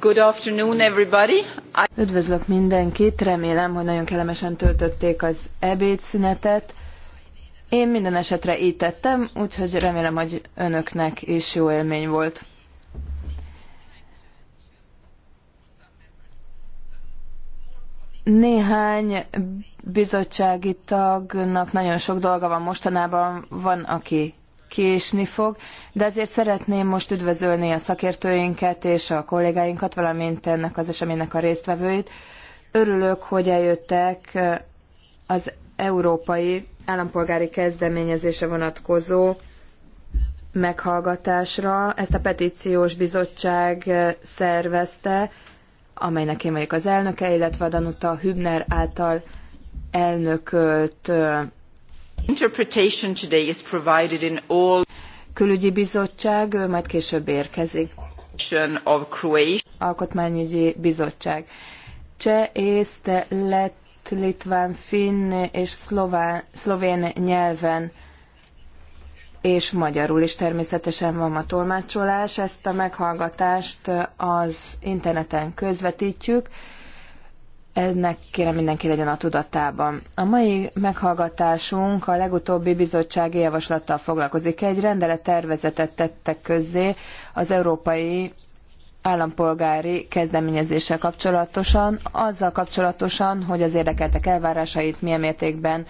Good afternoon, everybody. Üdvözlök mindenkit, remélem, hogy nagyon kellemesen töltötték az ebédszünetet. Én minden esetre így tettem, úgyhogy remélem, hogy önöknek is jó élmény volt. Néhány bizottsági tagnak nagyon sok dolga van mostanában, van, aki késni fog, de azért szeretném most üdvözölni a szakértőinket és a kollégáinkat, valamint ennek az eseménynek a résztvevőit. Örülök, hogy eljöttek az európai állampolgári kezdeményezése vonatkozó meghallgatásra. Ezt a petíciós bizottság szervezte, amelynek én vagyok az elnöke, illetve a Danuta Hübner által elnökölt Interpretation today is provided in all külügyi bizottság, majd később érkezik. Of Alkotmányügyi bizottság. Cseh, észte, lett, litván, finn és szlován, szlovén nyelven és magyarul is természetesen van a tolmácsolás. Ezt a meghallgatást az interneten közvetítjük. Ennek kérem mindenki legyen a tudatában. A mai meghallgatásunk a legutóbbi bizottsági javaslattal foglalkozik. Egy rendelet tervezetet tettek közzé az európai állampolgári kezdeményezéssel kapcsolatosan, azzal kapcsolatosan, hogy az érdekeltek elvárásait milyen mértékben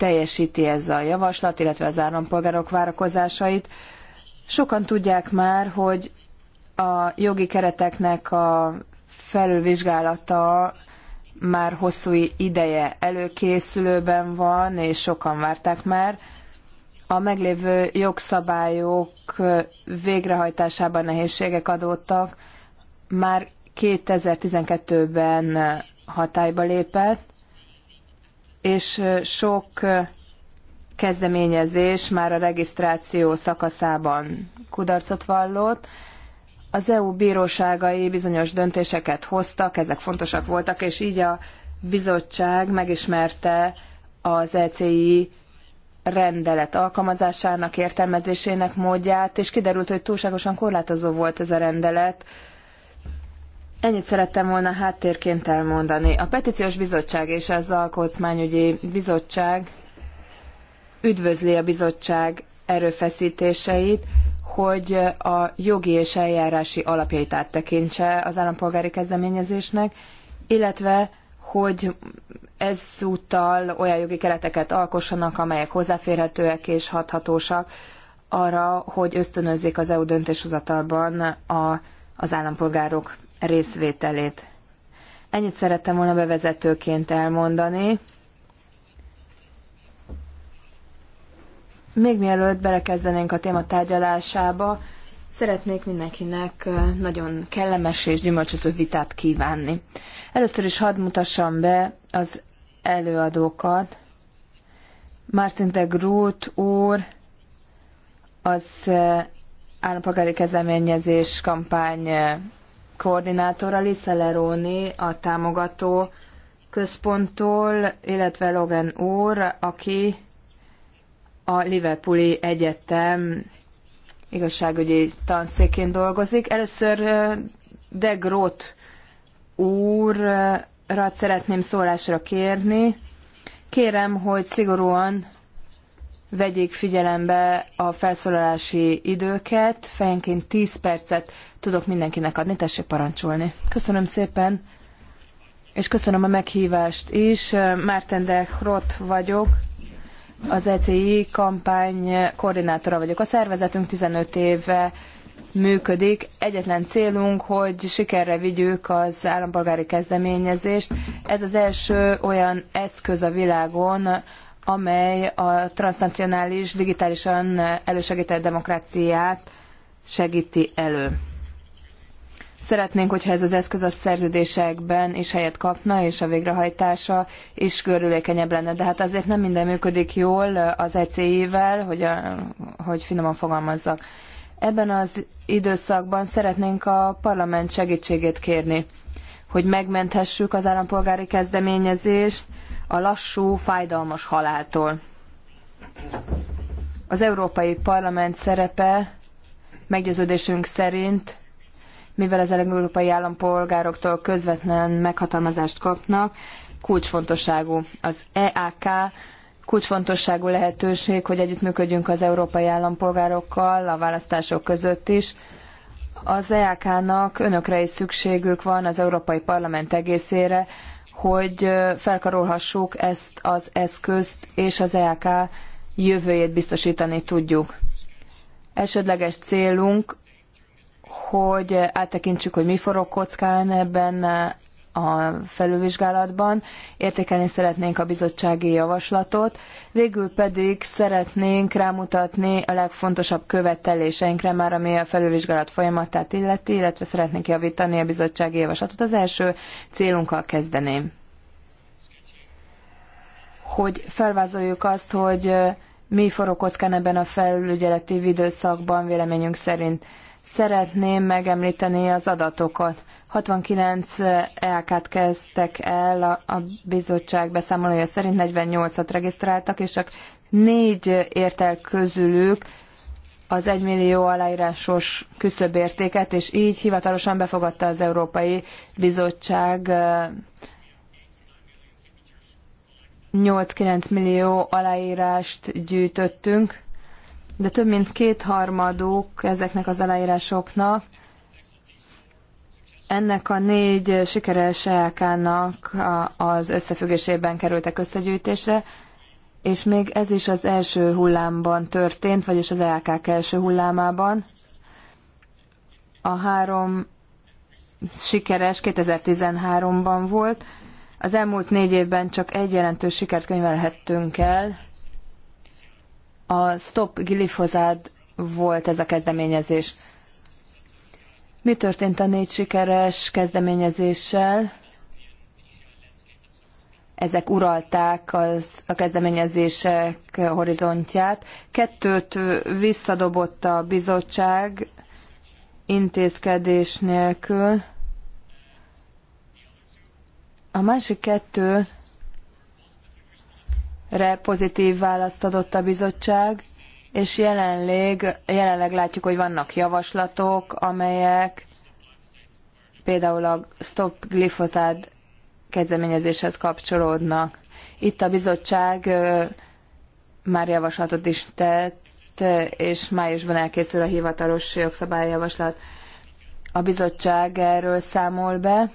teljesíti ez a javaslat, illetve az állampolgárok várakozásait. Sokan tudják már, hogy a jogi kereteknek a felülvizsgálata már hosszú ideje előkészülőben van, és sokan várták már. A meglévő jogszabályok végrehajtásában nehézségek adódtak, már 2012-ben hatályba lépett, és sok kezdeményezés már a regisztráció szakaszában kudarcot vallott. Az EU bíróságai bizonyos döntéseket hoztak, ezek fontosak voltak, és így a bizottság megismerte az ECI rendelet alkalmazásának, értelmezésének módját, és kiderült, hogy túlságosan korlátozó volt ez a rendelet Ennyit szerettem volna háttérként elmondani. A Petíciós Bizottság és az Alkotmányügyi Bizottság üdvözli a bizottság erőfeszítéseit, hogy a jogi és eljárási alapjait áttekintse az állampolgári kezdeményezésnek, illetve hogy ezúttal olyan jogi kereteket alkossanak, amelyek hozzáférhetőek és hathatósak arra, hogy ösztönözzék az EU döntéshozatalban a, az állampolgárok részvételét. Ennyit szerettem volna bevezetőként elmondani. Még mielőtt belekezdenénk a téma tárgyalásába, szeretnék mindenkinek nagyon kellemes és gyümölcsöző vitát kívánni. Először is hadd mutassam be az előadókat. Martin de Groot úr az állampolgári kezdeményezés kampány koordinátora Lisa Leroni a támogató központtól, illetve Logan úr, aki a Liverpooli Egyetem igazságügyi tanszékén dolgozik. Először De Grot úrra szeretném szólásra kérni. Kérem, hogy szigorúan vegyék figyelembe a felszólalási időket, fejenként 10 percet tudok mindenkinek adni, tessék parancsolni. Köszönöm szépen, és köszönöm a meghívást is. Márten de Hrott vagyok, az ECI kampány koordinátora vagyok. A szervezetünk 15 éve működik. Egyetlen célunk, hogy sikerre vigyük az állampolgári kezdeményezést. Ez az első olyan eszköz a világon, amely a transnacionális, digitálisan elősegített demokráciát segíti elő. Szeretnénk, hogyha ez az eszköz a szerződésekben is helyet kapna, és a végrehajtása is gördülékenyebb lenne. De hát azért nem minden működik jól az ECI-vel, hogy, a, hogy finoman fogalmazzak. Ebben az időszakban szeretnénk a parlament segítségét kérni, hogy megmenthessük az állampolgári kezdeményezést a lassú, fájdalmas haláltól. Az Európai Parlament szerepe meggyőződésünk szerint mivel az európai állampolgároktól közvetlen meghatalmazást kapnak, kulcsfontosságú. Az EAK kulcsfontosságú lehetőség, hogy együttműködjünk az európai állampolgárokkal a választások között is. Az EAK-nak önökre is szükségük van az Európai Parlament egészére, hogy felkarolhassuk ezt az eszközt, és az EAK jövőjét biztosítani tudjuk. Elsődleges célunk hogy áttekintsük, hogy mi forog kockán ebben a felülvizsgálatban. Értékelni szeretnénk a bizottsági javaslatot, végül pedig szeretnénk rámutatni a legfontosabb követeléseinkre már, ami a felülvizsgálat folyamatát illeti, illetve szeretnénk javítani a bizottsági javaslatot. Az első célunkkal kezdeném. Hogy felvázoljuk azt, hogy mi forog kockán ebben a felügyeleti időszakban véleményünk szerint Szeretném megemlíteni az adatokat. 69 EK-t kezdtek el, a bizottság beszámolója szerint 48-at regisztráltak, és csak négy ért el közülük az 1 millió aláírásos küszöbértéket, és így hivatalosan befogadta az Európai Bizottság 8-9 millió aláírást gyűjtöttünk, de több mint kétharmaduk ezeknek az aláírásoknak ennek a négy sikeres ELK-nak az összefüggésében kerültek összegyűjtésre, és még ez is az első hullámban történt, vagyis az elk első hullámában. A három sikeres 2013-ban volt. Az elmúlt négy évben csak egy jelentős sikert könyvelhettünk el, a Stop Glifozát volt ez a kezdeményezés. Mi történt a négy sikeres kezdeményezéssel? Ezek uralták az, a kezdeményezések horizontját. Kettőt visszadobott a bizottság intézkedés nélkül. A másik kettő re pozitív választ adott a bizottság, és jelenleg, jelenleg látjuk, hogy vannak javaslatok, amelyek például a Stop Glyphosate kezdeményezéshez kapcsolódnak. Itt a bizottság már javaslatot is tett, és májusban elkészül a hivatalos jogszabályjavaslat. A bizottság erről számol be.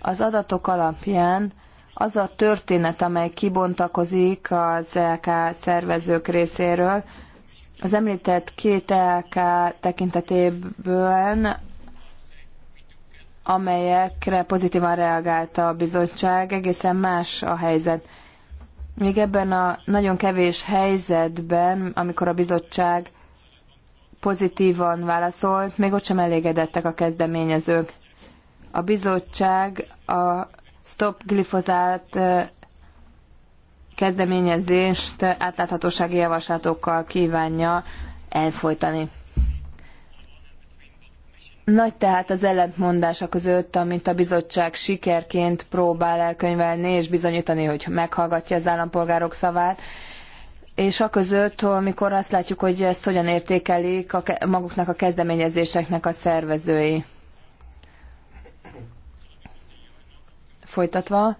Az adatok alapján az a történet, amely kibontakozik az ELK szervezők részéről, az említett két ELK tekintetében, amelyekre pozitívan reagált a bizottság, egészen más a helyzet. Még ebben a nagyon kevés helyzetben, amikor a bizottság pozitívan válaszolt, még ott sem elégedettek a kezdeményezők. A bizottság a Stop glifozát kezdeményezést átláthatósági javaslatokkal kívánja elfolytani. Nagy tehát az ellentmondása között, amit a bizottság sikerként próbál elkönyvelni és bizonyítani, hogy meghallgatja az állampolgárok szavát, és a között, amikor azt látjuk, hogy ezt hogyan értékelik a maguknak a kezdeményezéseknek a szervezői. folytatva,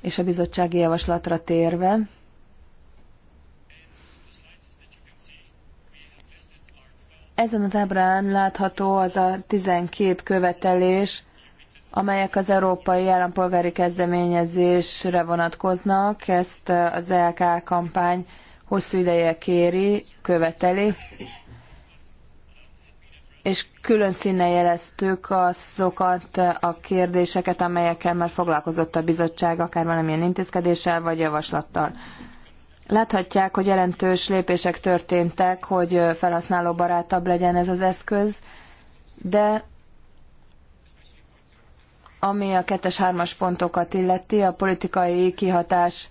és a bizottsági javaslatra térve, ezen az ábrán látható az a 12 követelés, amelyek az európai állampolgári kezdeményezésre vonatkoznak. Ezt az LK kampány hosszú ideje kéri, követeli és külön színe jeleztük azokat a kérdéseket, amelyekkel már foglalkozott a bizottság, akár valamilyen intézkedéssel vagy javaslattal. Láthatják, hogy jelentős lépések történtek, hogy felhasználóbarátabb legyen ez az eszköz, de ami a kettes-hármas pontokat illeti, a politikai kihatás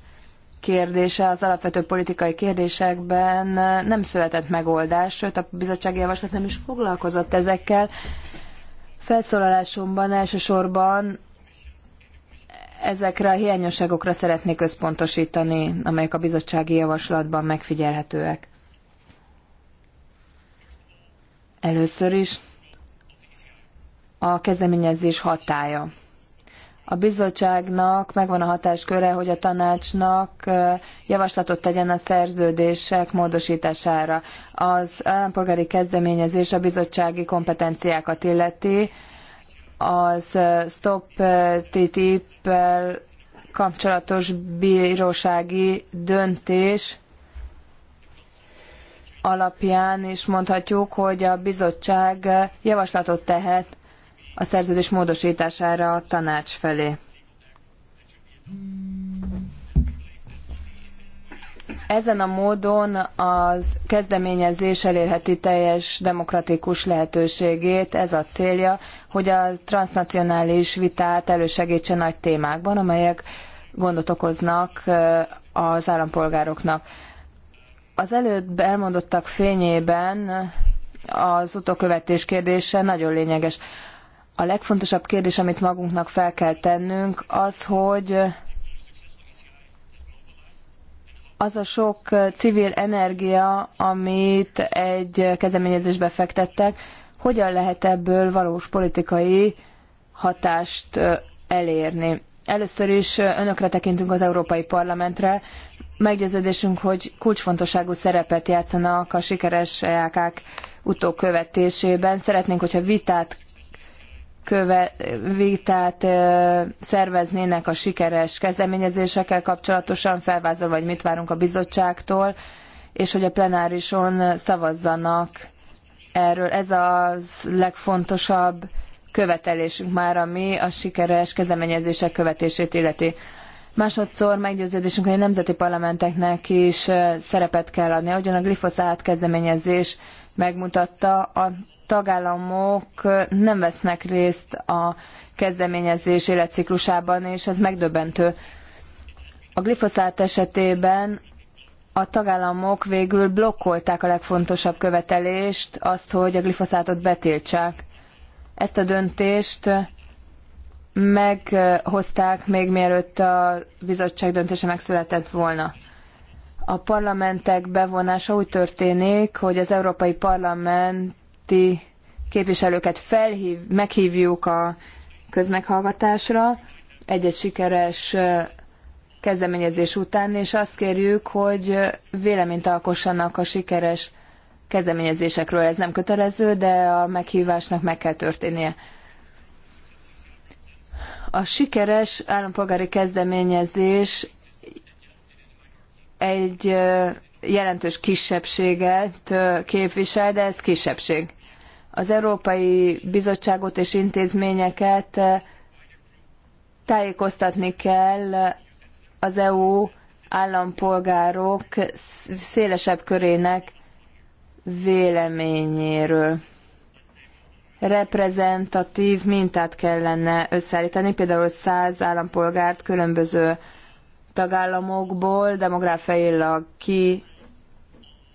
kérdése az alapvető politikai kérdésekben nem született megoldás, sőt a bizottsági javaslat nem is foglalkozott ezekkel. Felszólalásomban elsősorban ezekre a hiányosságokra szeretnék összpontosítani, amelyek a bizottsági javaslatban megfigyelhetőek. Először is a kezdeményezés hatája. A bizottságnak megvan a hatásköre, hogy a tanácsnak javaslatot tegyen a szerződések módosítására. Az állampolgári kezdeményezés a bizottsági kompetenciákat illeti, az Stop ttip kapcsolatos bírósági döntés alapján is mondhatjuk, hogy a bizottság javaslatot tehet a szerződés módosítására a tanács felé. Ezen a módon az kezdeményezés elérheti teljes demokratikus lehetőségét, ez a célja, hogy a transnacionális vitát elősegítse nagy témákban, amelyek gondot okoznak az állampolgároknak. Az előbb elmondottak fényében az utókövetés kérdése nagyon lényeges. A legfontosabb kérdés, amit magunknak fel kell tennünk, az, hogy az a sok civil energia, amit egy kezdeményezésbe fektettek, hogyan lehet ebből valós politikai hatást elérni. Először is önökre tekintünk az Európai Parlamentre. Meggyőződésünk, hogy kulcsfontosságú szerepet játszanak a sikeres EAK utókövetésében. Szeretnénk, hogyha vitát követ, vitát szerveznének a sikeres kezdeményezésekkel kapcsolatosan, felvázolva, hogy mit várunk a bizottságtól, és hogy a plenárison szavazzanak erről. Ez a legfontosabb követelésünk már, ami a sikeres kezdeményezések követését illeti. Másodszor meggyőződésünk, hogy a nemzeti parlamenteknek is szerepet kell adni. Ahogyan a glifoszát kezdeményezés megmutatta, a tagállamok nem vesznek részt a kezdeményezés életciklusában, és ez megdöbbentő. A glifoszát esetében a tagállamok végül blokkolták a legfontosabb követelést, azt, hogy a glifoszátot betiltsák. Ezt a döntést meghozták még mielőtt a bizottság döntése megszületett volna. A parlamentek bevonása úgy történik, hogy az Európai Parlament parlamenti képviselőket felhív, meghívjuk a közmeghallgatásra egy-egy sikeres kezdeményezés után, és azt kérjük, hogy véleményt alkossanak a sikeres kezdeményezésekről. Ez nem kötelező, de a meghívásnak meg kell történnie. A sikeres állampolgári kezdeményezés egy jelentős kisebbséget képvisel, de ez kisebbség az Európai Bizottságot és intézményeket eh, tájékoztatni kell az EU állampolgárok szélesebb körének véleményéről. Reprezentatív mintát kellene összeállítani, például száz állampolgárt különböző tagállamokból demográfiailag ki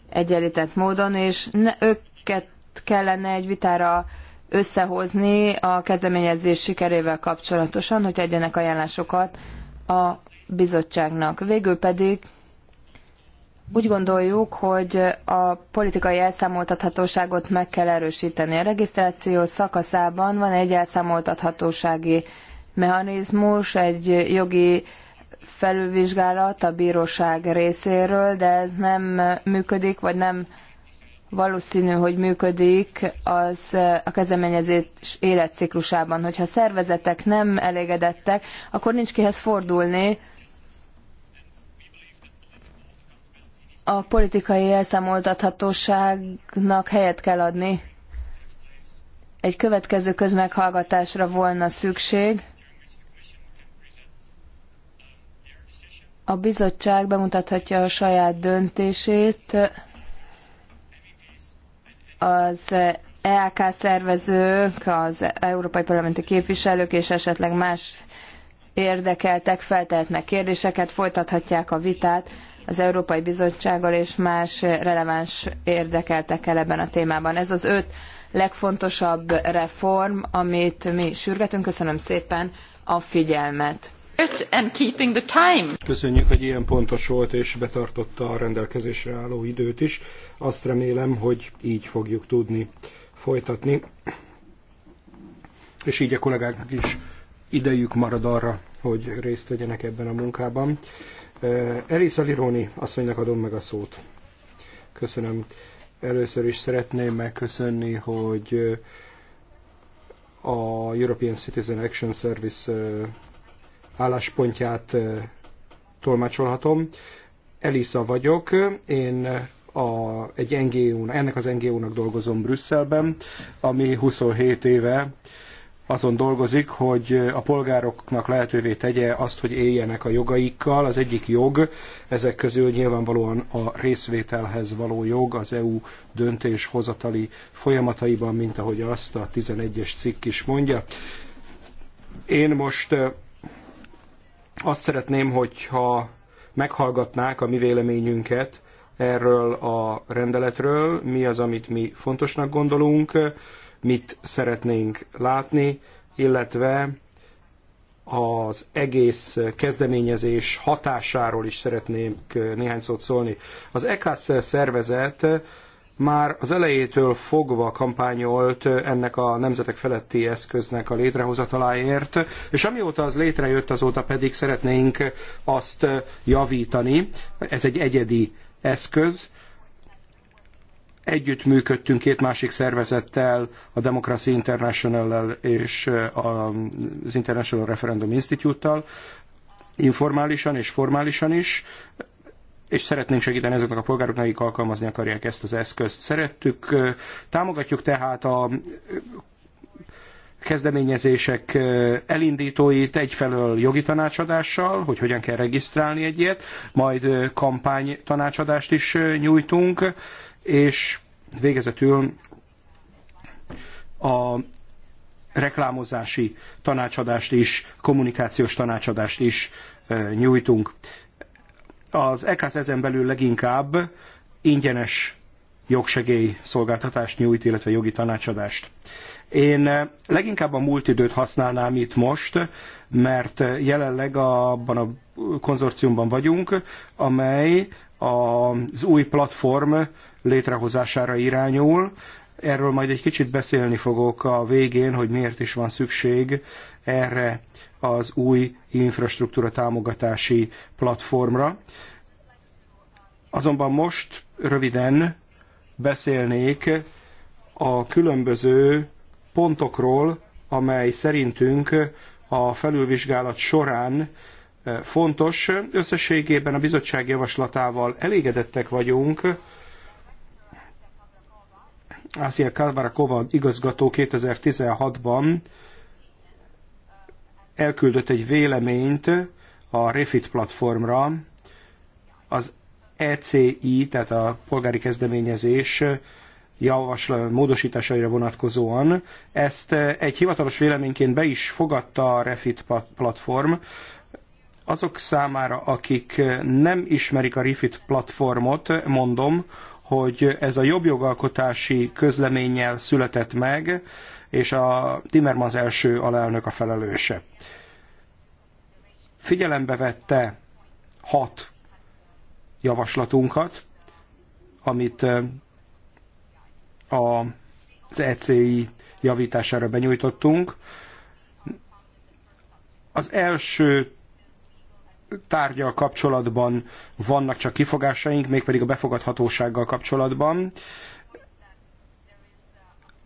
egyenlített módon, és ne, őket kellene egy vitára összehozni a kezdeményezés sikerével kapcsolatosan, hogy adjanak ajánlásokat a bizottságnak. Végül pedig úgy gondoljuk, hogy a politikai elszámoltathatóságot meg kell erősíteni. A regisztráció szakaszában van egy elszámoltathatósági mechanizmus, egy jogi felülvizsgálat a bíróság részéről, de ez nem működik, vagy nem valószínű, hogy működik az a kezdeményezés életciklusában. Hogyha a szervezetek nem elégedettek, akkor nincs kihez fordulni. A politikai elszámoltathatóságnak helyet kell adni. Egy következő közmeghallgatásra volna szükség. A bizottság bemutathatja a saját döntését az EAK szervezők, az európai parlamenti képviselők és esetleg más érdekeltek feltehetnek kérdéseket, folytathatják a vitát az Európai Bizottsággal és más releváns érdekeltekkel ebben a témában. Ez az öt legfontosabb reform, amit mi sürgetünk. Köszönöm szépen a figyelmet. And keeping the time. Köszönjük, hogy ilyen pontos volt és betartotta a rendelkezésre álló időt is. Azt remélem, hogy így fogjuk tudni folytatni. És így a kollégáknak is idejük marad arra, hogy részt vegyenek ebben a munkában. Eh, Elisa Lironi asszonynak adom meg a szót. Köszönöm. Először is szeretném megköszönni, hogy eh, a European Citizen Action Service eh, álláspontját tolmácsolhatom. Elisa vagyok, én a, egy NGO, ennek az NGO-nak dolgozom Brüsszelben, ami 27 éve azon dolgozik, hogy a polgároknak lehetővé tegye azt, hogy éljenek a jogaikkal. Az egyik jog, ezek közül nyilvánvalóan a részvételhez való jog az EU döntéshozatali folyamataiban, mint ahogy azt a 11-es cikk is mondja. Én most azt szeretném, hogyha meghallgatnák a mi véleményünket erről a rendeletről, mi az, amit mi fontosnak gondolunk, mit szeretnénk látni, illetve az egész kezdeményezés hatásáról is szeretnék eh, néhány szót szólni. Az ECASZ szervezet már az elejétől fogva kampányolt ennek a nemzetek feletti eszköznek a létrehozataláért, és amióta az létrejött, azóta pedig szeretnénk azt javítani. Ez egy egyedi eszköz. Együtt működtünk két másik szervezettel, a Democracy International-lel és az International Referendum Institute-tal, informálisan és formálisan is és szeretnénk segíteni azoknak a polgároknak, akik alkalmazni akarják ezt az eszközt. Szerettük, támogatjuk tehát a kezdeményezések elindítóit egyfelől jogi tanácsadással, hogy hogyan kell regisztrálni egy ilyet, majd kampány tanácsadást is nyújtunk, és végezetül a reklámozási tanácsadást is, kommunikációs tanácsadást is nyújtunk. Az EKAS ezen belül leginkább ingyenes jogsegély szolgáltatást nyújt, illetve jogi tanácsadást. Én leginkább a múlt időt használnám itt most, mert jelenleg abban a konzorciumban vagyunk, amely az új platform létrehozására irányul. Erről majd egy kicsit beszélni fogok a végén, hogy miért is van szükség erre az új infrastruktúra támogatási platformra. Azonban most röviden beszélnék a különböző pontokról, amely szerintünk a felülvizsgálat során eh, fontos. Összességében a bizottság javaslatával elégedettek vagyunk. Ásia Kalvarakova igazgató 2016-ban elküldött egy véleményt a Refit platformra, az ECI, tehát a polgári kezdeményezés javasló módosításaira vonatkozóan. Ezt egy hivatalos véleményként be is fogadta a Refit platform. Azok számára, akik nem ismerik a Refit platformot, mondom, hogy ez a jobb jogalkotási közleménnyel született meg, és a Timmermans első alelnök a felelőse. Figyelembe vette hat javaslatunkat, amit az ECI javítására benyújtottunk. Az első tárgyal kapcsolatban vannak csak kifogásaink, mégpedig a befogadhatósággal kapcsolatban.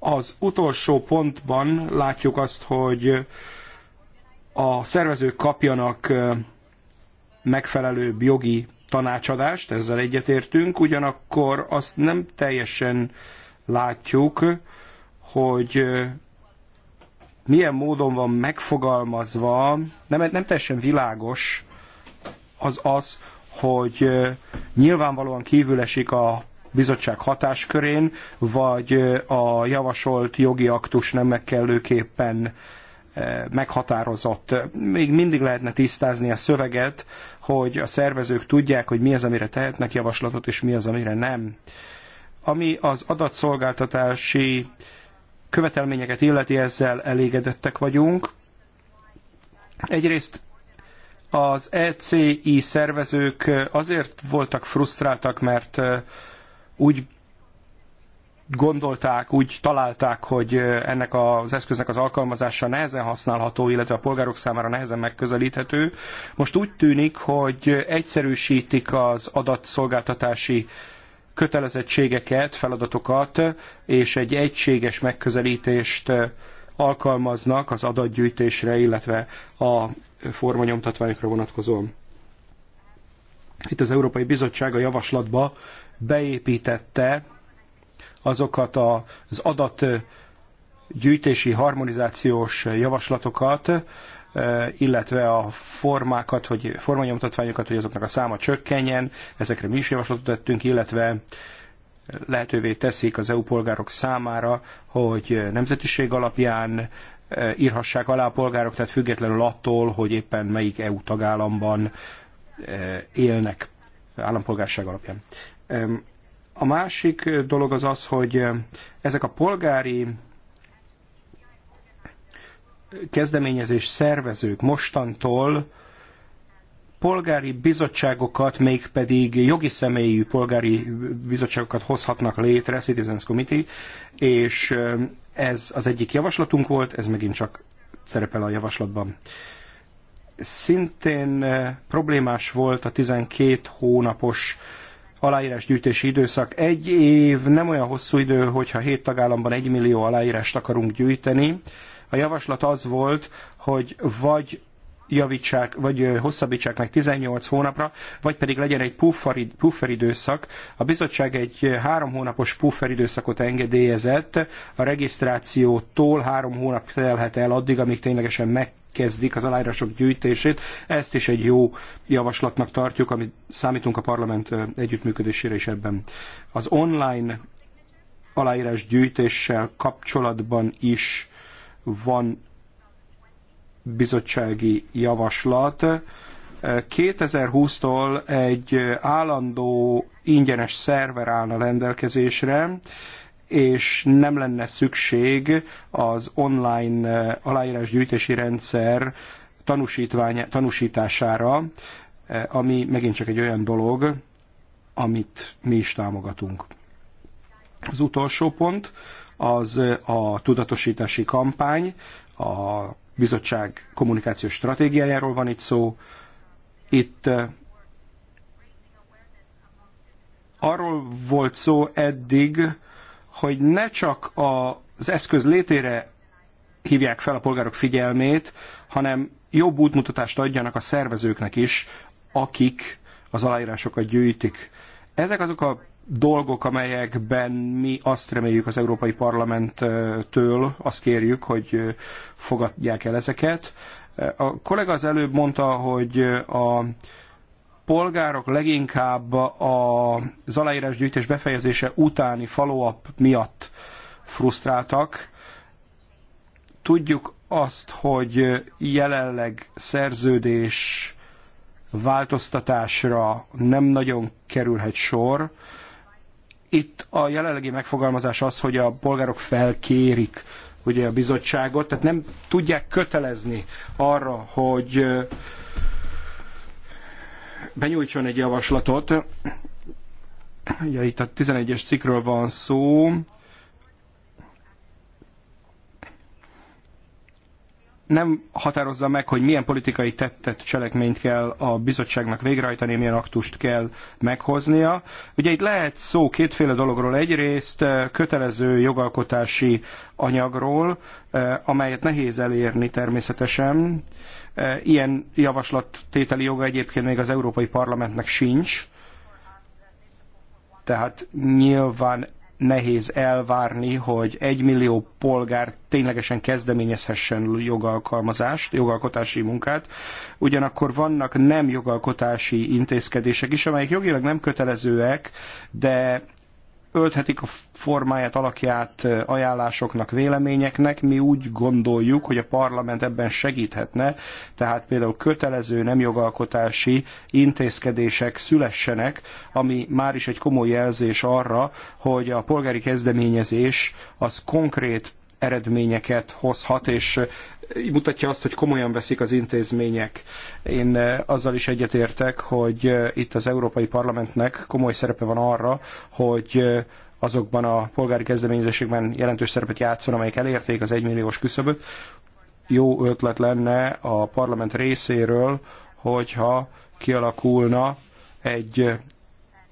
Az utolsó pontban látjuk azt, hogy a szervezők kapjanak megfelelő jogi tanácsadást, ezzel egyetértünk, ugyanakkor azt nem teljesen látjuk, hogy milyen módon van megfogalmazva, nem, nem teljesen világos az az, hogy nyilvánvalóan kívül esik a bizottság hatáskörén, vagy a javasolt jogi aktus nem megkellőképpen meghatározott. Még mindig lehetne tisztázni a szöveget, hogy a szervezők tudják, hogy mi az, amire tehetnek javaslatot, és mi az, amire nem. Ami az adatszolgáltatási követelményeket illeti, ezzel elégedettek vagyunk. Egyrészt az ECI szervezők azért voltak frusztráltak, mert úgy gondolták, úgy találták, hogy ennek az eszköznek az alkalmazása nehezen használható, illetve a polgárok számára nehezen megközelíthető. Most úgy tűnik, hogy egyszerűsítik az adatszolgáltatási kötelezettségeket, feladatokat, és egy egységes megközelítést alkalmaznak az adatgyűjtésre, illetve a formanyomtatványokra vonatkozóan. Itt az Európai Bizottság a javaslatba beépítette azokat az adatgyűjtési harmonizációs javaslatokat, e, illetve a formákat, hogy formanyomtatványokat, hogy azoknak a száma csökkenjen, ezekre mi is javaslatot tettünk, illetve lehetővé teszik az EU polgárok számára, hogy nemzetiség alapján e, írhassák alá a polgárok, tehát függetlenül attól, hogy éppen melyik EU tagállamban Eh, élnek állampolgárság alapján. A másik dolog az az, hogy eh, ezek a polgári kezdeményezés szervezők mostantól polgári bizottságokat, mégpedig jogi személyű polgári bizottságokat hozhatnak létre, Citizens Committee, és eh, ez az egyik javaslatunk volt, ez megint csak szerepel a javaslatban. Szintén eh, problémás volt a 12 hónapos aláírásgyűjtési időszak. Egy év nem olyan hosszú idő, hogyha hét tagállamban egy millió aláírást akarunk gyűjteni. A javaslat az volt, hogy vagy javítsák, vagy hosszabbítsák meg 18 hónapra, vagy pedig legyen egy pufferidőszak. A bizottság egy három hónapos pufferidőszakot engedélyezett, a regisztrációtól három hónap telhet el addig, amíg ténylegesen megkezdik az aláírások gyűjtését. Ezt is egy jó javaslatnak tartjuk, amit számítunk a parlament együttműködésére is ebben. Az online aláírás gyűjtéssel kapcsolatban is van bizottsági javaslat 2020-tól egy állandó ingyenes szerver állna rendelkezésre, és nem lenne szükség az online eh, aláírásgyűjtési rendszer tanúsítására, eh, ami megint csak egy olyan dolog, amit mi is támogatunk. Az utolsó pont az eh, a tudatosítási kampány, a bizottság kommunikációs stratégiájáról van itt szó. Itt eh, arról volt szó eddig, hogy ne csak az eszköz létére hívják fel a polgárok figyelmét, hanem jobb útmutatást adjanak a szervezőknek is, akik az aláírásokat gyűjtik. Ezek azok a dolgok, amelyekben mi azt reméljük az Európai Parlamenttől, azt kérjük, hogy fogadják el ezeket. A kollega az előbb mondta, hogy a polgárok leginkább az aláírásgyűjtés befejezése utáni follow-up miatt frusztráltak. Tudjuk azt, hogy jelenleg szerződés változtatásra nem nagyon kerülhet sor, itt a jelenlegi megfogalmazás az, hogy a polgárok felkérik ugye a bizottságot, tehát nem tudják kötelezni arra, hogy benyújtson egy javaslatot. Ugye itt a 11-es cikkről van szó, nem határozza meg, hogy milyen politikai tettet, cselekményt kell a bizottságnak végrehajtani, milyen aktust kell meghoznia. Ugye itt lehet szó kétféle dologról. Egyrészt eh, kötelező jogalkotási anyagról, eh, amelyet nehéz elérni természetesen. Eh, ilyen javaslattételi joga egyébként még az Európai Parlamentnek sincs. Tehát nyilván nehéz elvárni, hogy egy millió polgár ténylegesen kezdeményezhessen jogalkalmazást, jogalkotási munkát. Ugyanakkor vannak nem jogalkotási intézkedések is, amelyek jogilag nem kötelezőek, de ölthetik a formáját, alakját ajánlásoknak, véleményeknek. Mi úgy gondoljuk, hogy a parlament ebben segíthetne, tehát például kötelező nem jogalkotási intézkedések szülessenek, ami már is egy komoly jelzés arra, hogy a polgári kezdeményezés az konkrét eredményeket hozhat, és mutatja azt, hogy komolyan veszik az intézmények. Én eh, azzal is egyetértek, hogy eh, itt az Európai Parlamentnek komoly szerepe van arra, hogy eh, azokban a polgári kezdeményezésekben jelentős szerepet játszon, amelyek elérték az egymilliós küszöböt. Jó ötlet lenne a parlament részéről, hogyha kialakulna egy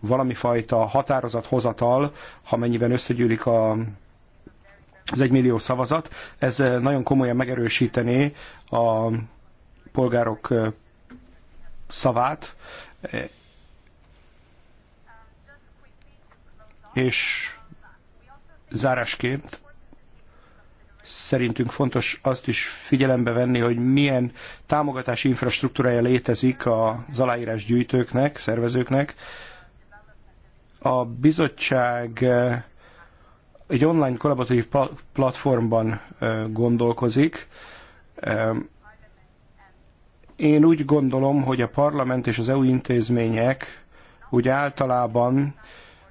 valami fajta határozathozatal, ha mennyiben összegyűlik a az egymillió szavazat, ez eh, nagyon komolyan megerősítené a polgárok eh, szavát, eh, és zárásként szerintünk fontos azt is figyelembe venni, hogy milyen támogatási infrastruktúrája létezik az aláírás gyűjtőknek, szervezőknek. A bizottság egy online kollaboratív platformban gondolkozik. Én úgy gondolom, hogy a parlament és az EU intézmények úgy általában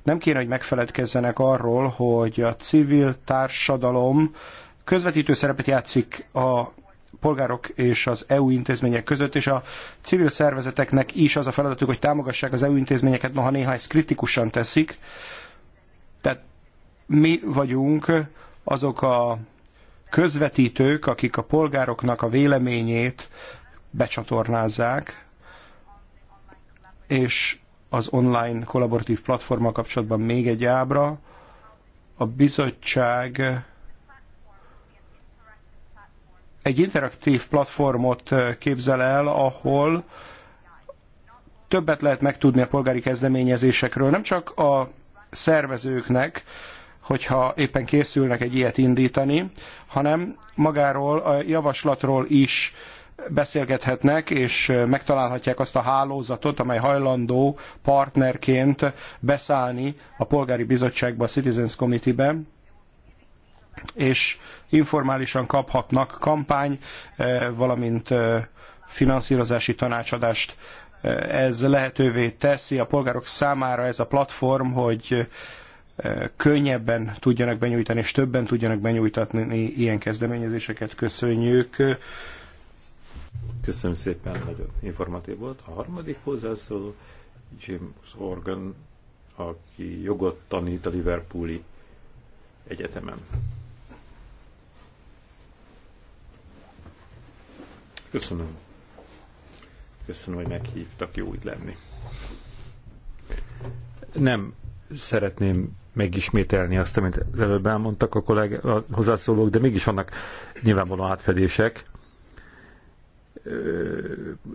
nem kéne, hogy megfeledkezzenek arról, hogy a civil társadalom közvetítő szerepet játszik a polgárok és az EU intézmények között, és a civil szervezeteknek is az a feladatuk, hogy támogassák az EU intézményeket, noha néha ezt kritikusan teszik. Tehát mi vagyunk azok a közvetítők, akik a polgároknak a véleményét becsatornázzák, és az online kollaboratív platformmal kapcsolatban még egy ábra. A bizottság egy interaktív platformot képzel el, ahol többet lehet megtudni a polgári kezdeményezésekről, nem csak a szervezőknek, hogyha éppen készülnek egy ilyet indítani, hanem magáról a javaslatról is beszélgethetnek, és megtalálhatják azt a hálózatot, amely hajlandó partnerként beszállni a polgári bizottságba, a Citizens Committee-be, és informálisan kaphatnak kampány, eh, valamint eh, finanszírozási tanácsadást. Eh, ez lehetővé teszi a polgárok számára ez a platform, hogy könnyebben tudjanak benyújtani, és többen tudjanak benyújtatni ilyen kezdeményezéseket. Köszönjük! Köszönöm szépen, nagyon informatív volt. A harmadik hozzászóló James Organ, aki jogot tanít a Liverpooli Egyetemen. Köszönöm. Köszönöm, hogy meghívtak, jó itt lenni. Nem szeretném megismételni azt, amit az előbb elmondtak a, kollég, a hozzászólók, de mégis vannak nyilvánvalóan átfedések.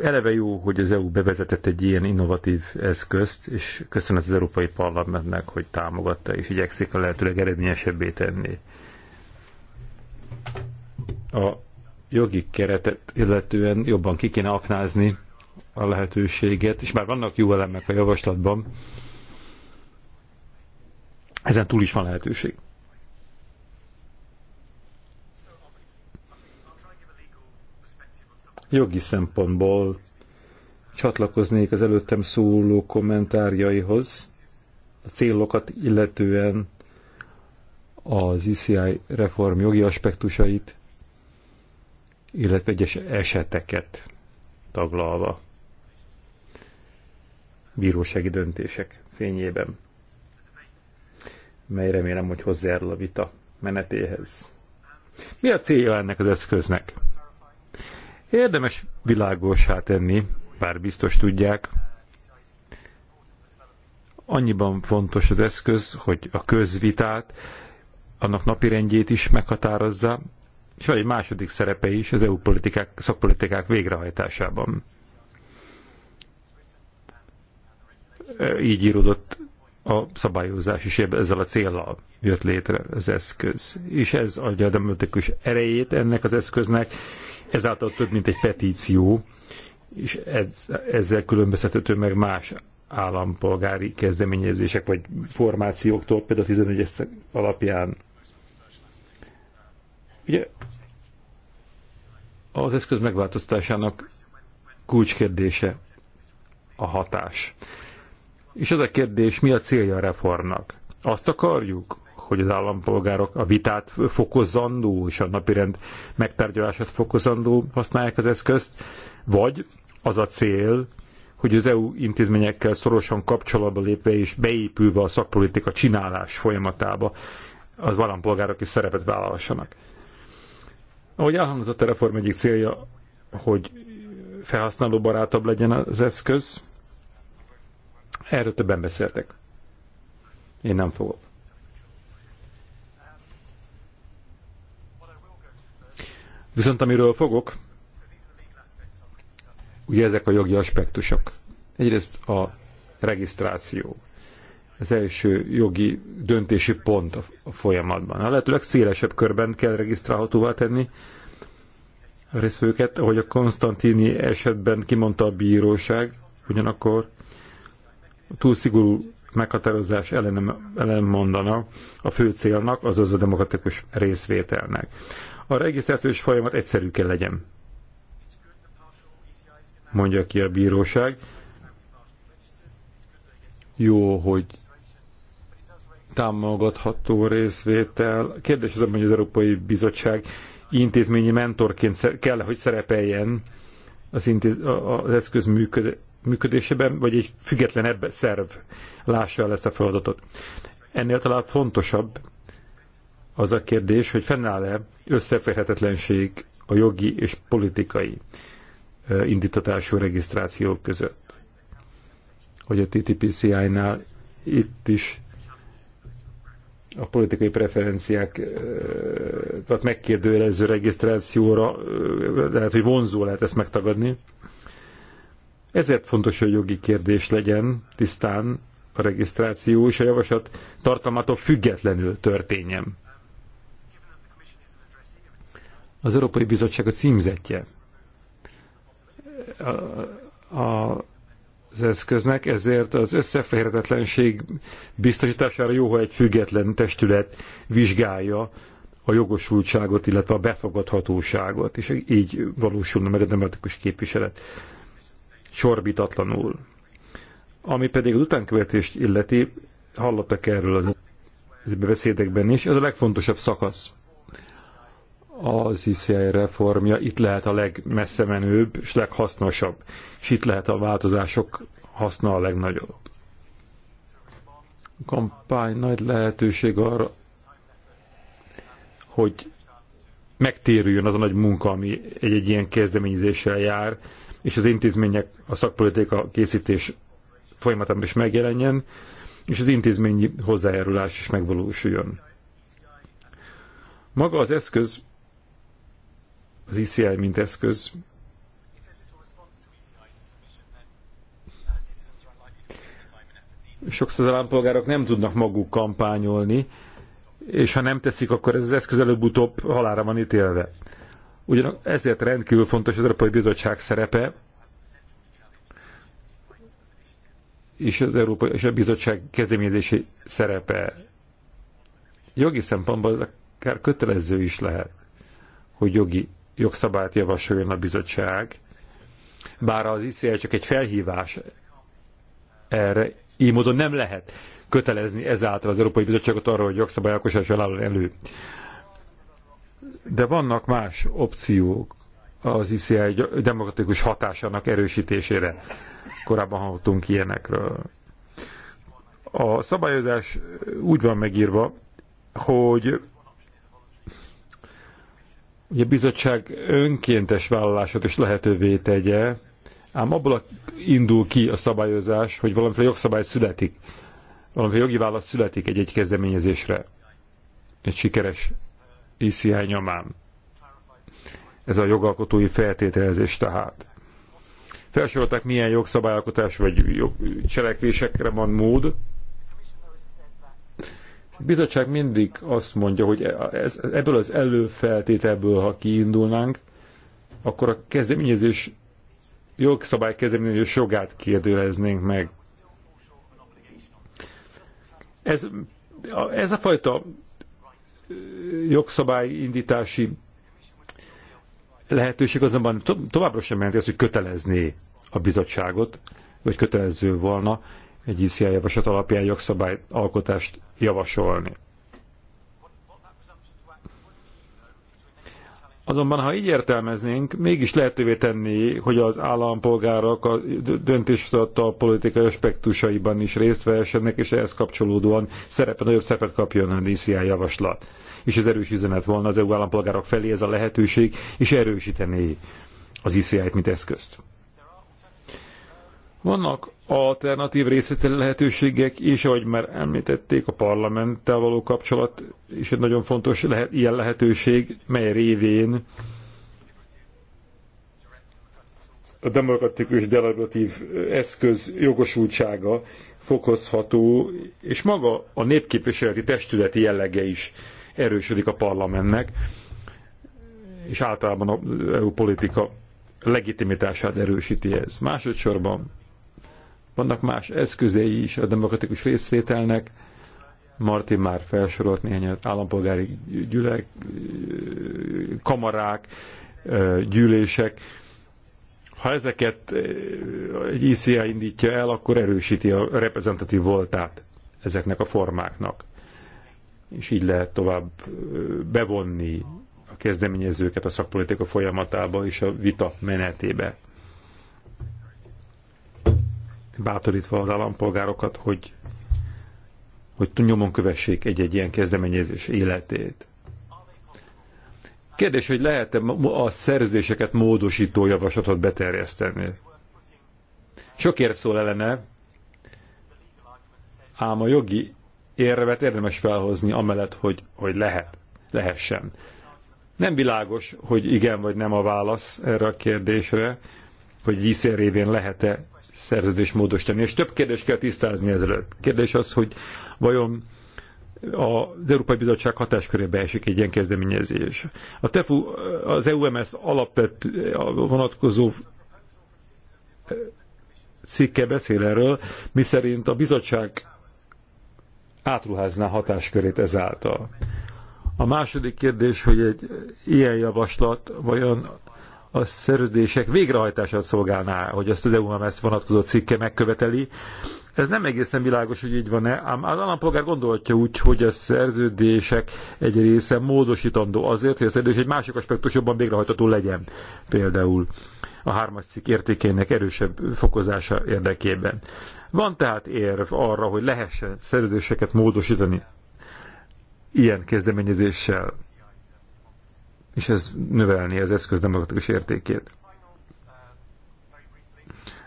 Eleve jó, hogy az EU bevezetett egy ilyen innovatív eszközt, és köszönet az Európai Parlamentnek, hogy támogatta és igyekszik a lehetőleg eredményesebbé tenni. A jogi keretet illetően jobban ki kéne aknázni a lehetőséget, és már vannak jó elemek a javaslatban, ezen túl is van lehetőség. Jogi szempontból csatlakoznék az előttem szóló kommentárjaihoz, a célokat illetően az ICI reform jogi aspektusait, illetve egyes eseteket taglalva bírósági döntések fényében mely remélem, hogy hozzájárul a vita menetéhez. Mi a célja ennek az eszköznek? Érdemes világosá tenni, bár biztos tudják, annyiban fontos az eszköz, hogy a közvitát, annak napirendjét is meghatározza, és van egy második szerepe is az EU politikák, szakpolitikák végrehajtásában. Így íródott a szabályozás is ezzel a célral jött létre az eszköz. És ez adja a demokratikus erejét ennek az eszköznek, ezáltal több, mint egy petíció, és ez, ezzel különböztethető meg más állampolgári kezdeményezések vagy formációktól, például a 14 alapján. Ugye az eszköz megváltoztatásának kulcskérdése a hatás. És ez a kérdés, mi a célja a reformnak? Azt akarjuk, hogy az állampolgárok a vitát fokozandó és a napirend megtárgyalását fokozandó használják az eszközt, vagy az a cél, hogy az EU intézményekkel szorosan kapcsolatba lépve és beépülve a szakpolitika csinálás folyamatába az állampolgárok is szerepet vállalhassanak. Ahogy elhangzott a reform egyik célja, hogy felhasználóbarátabb legyen az eszköz, Erről többen beszéltek. Én nem fogok. Viszont amiről fogok, ugye ezek a jogi aspektusok. Egyrészt a regisztráció. Az első jogi döntési pont a folyamatban. A lehető legszélesebb körben kell regisztrálhatóvá tenni a részvőket, ahogy a Konstantini esetben kimondta a bíróság, ugyanakkor túl szigorú meghatározás ellen, ellen mondana a fő célnak, azaz a demokratikus részvételnek. A regisztrációs folyamat egyszerű kell legyen, mondja ki a bíróság. Jó, hogy támogatható részvétel. Kérdés az, hogy az Európai Bizottság intézményi mentorként kell, hogy szerepeljen az, intéz, az eszköz működés működésében, vagy egy függetlenebb szerv lássa el ezt a feladatot. Ennél talán fontosabb az a kérdés, hogy fennáll-e összeférhetetlenség a jogi és politikai indítatású regisztrációk között. Hogy a TTPCI-nál itt is a politikai preferenciákat megkérdőjelező regisztrációra lehet, hogy vonzó lehet ezt megtagadni, ezért fontos, hogy jogi kérdés legyen tisztán a regisztráció és a javaslat tartalmától függetlenül történjen. Az Európai Bizottság a címzetje a, a, az eszköznek, ezért az összeférhetetlenség biztosítására jó, ha egy független testület vizsgálja a jogosultságot, illetve a befogadhatóságot, és így valósulna meg a demokratikus képviselet csorbitatlanul. Ami pedig az utánkövetést illeti, hallottak erről az beszédekben is, ez a legfontosabb szakasz. Az ICI reformja itt lehet a legmessze menőbb és leghasznosabb, és itt lehet a változások haszna a legnagyobb. A kampány nagy lehetőség arra, hogy megtérüljön az a nagy munka, ami egy, egy ilyen kezdeményezéssel jár, és az intézmények, a szakpolitika készítés folyamatában is megjelenjen, és az intézményi hozzájárulás is megvalósuljon. Maga az eszköz, az ICI mint eszköz, sokszor az állampolgárok nem tudnak maguk kampányolni, és ha nem teszik, akkor ez az eszköz előbb-utóbb halára van ítélve. Ugyanak ezért rendkívül fontos az Európai Bizottság szerepe, és az Európai és a Bizottság kezdeményezési szerepe. Jogi szempontból akár kötelező is lehet, hogy jogi jogszabályt javasoljon a bizottság, bár az ICL csak egy felhívás erre, így módon nem lehet kötelezni ezáltal az Európai Bizottságot arra, hogy jogszabályalkosásra álljon elő. De vannak más opciók az ICI demokratikus hatásának erősítésére. Korábban hallottunk ilyenekről. A szabályozás úgy van megírva, hogy a bizottság önkéntes vállalását is lehetővé tegye, ám abból indul ki a szabályozás, hogy valamiféle jogszabály születik, valamiféle jogi válasz születik egy-egy kezdeményezésre, egy sikeres ICI e nyomán. Ez a jogalkotói feltételezés tehát. Felsorolták, milyen jogszabályalkotás vagy jog, cselekvésekre van mód. A bizottság mindig azt mondja, hogy ez, ebből az előfeltételből, ha kiindulnánk, akkor a kezdeményezés jogszabály kezdeményezés jogát kérdőleznénk meg. Ez, ez a fajta jogszabályindítási lehetőség azonban továbbra sem jelenti azt, hogy kötelezné a bizottságot, vagy kötelező volna egy ICI javaslat alapján jogszabályalkotást javasolni. Azonban, ha így értelmeznénk, mégis lehetővé tenni, hogy az állampolgárok a döntéshozatal politikai aspektusaiban is részt vehessenek, és ehhez kapcsolódóan szerepet, nagyobb szerepet kapjon a DCI javaslat. És ez erős üzenet volna az EU állampolgárok felé ez a lehetőség, és erősítené az ICI-t, mint eszközt. Vannak alternatív részvételi lehetőségek, és ahogy már említették, a parlamenttel való kapcsolat is egy nagyon fontos lehet, ilyen lehetőség, mely révén a demokratikus delegatív eszköz jogosultsága fokozható, és maga a népképviseleti testületi jellege is erősödik a parlamentnek, és általában a EU politika legitimitását erősíti ez. Másodszorban vannak más eszközei is a demokratikus részvételnek. Martin már felsorolt néhány állampolgári gyülek, kamarák, gyűlések. Ha ezeket egy ICA indítja el, akkor erősíti a reprezentatív voltát ezeknek a formáknak. És így lehet tovább bevonni a kezdeményezőket a szakpolitika folyamatába és a vita menetébe bátorítva az állampolgárokat, hogy, hogy nyomon kövessék egy-egy ilyen kezdeményezés életét. Kérdés, hogy lehet-e a szerződéseket módosító javaslatot beterjeszteni. Sok érv szól ellene, ám a jogi érvet érdemes felhozni, amellett, hogy, hogy lehet, lehessen. Nem világos, hogy igen vagy nem a válasz erre a kérdésre, hogy vízér révén lehet-e szerződést módosítani. És több kérdést kell tisztázni ezelőtt. Kérdés az, hogy vajon az Európai Bizottság hatáskörébe esik egy ilyen kezdeményezés. A TEFU, az EUMS alapvet vonatkozó cikke beszél erről, miszerint a bizottság átruházná hatáskörét ezáltal. A második kérdés, hogy egy ilyen javaslat vajon a szerződések végrehajtását szolgálná, hogy azt az EUMS vonatkozó cikke megköveteli. Ez nem egészen világos, hogy így van-e, ám az állampolgár gondolhatja úgy, hogy a szerződések egy része módosítandó azért, hogy a szerződés egy másik aspektus jobban végrehajtható legyen. Például a hármas cikk értékének erősebb fokozása érdekében. Van tehát érv arra, hogy lehessen szerződéseket módosítani ilyen kezdeményezéssel és ez növelni az eszköz demokratikus értékét.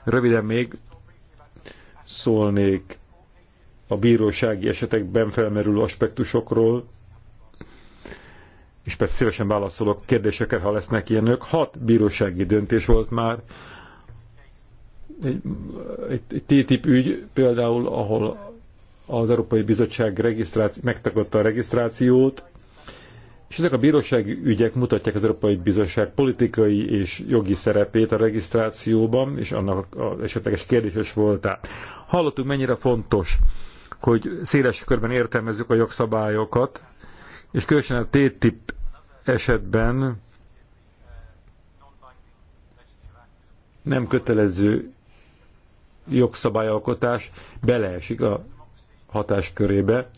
Röviden még szólnék a bírósági esetekben felmerülő aspektusokról, és persze szívesen válaszolok kérdésekre, ha lesznek ilyenek. Hat bírósági döntés volt már, egy, egy TTIP ügy például, ahol az Európai Bizottság regisztráci- megtagadta a regisztrációt, és ezek a bírósági ügyek mutatják az Európai Bizottság politikai és jogi szerepét a regisztrációban, és annak az esetleges kérdéses voltát. Hallottuk, mennyire fontos, hogy széles körben értelmezzük a jogszabályokat, és különösen a TTIP esetben nem kötelező jogszabályalkotás beleesik a hatáskörébe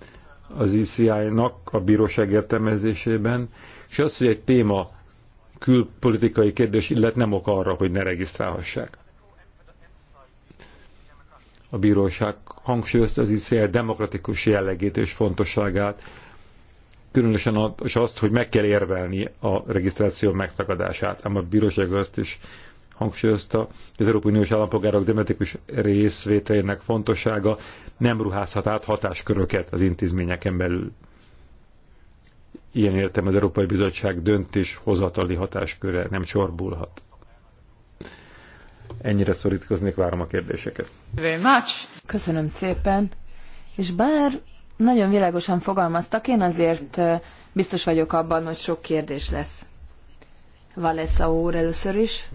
az ICI-nak a bíróság értelmezésében, és az, hogy egy téma külpolitikai kérdés illet nem ok arra, hogy ne regisztrálhassák. A bíróság hangsúlyozta az ICI demokratikus jellegét és fontosságát, különösen azt, hogy meg kell érvelni a regisztráció megtakadását. Ám a bíróság azt is hangsúlyozta, hogy az Európai Uniós állampolgárok demokratikus részvételének fontossága nem ruházhat át hatásköröket az intézményeken belül. Ilyen értem az Európai Bizottság döntés hozatali hatásköre nem csorbulhat. Ennyire szorítkoznék, várom a kérdéseket. Very much. Köszönöm szépen. És bár nagyon világosan fogalmaztak, én azért biztos vagyok abban, hogy sok kérdés lesz. Valesza úr először is.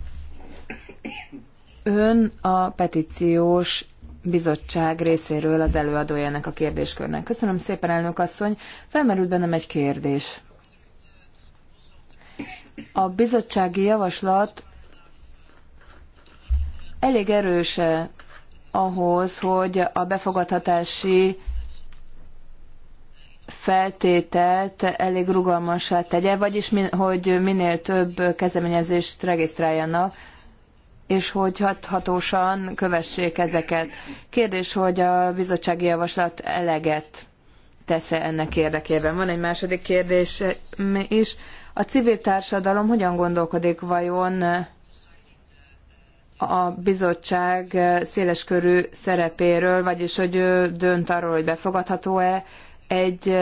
Ön a petíciós bizottság részéről az előadójának a kérdéskörnek. Köszönöm szépen, elnök asszony. Felmerült bennem egy kérdés. A bizottsági javaslat elég erőse ahhoz, hogy a befogadhatási feltételt elég rugalmassá tegye, vagyis min, hogy minél több kezdeményezést regisztráljanak és hogy hathatósan kövessék ezeket. Kérdés, hogy a bizottsági javaslat eleget tesz-e ennek érdekében. Van egy második kérdés is. A civil társadalom hogyan gondolkodik vajon a bizottság széleskörű szerepéről, vagyis hogy ő dönt arról, hogy befogadható-e egy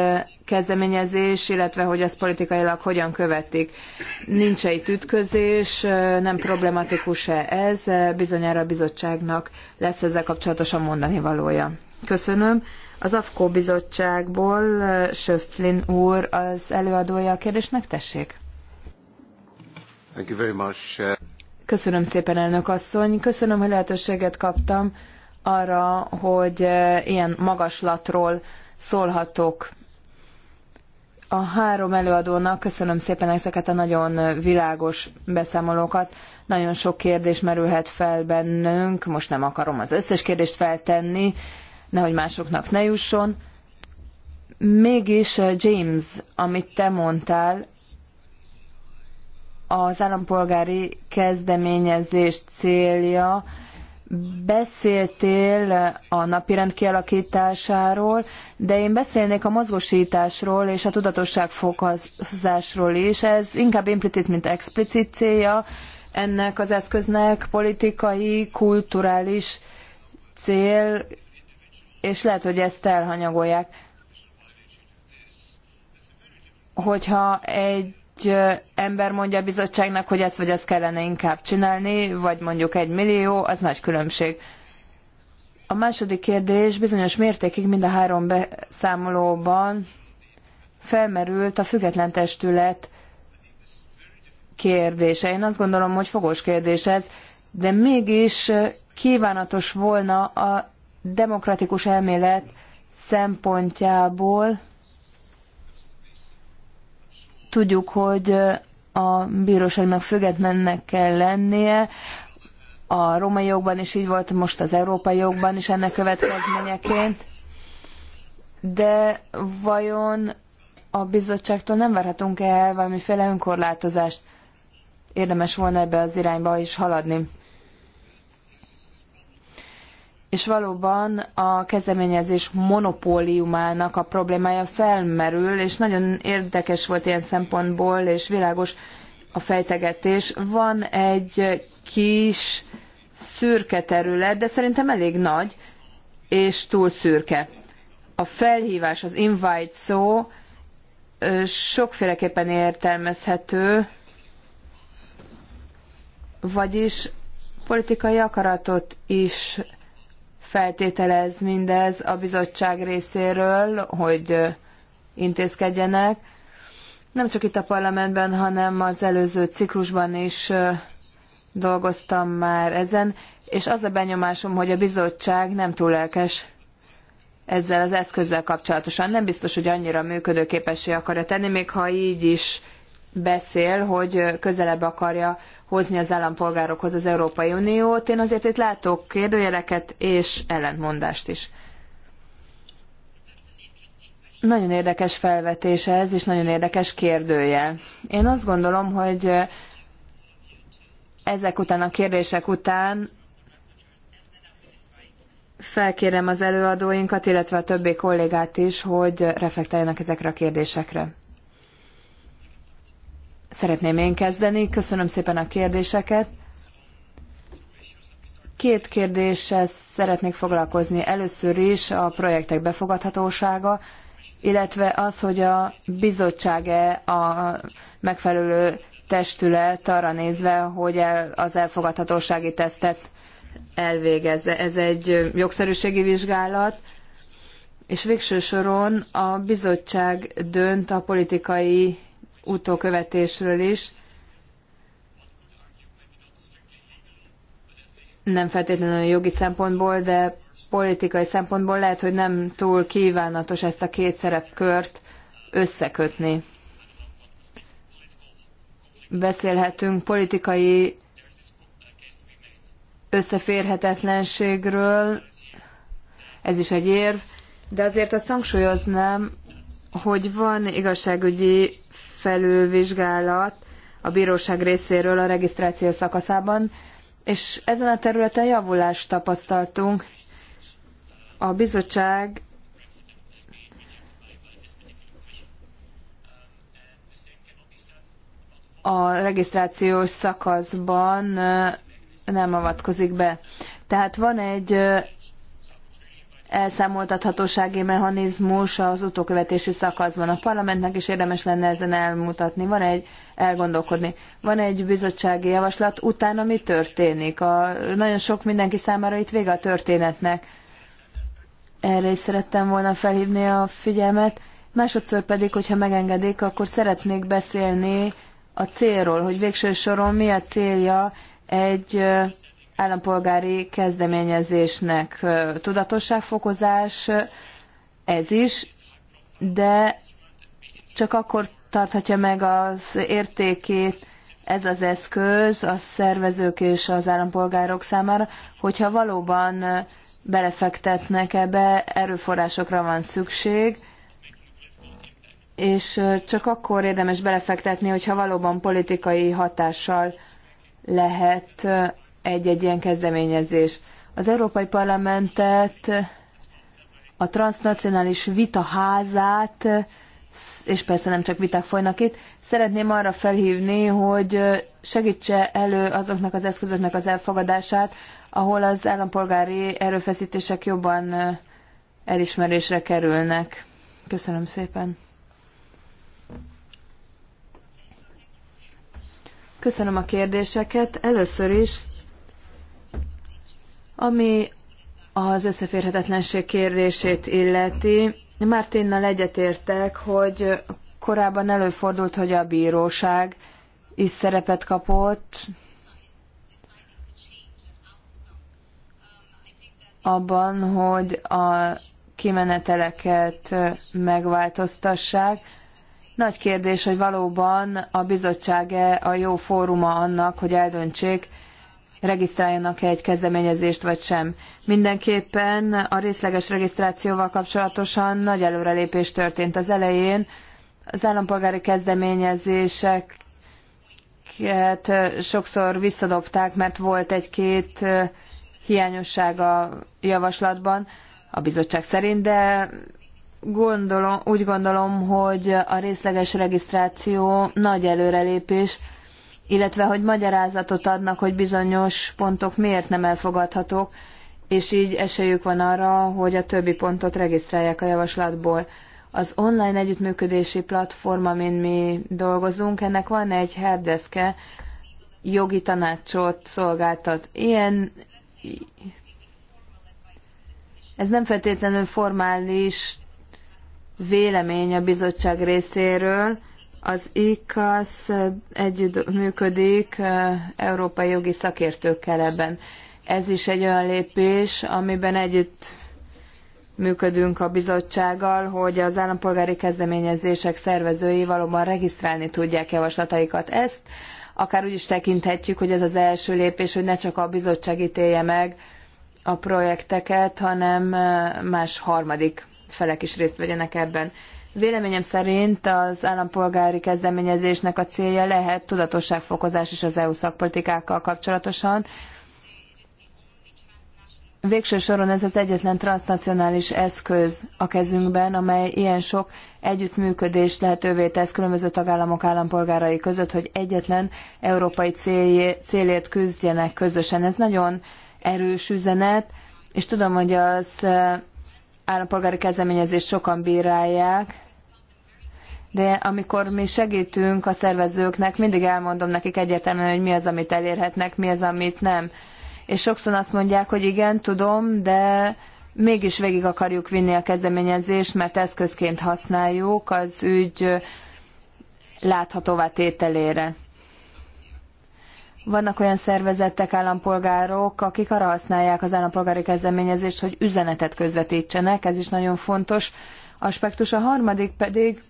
kezdeményezés, illetve hogy ezt politikailag hogyan követik. nincs egy ütközés, nem problematikus-e ez, bizonyára a bizottságnak lesz ezzel kapcsolatosan mondani valója. Köszönöm. Az AFKO bizottságból Söflin úr az előadója a kérdésnek, tessék. Thank you very much. Uh, Köszönöm szépen, elnök asszony. Köszönöm, hogy lehetőséget kaptam arra, hogy ilyen magaslatról szólhatok. A három előadónak köszönöm szépen ezeket a nagyon világos beszámolókat. Nagyon sok kérdés merülhet fel bennünk, most nem akarom az összes kérdést feltenni, nehogy másoknak ne jusson. Mégis, eh, James, amit te mondtál, az állampolgári kezdeményezés célja, beszéltél a napirend kialakításáról, de én beszélnék a mozgósításról és a tudatosságfokozásról is. Ez inkább implicit, mint explicit célja ennek az eszköznek politikai, kulturális cél, és lehet, hogy ezt elhanyagolják. Hogyha egy ember mondja a bizottságnak, hogy ezt vagy ezt kellene inkább csinálni, vagy mondjuk egy millió, az nagy különbség. A második kérdés bizonyos mértékig mind a három beszámolóban felmerült a független testület kérdése. Én azt gondolom, hogy fogós kérdés ez, de mégis kívánatos volna a demokratikus elmélet szempontjából. Tudjuk, hogy a bíróságnak függetlennek kell lennie, a római jogban is így volt, most az európai jogban is ennek következményeként. De vajon a bizottságtól nem várhatunk el valamiféle önkorlátozást? Érdemes volna ebbe az irányba is haladni. És valóban a kezdeményezés monopóliumának a problémája felmerül, és nagyon érdekes volt ilyen szempontból, és világos a fejtegetés. Van egy kis szürke terület, de szerintem elég nagy, és túl szürke. A felhívás, az invite szó sokféleképpen értelmezhető, vagyis politikai akaratot is feltételez mindez a bizottság részéről, hogy intézkedjenek. Nem csak itt a parlamentben, hanem az előző ciklusban is dolgoztam már ezen, és az a benyomásom, hogy a bizottság nem túl lelkes ezzel az eszközzel kapcsolatosan. Nem biztos, hogy annyira működőképessé akarja tenni, még ha így is beszél, hogy közelebb akarja hozni az állampolgárokhoz az Európai Uniót. Én azért itt látok kérdőjeleket és ellentmondást is. Nagyon érdekes felvetés ez, és nagyon érdekes kérdője. Én azt gondolom, hogy ezek után, a kérdések után felkérem az előadóinkat, illetve a többi kollégát is, hogy reflektáljanak ezekre a kérdésekre. Szeretném én kezdeni. Köszönöm szépen a kérdéseket. Két kérdéssel szeretnék foglalkozni. Először is a projektek befogadhatósága, illetve az, hogy a bizottság-e a megfelelő testület arra nézve, hogy az elfogadhatósági tesztet elvégezze. Ez egy jogszerűségi vizsgálat, és végső soron a bizottság dönt a politikai utókövetésről is. Nem feltétlenül jogi szempontból, de politikai szempontból lehet, hogy nem túl kívánatos ezt a két szerepkört összekötni. Beszélhetünk politikai összeférhetetlenségről, ez is egy érv, de azért azt hangsúlyoznám, hogy van igazságügyi felülvizsgálat a bíróság részéről a regisztráció szakaszában, és ezen a területen javulást tapasztaltunk, a bizottság a regisztrációs szakaszban nem avatkozik be. Tehát van egy elszámoltathatósági mechanizmus az utókövetési szakaszban. A parlamentnek is érdemes lenne ezen elmutatni. Van egy elgondolkodni. Van egy bizottsági javaslat, utána mi történik? A, nagyon sok mindenki számára itt vége a történetnek erre is szerettem volna felhívni a figyelmet. Másodszor pedig, hogyha megengedik, akkor szeretnék beszélni a célról, hogy végső soron mi a célja egy állampolgári kezdeményezésnek. Tudatosságfokozás, ez is, de csak akkor tarthatja meg az értékét ez az eszköz a szervezők és az állampolgárok számára, hogyha valóban belefektetnek ebbe, erőforrásokra van szükség, és csak akkor érdemes belefektetni, hogyha valóban politikai hatással lehet egy-egy ilyen kezdeményezés. Az Európai Parlamentet, a transnacionális vitaházát, és persze nem csak viták folynak itt, szeretném arra felhívni, hogy segítse elő azoknak az eszközöknek az elfogadását, ahol az állampolgári erőfeszítések jobban elismerésre kerülnek. Köszönöm szépen. Köszönöm a kérdéseket. Először is, ami az összeférhetetlenség kérdését illeti, Mártinnal egyetértek, hogy korábban előfordult, hogy a bíróság is szerepet kapott, abban, hogy a kimeneteleket megváltoztassák. Nagy kérdés, hogy valóban a bizottságe a jó fóruma annak, hogy eldöntsék, regisztráljanak-e egy kezdeményezést vagy sem. Mindenképpen a részleges regisztrációval kapcsolatosan nagy előrelépés történt az elején. Az állampolgári kezdeményezések sokszor visszadobták, mert volt egy-két hiányosság a javaslatban a bizottság szerint, de gondolom, úgy gondolom, hogy a részleges regisztráció nagy előrelépés, illetve hogy magyarázatot adnak, hogy bizonyos pontok miért nem elfogadhatók, és így esélyük van arra, hogy a többi pontot regisztrálják a javaslatból. Az online együttműködési platform, amin mi dolgozunk, ennek van egy herdeszke, jogi tanácsot szolgáltat. Ilyen ez nem feltétlenül formális vélemény a bizottság részéről. Az ICAS együtt működik európai jogi szakértőkkel ebben. Ez is egy olyan lépés, amiben együtt működünk a bizottsággal, hogy az állampolgári kezdeményezések szervezői valóban regisztrálni tudják javaslataikat. Ezt akár úgy is tekinthetjük, hogy ez az első lépés, hogy ne csak a bizottság ítélje meg a projekteket, hanem más harmadik felek is részt vegyenek ebben. Véleményem szerint az állampolgári kezdeményezésnek a célja lehet tudatosságfokozás is az EU szakpolitikákkal kapcsolatosan, végső soron ez az egyetlen transnacionális eszköz a kezünkben, amely ilyen sok együttműködést lehetővé tesz különböző tagállamok állampolgárai között, hogy egyetlen európai célért küzdjenek közösen. Ez nagyon erős üzenet, és tudom, hogy az állampolgári kezdeményezést sokan bírálják, de amikor mi segítünk a szervezőknek, mindig elmondom nekik egyértelműen, hogy mi az, amit elérhetnek, mi az, amit nem és sokszor azt mondják, hogy igen, tudom, de mégis végig akarjuk vinni a kezdeményezést, mert eszközként használjuk az ügy láthatóvá tételére. Vannak olyan szervezetek, állampolgárok, akik arra használják az állampolgári kezdeményezést, hogy üzenetet közvetítsenek, ez is nagyon fontos aspektus. A harmadik pedig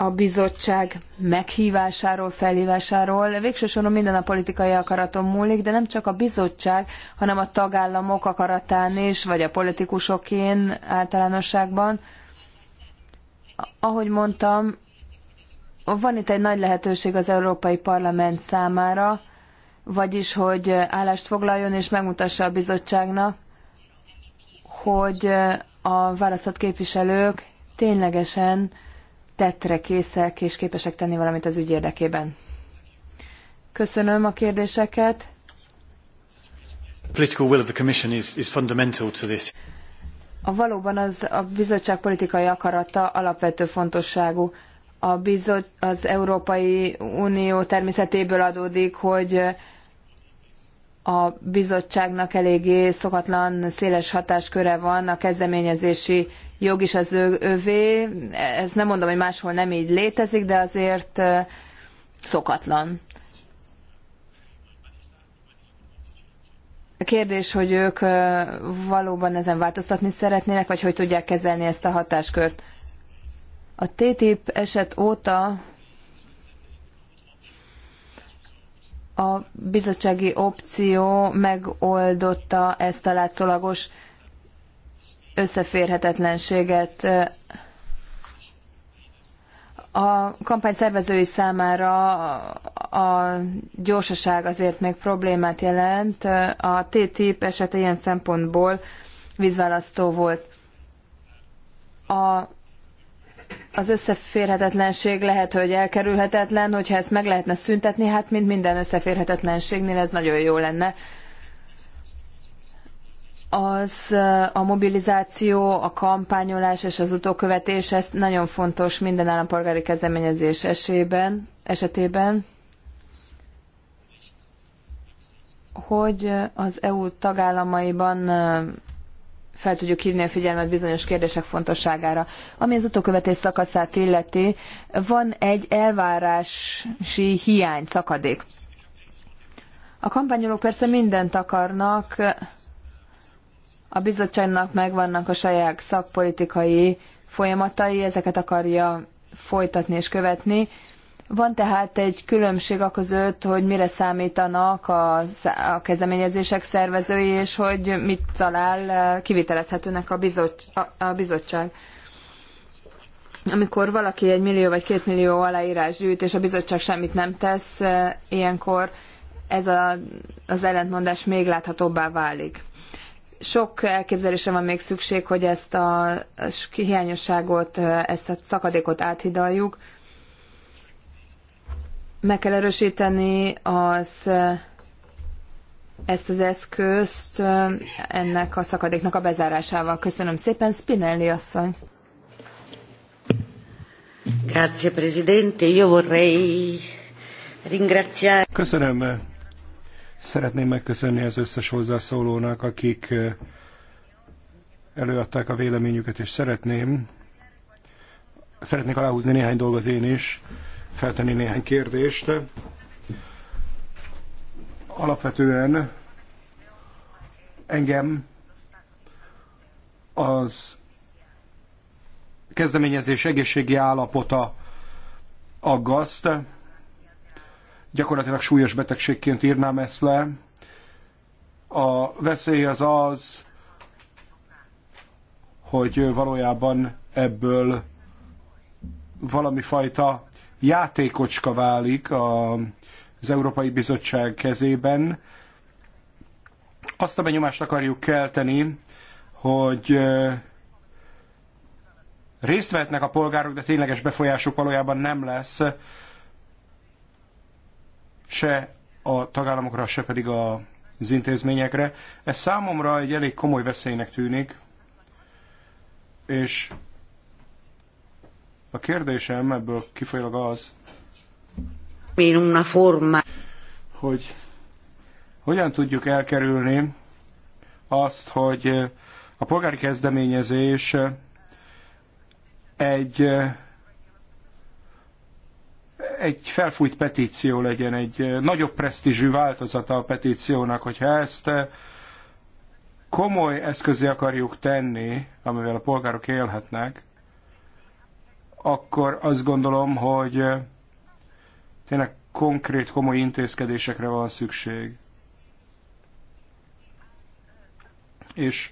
a bizottság meghívásáról, felhívásáról. Végső soron minden a politikai akaraton múlik, de nem csak a bizottság, hanem a tagállamok akaratán is, vagy a politikusokén általánosságban. Ahogy mondtam, van itt egy nagy lehetőség az Európai Parlament számára, vagyis, hogy állást foglaljon és megmutassa a bizottságnak, hogy a választott képviselők ténylegesen tettre készek és képesek tenni valamit az ügy érdekében. Köszönöm a kérdéseket. A valóban az a bizottság politikai akarata alapvető fontosságú. A bizot, az Európai Unió természetéből adódik, hogy a bizottságnak eléggé szokatlan széles hatásköre van a kezdeményezési jog is az övé. Ez nem mondom, hogy máshol nem így létezik, de azért szokatlan. A kérdés, hogy ők valóban ezen változtatni szeretnének, vagy hogy tudják kezelni ezt a hatáskört. A TTIP eset óta a bizottsági opció megoldotta ezt a látszólagos összeférhetetlenséget a kampány szervezői számára a gyorsaság azért még problémát jelent. A TTIP esete ilyen szempontból vízválasztó volt. A, az összeférhetetlenség lehet, hogy elkerülhetetlen, hogyha ezt meg lehetne szüntetni, hát mint minden összeférhetetlenségnél ez nagyon jó lenne az eh, a mobilizáció, a kampányolás és az utókövetés, ez nagyon fontos minden állampolgári kezdeményezés esében, esetében, hogy az EU tagállamaiban eh, fel tudjuk hívni a figyelmet bizonyos kérdések fontosságára. Ami az utókövetés szakaszát illeti, van egy elvárási hiány, szakadék. A kampányolók persze mindent akarnak, a bizottságnak megvannak a saját szakpolitikai folyamatai, ezeket akarja folytatni és követni. Van tehát egy különbség a között, hogy mire számítanak a, a kezdeményezések szervezői, és hogy mit talál eh, kivitelezhetőnek a, a, a bizottság. Amikor valaki egy millió vagy két millió aláírás gyűjt, és a bizottság semmit nem tesz, eh, ilyenkor ez a, az ellentmondás még láthatóbbá válik sok elképzelésre van még szükség, hogy ezt a hiányosságot, ezt a szakadékot áthidaljuk. Meg kell erősíteni az ezt az eszközt ennek a szakadéknak a bezárásával. Köszönöm szépen, Spinelli asszony. Grazie Presidente, io vorrei ringraziare... Köszönöm, Szeretném megköszönni az összes hozzászólónak, akik előadták a véleményüket, és szeretném, szeretnék aláhúzni néhány dolgot én is, feltenni néhány kérdést. Alapvetően engem az kezdeményezés egészségi állapota aggaszt, gyakorlatilag súlyos betegségként írnám ezt le. A veszély az az, hogy valójában ebből valami fajta játékocska válik a, az Európai Bizottság kezében. Azt a benyomást akarjuk kelteni, hogy részt vehetnek a polgárok, de tényleges befolyásuk valójában nem lesz se a tagállamokra, se pedig a, az intézményekre. Ez számomra egy elég komoly veszélynek tűnik, és a kérdésem ebből kifolyólag az, hogy hogyan tudjuk elkerülni azt, hogy a polgári kezdeményezés egy egy felfújt petíció legyen, egy eh, nagyobb presztízsű változata a petíciónak, hogyha ezt eh, komoly eszközé akarjuk tenni, amivel a polgárok élhetnek, akkor azt gondolom, hogy eh, tényleg konkrét, komoly intézkedésekre van szükség. És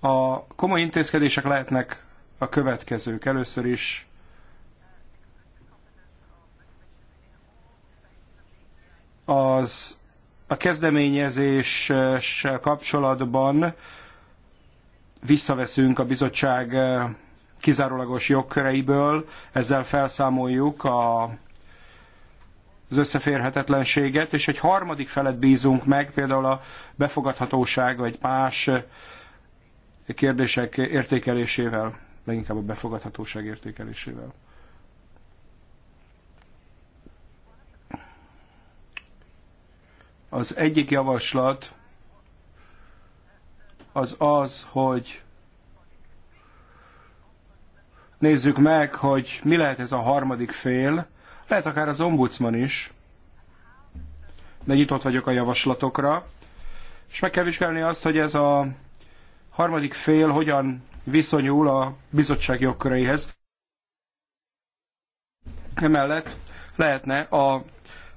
a komoly intézkedések lehetnek a következők. Először is az a kezdeményezéssel kapcsolatban visszaveszünk a bizottság kizárólagos jogköreiből, ezzel felszámoljuk a, az összeférhetetlenséget, és egy harmadik felet bízunk meg, például a befogadhatóság vagy más kérdések értékelésével, leginkább a befogadhatóság értékelésével. Az egyik javaslat az az, hogy nézzük meg, hogy mi lehet ez a harmadik fél, lehet akár az ombudsman is, de nyitott vagyok a javaslatokra, és meg kell vizsgálni azt, hogy ez a harmadik fél hogyan viszonyul a bizottság jogköreihez. Emellett lehetne a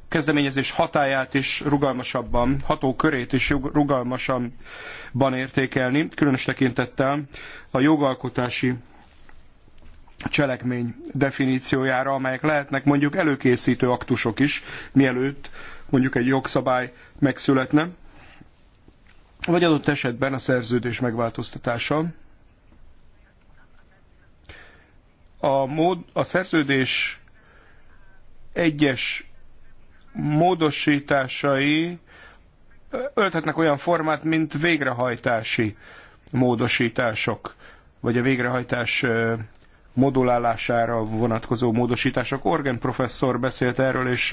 kezdeményezés hatáját is rugalmasabban, hatókörét is rugalmasabban értékelni, különös tekintettel a jogalkotási cselekmény definíciójára, amelyek lehetnek mondjuk előkészítő aktusok is, mielőtt mondjuk egy jogszabály megszületne, vagy adott esetben a szerződés megváltoztatása. A, mód, a szerződés egyes módosításai ölthetnek olyan formát, mint végrehajtási módosítások, vagy a végrehajtás modulálására vonatkozó módosítások. Orgen professzor beszélt erről, és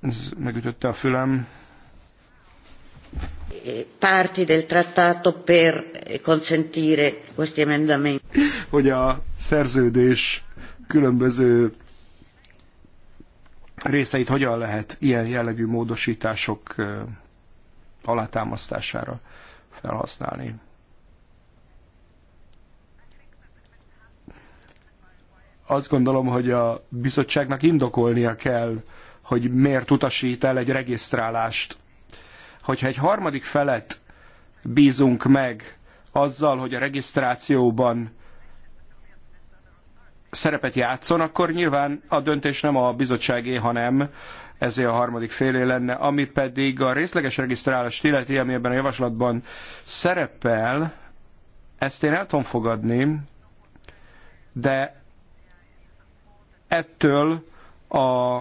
ez megütötte a fülem. Parti del trattato per consentire questi emendamenti. Hogy a szerződés különböző részeit hogyan lehet ilyen jellegű módosítások alátámasztására felhasználni. Azt gondolom, hogy a bizottságnak indokolnia kell, hogy miért utasít el egy regisztrálást. Hogyha egy harmadik felet bízunk meg azzal, hogy a regisztrációban szerepet játszon, akkor nyilván a döntés nem a bizottságé, hanem ezé a harmadik félé lenne, ami pedig a részleges regisztrálás illeti, ami ebben a javaslatban szerepel, ezt én el tudom fogadni, de ettől a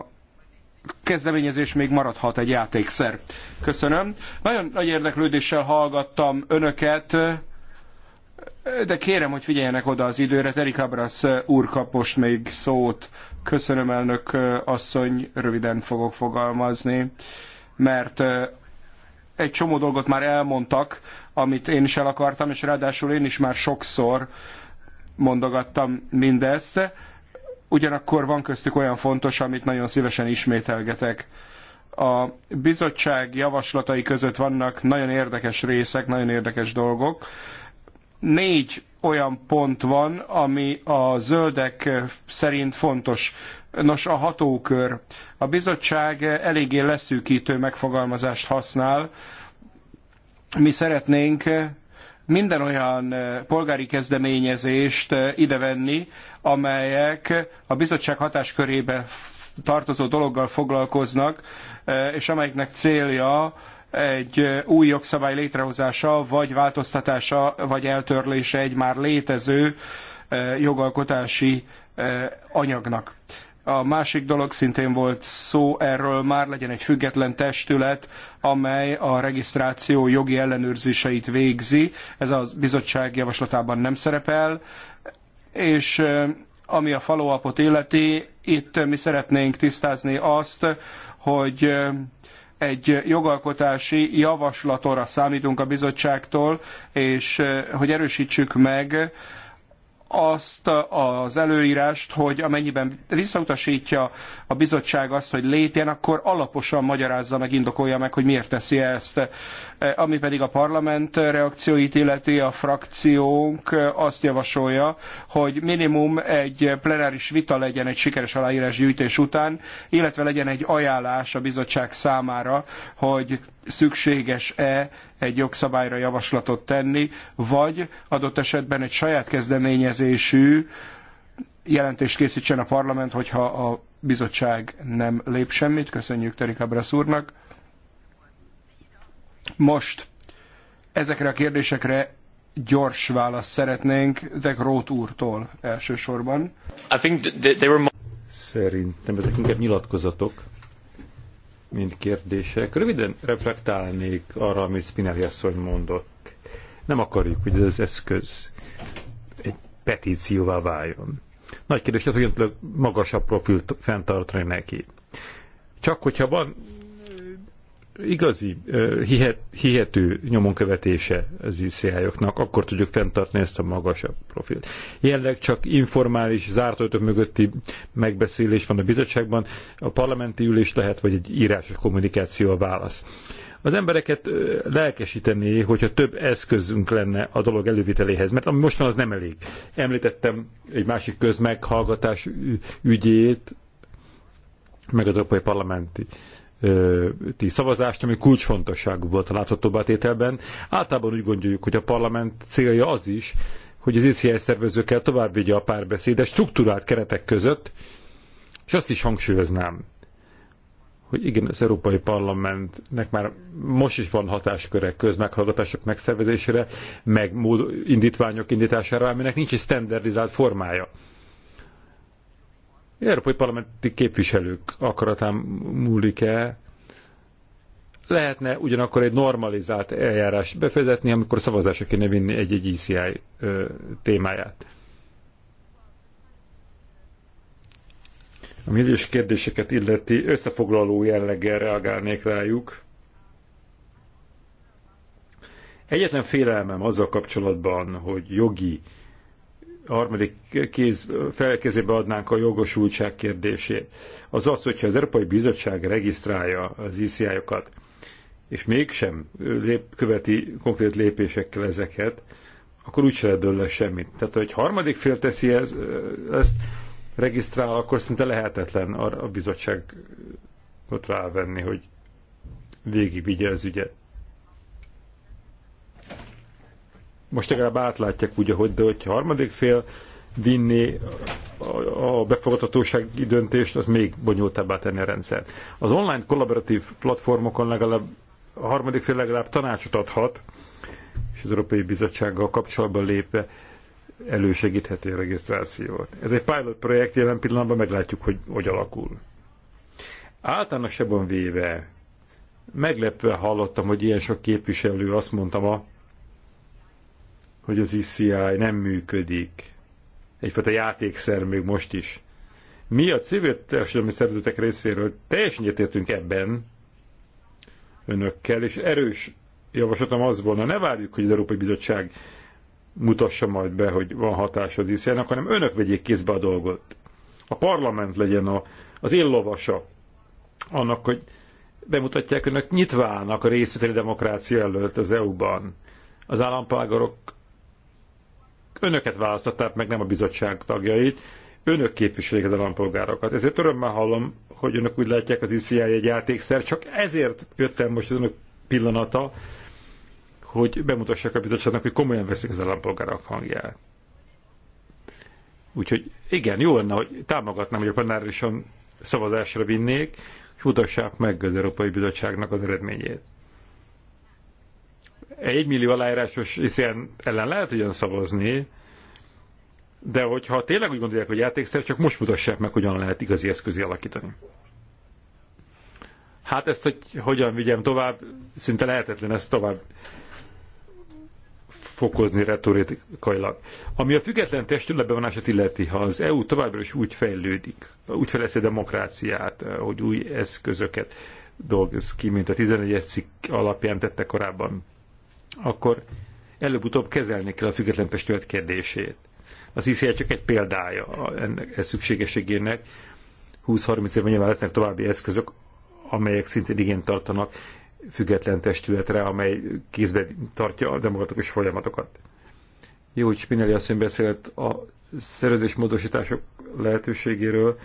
kezdeményezés még maradhat egy játékszer. Köszönöm. Nagyon nagy érdeklődéssel hallgattam önöket. De kérem, hogy figyeljenek oda az időre. terik Cabras eh, úr kap most még szót. Köszönöm, elnök eh, asszony, röviden fogok fogalmazni, mert eh, egy csomó dolgot már elmondtak, amit én is el akartam, és ráadásul én is már sokszor mondogattam mindezt. Ugyanakkor van köztük olyan fontos, amit nagyon szívesen ismételgetek. A bizottság javaslatai között vannak nagyon érdekes részek, nagyon érdekes dolgok, négy olyan pont van, ami a zöldek szerint fontos. Nos, a hatókör. A bizottság eléggé leszűkítő megfogalmazást használ. Mi szeretnénk minden olyan eh, polgári kezdeményezést eh, idevenni, amelyek a bizottság hatáskörébe tartozó dologgal foglalkoznak, eh, és amelyeknek célja egy új jogszabály létrehozása, vagy változtatása, vagy eltörlése egy már létező jogalkotási anyagnak. A másik dolog szintén volt szó erről már, legyen egy független testület, amely a regisztráció jogi ellenőrzéseit végzi. Ez a bizottság javaslatában nem szerepel. És ami a follow-upot illeti, itt mi szeretnénk tisztázni azt, hogy egy jogalkotási javaslatra számítunk a bizottságtól, és eh, hogy erősítsük meg azt az előírást, hogy amennyiben visszautasítja a bizottság azt, hogy lépjen, akkor alaposan magyarázza meg, indokolja meg, hogy miért teszi ezt. Ami pedig a parlament reakcióit illeti, a frakciónk azt javasolja, hogy minimum egy plenáris vita legyen egy sikeres aláírásgyűjtés után, illetve legyen egy ajánlás a bizottság számára, hogy szükséges-e egy jogszabályra javaslatot tenni, vagy adott esetben egy saját kezdeményezésű jelentést készítsen a parlament, hogyha a bizottság nem lép semmit. Köszönjük Terik Brasz úrnak. Most ezekre a kérdésekre gyors választ szeretnénk, de Grót úrtól elsősorban. I think they were... Szerintem ezek inkább nyilatkozatok, mint kérdések. Röviden reflektálnék arra, amit Spinelli asszony mondott. Nem akarjuk, hogy ez az eszköz egy petícióvá váljon. Nagy kérdés, hogy magasabb profilt fenntartani neki. Csak hogyha van igazi, hihet, hihető nyomon követése az ICI-oknak, akkor tudjuk fenntartani ezt a magasabb profilt. Jelenleg csak informális, zárt ajtók mögötti megbeszélés van a bizottságban, a parlamenti ülés lehet, vagy egy írásos kommunikáció a válasz. Az embereket lelkesíteni, hogyha több eszközünk lenne a dolog előviteléhez, mert ami most van, az nem elég. Említettem egy másik közmeghallgatás ügyét, meg az Európai Parlamenti ti szavazást, ami kulcsfontosságú volt a láthatóbbá tételben. Általában úgy gondoljuk, hogy a parlament célja az is, hogy az ICI szervezőkkel tovább vigye a párbeszédet struktúrált keretek között, és azt is hangsúlyoznám, hogy igen, az Európai Parlamentnek már most is van hatásköre közmeghallgatások megszervezésére, meg indítványok indítására, aminek nincs egy standardizált formája. Európai Parlamenti képviselők akaratán múlik-e, lehetne ugyanakkor egy normalizált eljárást befezetni, amikor szavazásra kéne vinni egy-egy ECI témáját. A egyes kérdéseket illeti összefoglaló jelleggel reagálnék rájuk. Egyetlen félelmem azzal kapcsolatban, hogy jogi a harmadik kéz felkezébe adnánk a jogosultság kérdését, az az, hogyha az Európai Bizottság regisztrálja az ICI-okat, és mégsem lép, követi konkrét lépésekkel ezeket, akkor úgyse lehet belőle semmit. Tehát, hogy harmadik fél teszi ez, ezt, regisztrál, akkor szinte lehetetlen a bizottságot rávenni, hogy végigvigye az ügyet. most legalább átlátják úgy, ahogy, de hogyha harmadik fél vinni a befogadhatósági döntést, az még bonyolultabbá tenni a rendszer. Az online kollaboratív platformokon legalább a harmadik fél legalább tanácsot adhat, és az Európai Bizottsággal kapcsolatban lépve elősegítheti a regisztrációt. Ez egy pilot projekt, jelen pillanatban meglátjuk, hogy hogy alakul. Általánosabban véve, meglepve hallottam, hogy ilyen sok képviselő azt mondta ma, hogy az ICI nem működik. Egyfajta játékszer még most is. Mi a civil társadalmi szervezetek részéről teljesen értünk ebben önökkel, és erős javaslatom az volna, ne várjuk, hogy az Európai Bizottság mutassa majd be, hogy van hatása az iszl hanem önök vegyék kézbe a dolgot. A parlament legyen a, az illovasa annak, hogy bemutatják önök nyitvának a részvételi demokrácia előtt az EU-ban. Az állampolgárok Önöket választották meg, nem a bizottság tagjait. Önök képviselik az állampolgárokat. Ezért örömmel hallom, hogy önök úgy látják az ICI egy játékszer, csak ezért jöttem most az önök pillanata, hogy bemutassák a bizottságnak, hogy komolyan veszik az állampolgárok hangját. Úgyhogy igen, jó lenne, hogy támogatnám, hogy a plenárison szavazásra vinnék, és mutassák meg az Európai Bizottságnak az eredményét. Egy millió aláírásos ilyen ellen lehet ugyan szavazni, de hogyha tényleg úgy gondolják, hogy játékszer, csak most mutassák meg, hogyan lehet igazi eszközi alakítani. Hát ezt, hogy hogyan vigyem tovább, szinte lehetetlen ezt tovább fokozni retorikailag. Ami a független testületbevonását illeti, ha az EU továbbra is úgy fejlődik, úgy fejleszi a demokráciát, hogy új eszközöket dolgoz ki, mint a 11. cikk alapján tette korábban akkor előbb-utóbb kezelni kell a független testület kérdését. Az ICR e csak egy példája ennek ez szükségességének. 20-30 évben nyilván lesznek további eszközök, amelyek szintén igényt tartanak független testületre, amely kézbe tartja a demokratikus folyamatokat. Jó, hogy Spinelli asszony beszélt a szerződés módosítások lehetőségéről.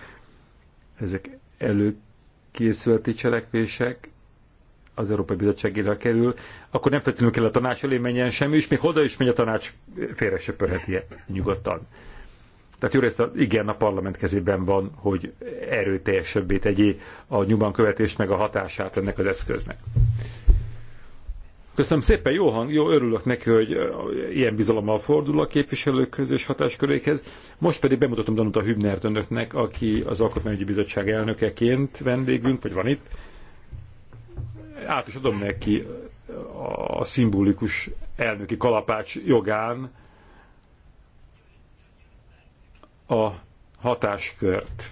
Ezek előkészületi cselekvések, az Európai Bizottságére kerül, akkor nem feltétlenül kell a tanács elé menjen semmi, és még oda is megy a tanács, félre söpörheti -e, nyugodtan. Tehát jó része, igen, a parlament kezében van, hogy erőteljesebbé tegyé a nyugban követést meg a hatását ennek az eszköznek. Köszönöm szépen, jó hang, jó örülök neki, hogy ilyen bizalommal fordul a képviselőkhöz és hatáskörékhez. Most pedig bemutatom Danuta Hübnert önöknek, aki az Alkotmányügyi Bizottság elnökeként vendégünk, vagy van itt, át is adom neki a szimbolikus elnöki kalapács jogán a hatáskört.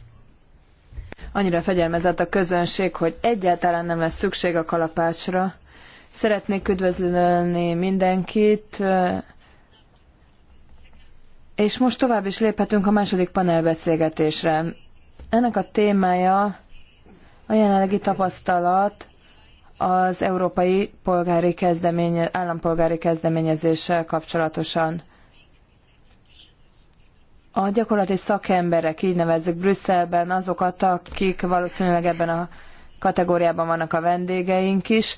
Annyira fegyelmezett a közönség, hogy egyáltalán nem lesz szükség a kalapácsra. Szeretnék üdvözlölni mindenkit, és most tovább is léphetünk a második panelbeszélgetésre. Ennek a témája a jelenlegi tapasztalat az európai polgári kezdeménye, állampolgári kezdeményezéssel kapcsolatosan. A gyakorlati szakemberek, így nevezzük Brüsszelben, azokat, akik valószínűleg ebben a kategóriában vannak a vendégeink is,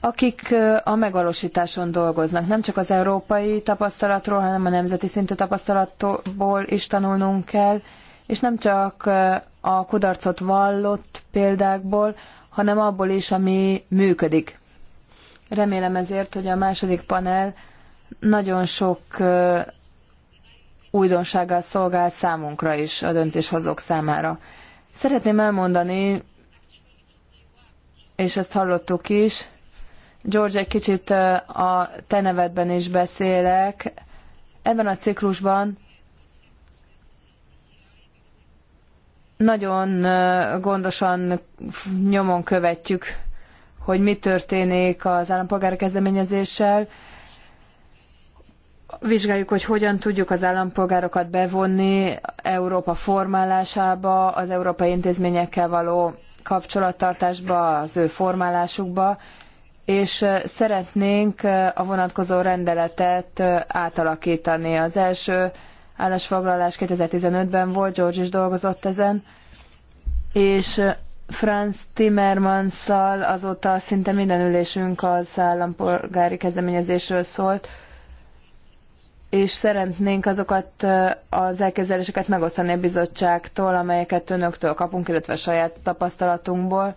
akik a megvalósításon dolgoznak. Nem csak az európai tapasztalatról, hanem a nemzeti szintű tapasztalatból is tanulnunk kell, és nem csak a kudarcot vallott példákból, hanem abból is, ami működik. Remélem ezért, hogy a második panel nagyon sok újdonsággal szolgál számunkra is, a döntéshozók számára. Szeretném elmondani, és ezt hallottuk is, George, egy kicsit a te nevedben is beszélek. Ebben a ciklusban nagyon gondosan nyomon követjük, hogy mi történik az állampolgári kezdeményezéssel. Vizsgáljuk, hogy hogyan tudjuk az állampolgárokat bevonni Európa formálásába, az európai intézményekkel való kapcsolattartásba, az ő formálásukba, és szeretnénk a vonatkozó rendeletet átalakítani. Az első állásfoglalás 2015-ben volt, George is dolgozott ezen, és Franz timmermans azóta szinte minden ülésünk az állampolgári kezdeményezésről szólt, és szeretnénk azokat az elképzeléseket megosztani a bizottságtól, amelyeket önöktől kapunk, illetve a saját tapasztalatunkból.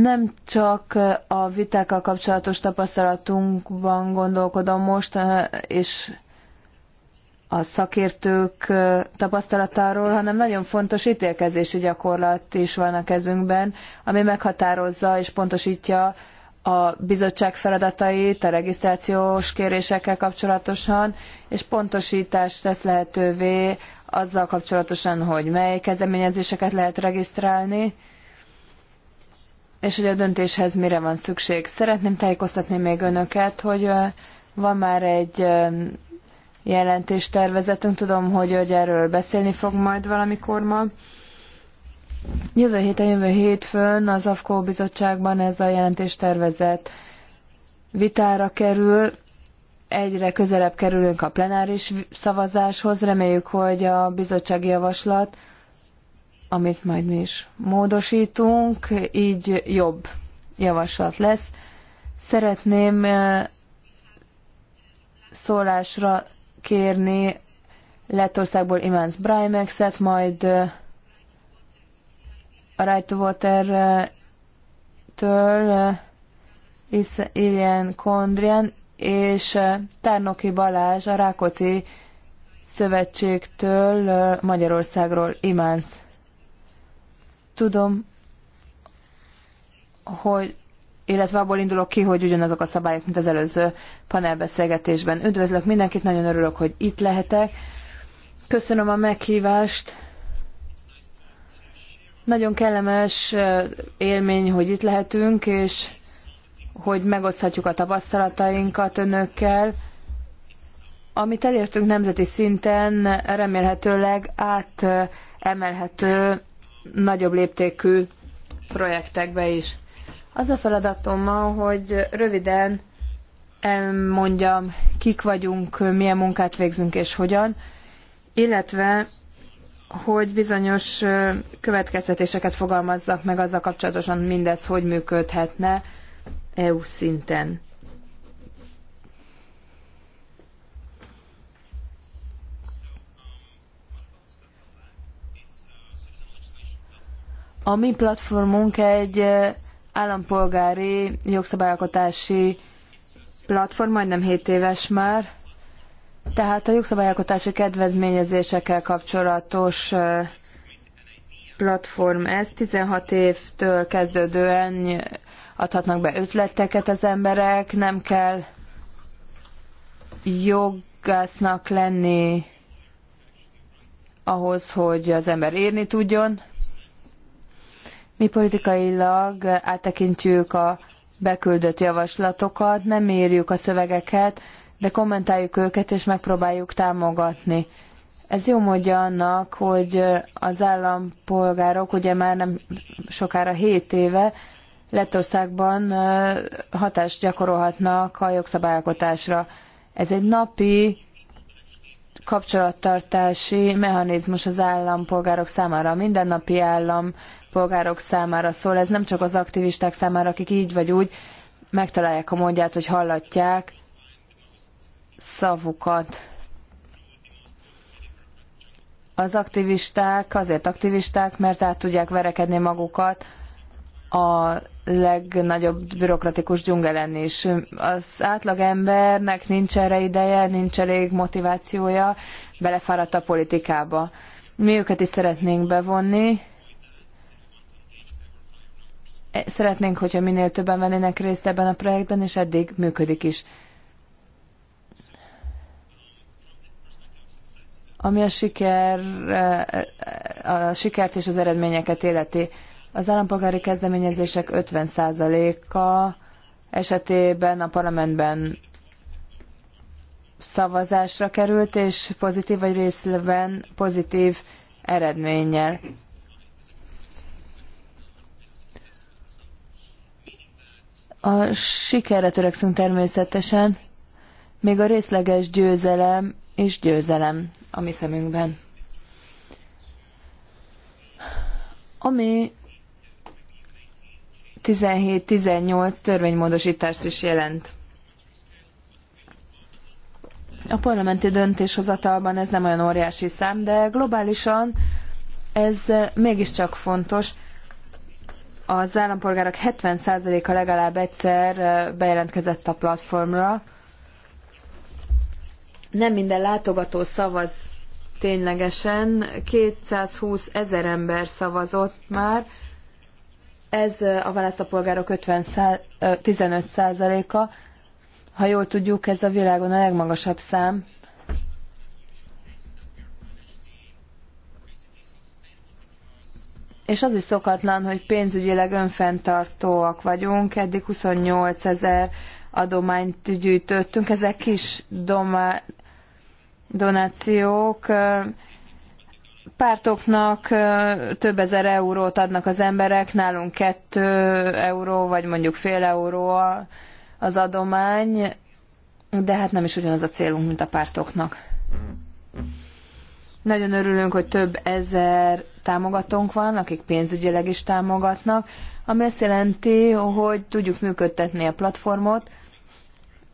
Nem csak a vitákkal kapcsolatos tapasztalatunkban gondolkodom most, és a szakértők tapasztalatáról, hanem nagyon fontos ítélkezési gyakorlat is van a kezünkben, ami meghatározza és pontosítja a bizottság feladatait a regisztrációs kérésekkel kapcsolatosan, és pontosítást tesz lehetővé azzal kapcsolatosan, hogy mely kezdeményezéseket lehet regisztrálni, és hogy a döntéshez mire van szükség. Szeretném tájékoztatni még önöket, hogy van már egy jelentéstervezetünk. Tudom, hogy ő erről beszélni fog majd valamikor ma. Jövő héten, jövő hétfőn az AFKO bizottságban ez a jelentéstervezet vitára kerül. Egyre közelebb kerülünk a plenáris szavazáshoz. Reméljük, hogy a bizottsági javaslat, amit majd mi is módosítunk, így jobb javaslat lesz. Szeretném eh, szólásra kérni Lettországból Imans et majd a Right to Water-től Ilyen Kondrian, és Tárnoki Balázs a Rákóczi Szövetségtől Magyarországról Imánsz. Tudom, hogy illetve abból indulok ki, hogy ugyanazok a szabályok, mint az előző panelbeszélgetésben. Üdvözlök mindenkit, nagyon örülök, hogy itt lehetek. Köszönöm a meghívást. Nagyon kellemes élmény, hogy itt lehetünk, és hogy megoszthatjuk a tapasztalatainkat önökkel. Amit elértünk nemzeti szinten, remélhetőleg átemelhető nagyobb léptékű projektekbe is. Az a feladatom ma, hogy röviden mondjam, kik vagyunk, milyen munkát végzünk és hogyan, illetve hogy bizonyos következtetéseket fogalmazzak meg azzal kapcsolatosan, mindez hogy működhetne EU szinten. A mi platformunk egy állampolgári jogszabályalkotási platform, majdnem 7 éves már, tehát a jogszabályalkotási kedvezményezésekkel kapcsolatos platform ez. 16 évtől kezdődően adhatnak be ötleteket az emberek, nem kell jogásznak lenni ahhoz, hogy az ember írni tudjon. Mi politikailag áttekintjük a beküldött javaslatokat, nem mérjük a szövegeket, de kommentáljuk őket és megpróbáljuk támogatni. Ez jó módja annak, hogy az állampolgárok ugye már nem sokára 7 éve Lettországban hatást gyakorolhatnak a jogszabályalkotásra. Ez egy napi kapcsolattartási mechanizmus az állampolgárok számára. A mindennapi állam polgárok számára szól, ez nem csak az aktivisták számára, akik így vagy úgy megtalálják a módját, hogy hallatják szavukat. Az aktivisták azért aktivisták, mert át tudják verekedni magukat a legnagyobb bürokratikus dzsungelen is. Az átlagembernek nincs erre ideje, nincs elég motivációja, belefáradt a politikába. Mi őket is szeretnénk bevonni, Szeretnénk, hogyha minél többen vennének részt ebben a projektben, és eddig működik is. Ami a, siker, a sikert és az eredményeket életi. Az állampolgári kezdeményezések 50%-a esetében a parlamentben szavazásra került, és pozitív vagy részben pozitív eredménnyel. A sikerre törekszünk természetesen, még a részleges győzelem és győzelem a mi szemünkben. Ami 17-18 törvénymódosítást is jelent. A parlamenti döntéshozatalban ez nem olyan óriási szám, de globálisan ez mégiscsak fontos, az állampolgárok 70%-a legalább egyszer bejelentkezett a platformra. Nem minden látogató szavaz ténylegesen, 220 ezer ember szavazott már, ez a választópolgárok 50 15 százaléka. Ha jól tudjuk, ez a világon a legmagasabb szám. És az is szokatlan, hogy pénzügyileg önfenntartóak vagyunk, eddig 28 ezer adományt gyűjtöttünk, ezek kis doma- donációk, pártoknak több ezer eurót adnak az emberek, nálunk kettő euró, vagy mondjuk fél euró az adomány, de hát nem is ugyanaz a célunk, mint a pártoknak. Mhm. Nagyon örülünk, hogy több ezer támogatónk van, akik pénzügyileg is támogatnak, ami azt jelenti, hogy tudjuk működtetni a platformot,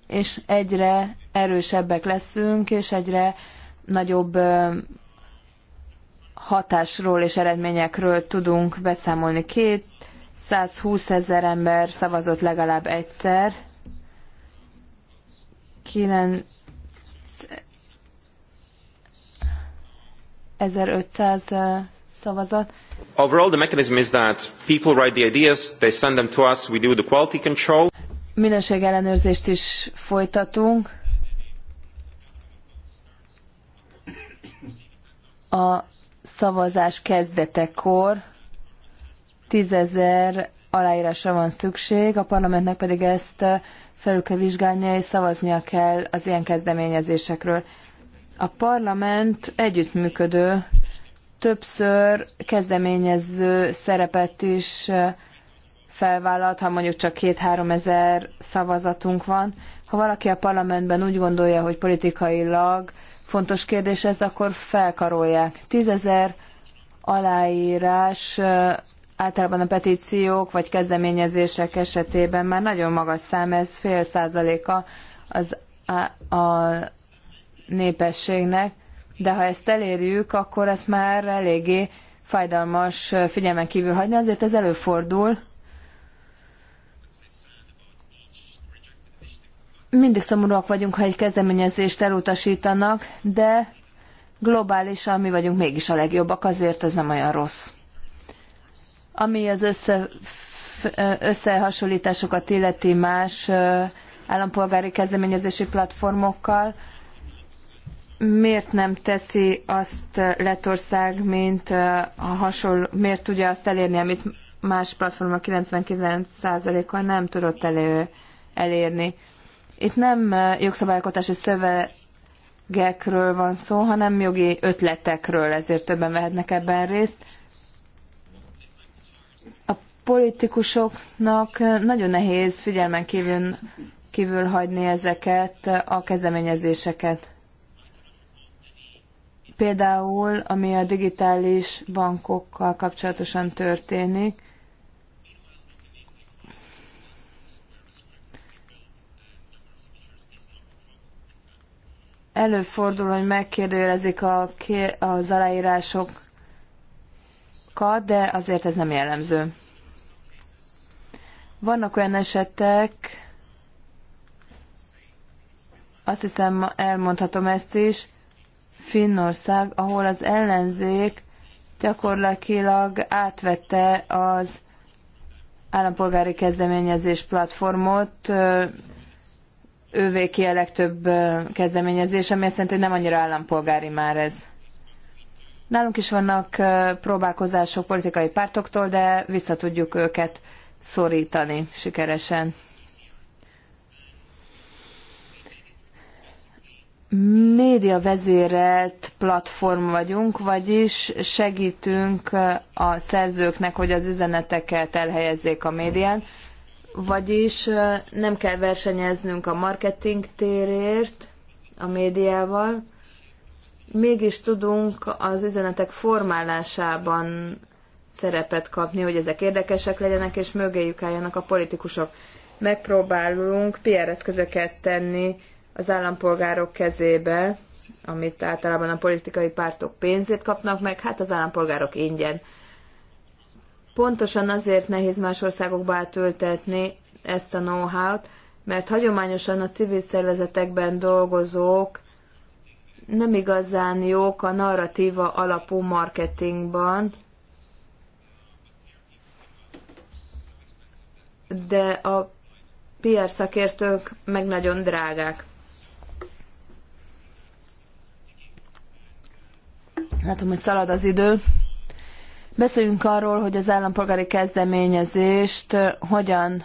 és egyre erősebbek leszünk, és egyre nagyobb hatásról és eredményekről tudunk beszámolni. Két 120 ezer ember szavazott legalább egyszer, 9 1500 szavazat. Overall the mechanism is that people write the ideas, they send them to us, we do the quality control. Minőségellenőrzést is folytatunk. A szavazás kezdetekor tízezer aláírásra van szükség, a parlamentnek pedig ezt felül kell vizsgálnia, és szavaznia kell az ilyen kezdeményezésekről. A parlament együttműködő, többször kezdeményező szerepet is felvállalt, ha mondjuk csak két-három ezer szavazatunk van. Ha valaki a parlamentben úgy gondolja, hogy politikailag fontos kérdés ez, akkor felkarolják. Tízezer aláírás általában a petíciók vagy kezdeményezések esetében már nagyon magas szám, ez fél százaléka az, a, a, népességnek, de ha ezt elérjük, akkor ezt már eléggé fájdalmas figyelmen kívül hagyni, azért ez előfordul. Mindig szomorúak vagyunk, ha egy kezdeményezést elutasítanak, de globálisan mi vagyunk mégis a legjobbak, azért ez nem olyan rossz. Ami az össze, összehasonlításokat illeti más állampolgári kezdeményezési platformokkal, miért nem teszi azt eh, letország mint eh, a hasonló, miért tudja azt elérni, amit más platforma 99%-kal nem tudott elő, elérni. Itt nem eh, jogszabályalkotási szövegekről van szó, hanem jogi ötletekről, ezért többen vehetnek ebben részt. A politikusoknak nagyon nehéz figyelmen kívül, kívül hagyni ezeket a kezdeményezéseket. Például, ami a digitális bankokkal kapcsolatosan történik, előfordul, hogy megkérdőjelezik a, az aláírásokat, de azért ez nem jellemző. Vannak olyan esetek, azt hiszem elmondhatom ezt is, Finnország, ahol az ellenzék gyakorlatilag átvette az állampolgári kezdeményezés platformot, ővé ki a legtöbb kezdeményezés, ami azt jelenti, hogy nem annyira állampolgári már ez. Nálunk is vannak próbálkozások politikai pártoktól, de vissza tudjuk őket szorítani sikeresen. média vezérelt platform vagyunk, vagyis segítünk a szerzőknek, hogy az üzeneteket elhelyezzék a médián, vagyis nem kell versenyeznünk a marketing térért a médiával, mégis tudunk az üzenetek formálásában szerepet kapni, hogy ezek érdekesek legyenek, és mögéjük álljanak a politikusok. Megpróbálunk PR eszközöket tenni az állampolgárok kezébe, amit általában a politikai pártok pénzét kapnak meg, hát az állampolgárok ingyen. Pontosan azért nehéz más országokba átültetni ezt a know-how-t, mert hagyományosan a civil szervezetekben dolgozók nem igazán jók a narratíva alapú marketingban, de a PR szakértők meg nagyon drágák. Látom, hogy szalad az idő. Beszéljünk arról, hogy az állampolgári kezdeményezést hogyan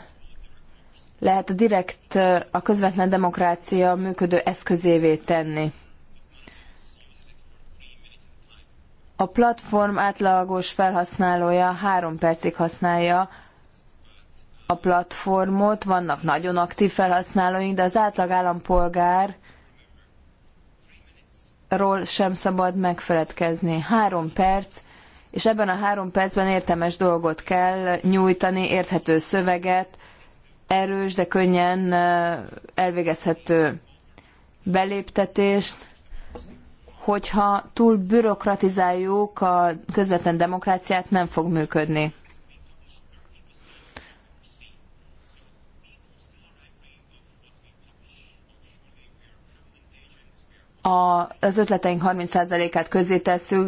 lehet direkt a közvetlen demokrácia működő eszközévé tenni. A platform átlagos felhasználója három percig használja a platformot, vannak nagyon aktív felhasználóink, de az átlag állampolgár ról sem szabad megfeledkezni. Három perc, és ebben a három percben értelmes dolgot kell nyújtani, érthető szöveget, erős, de könnyen elvégezhető beléptetést, hogyha túl bürokratizáljuk a közvetlen demokráciát, nem fog működni. a, az ötleteink 30%-át közé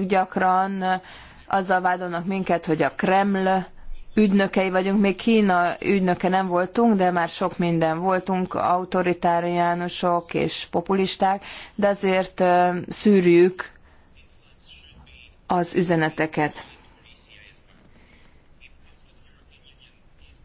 gyakran azzal vádolnak minket, hogy a Kreml ügynökei vagyunk, még Kína ügynöke nem voltunk, de már sok minden voltunk, autoritáriánusok és populisták, de azért szűrjük az üzeneteket.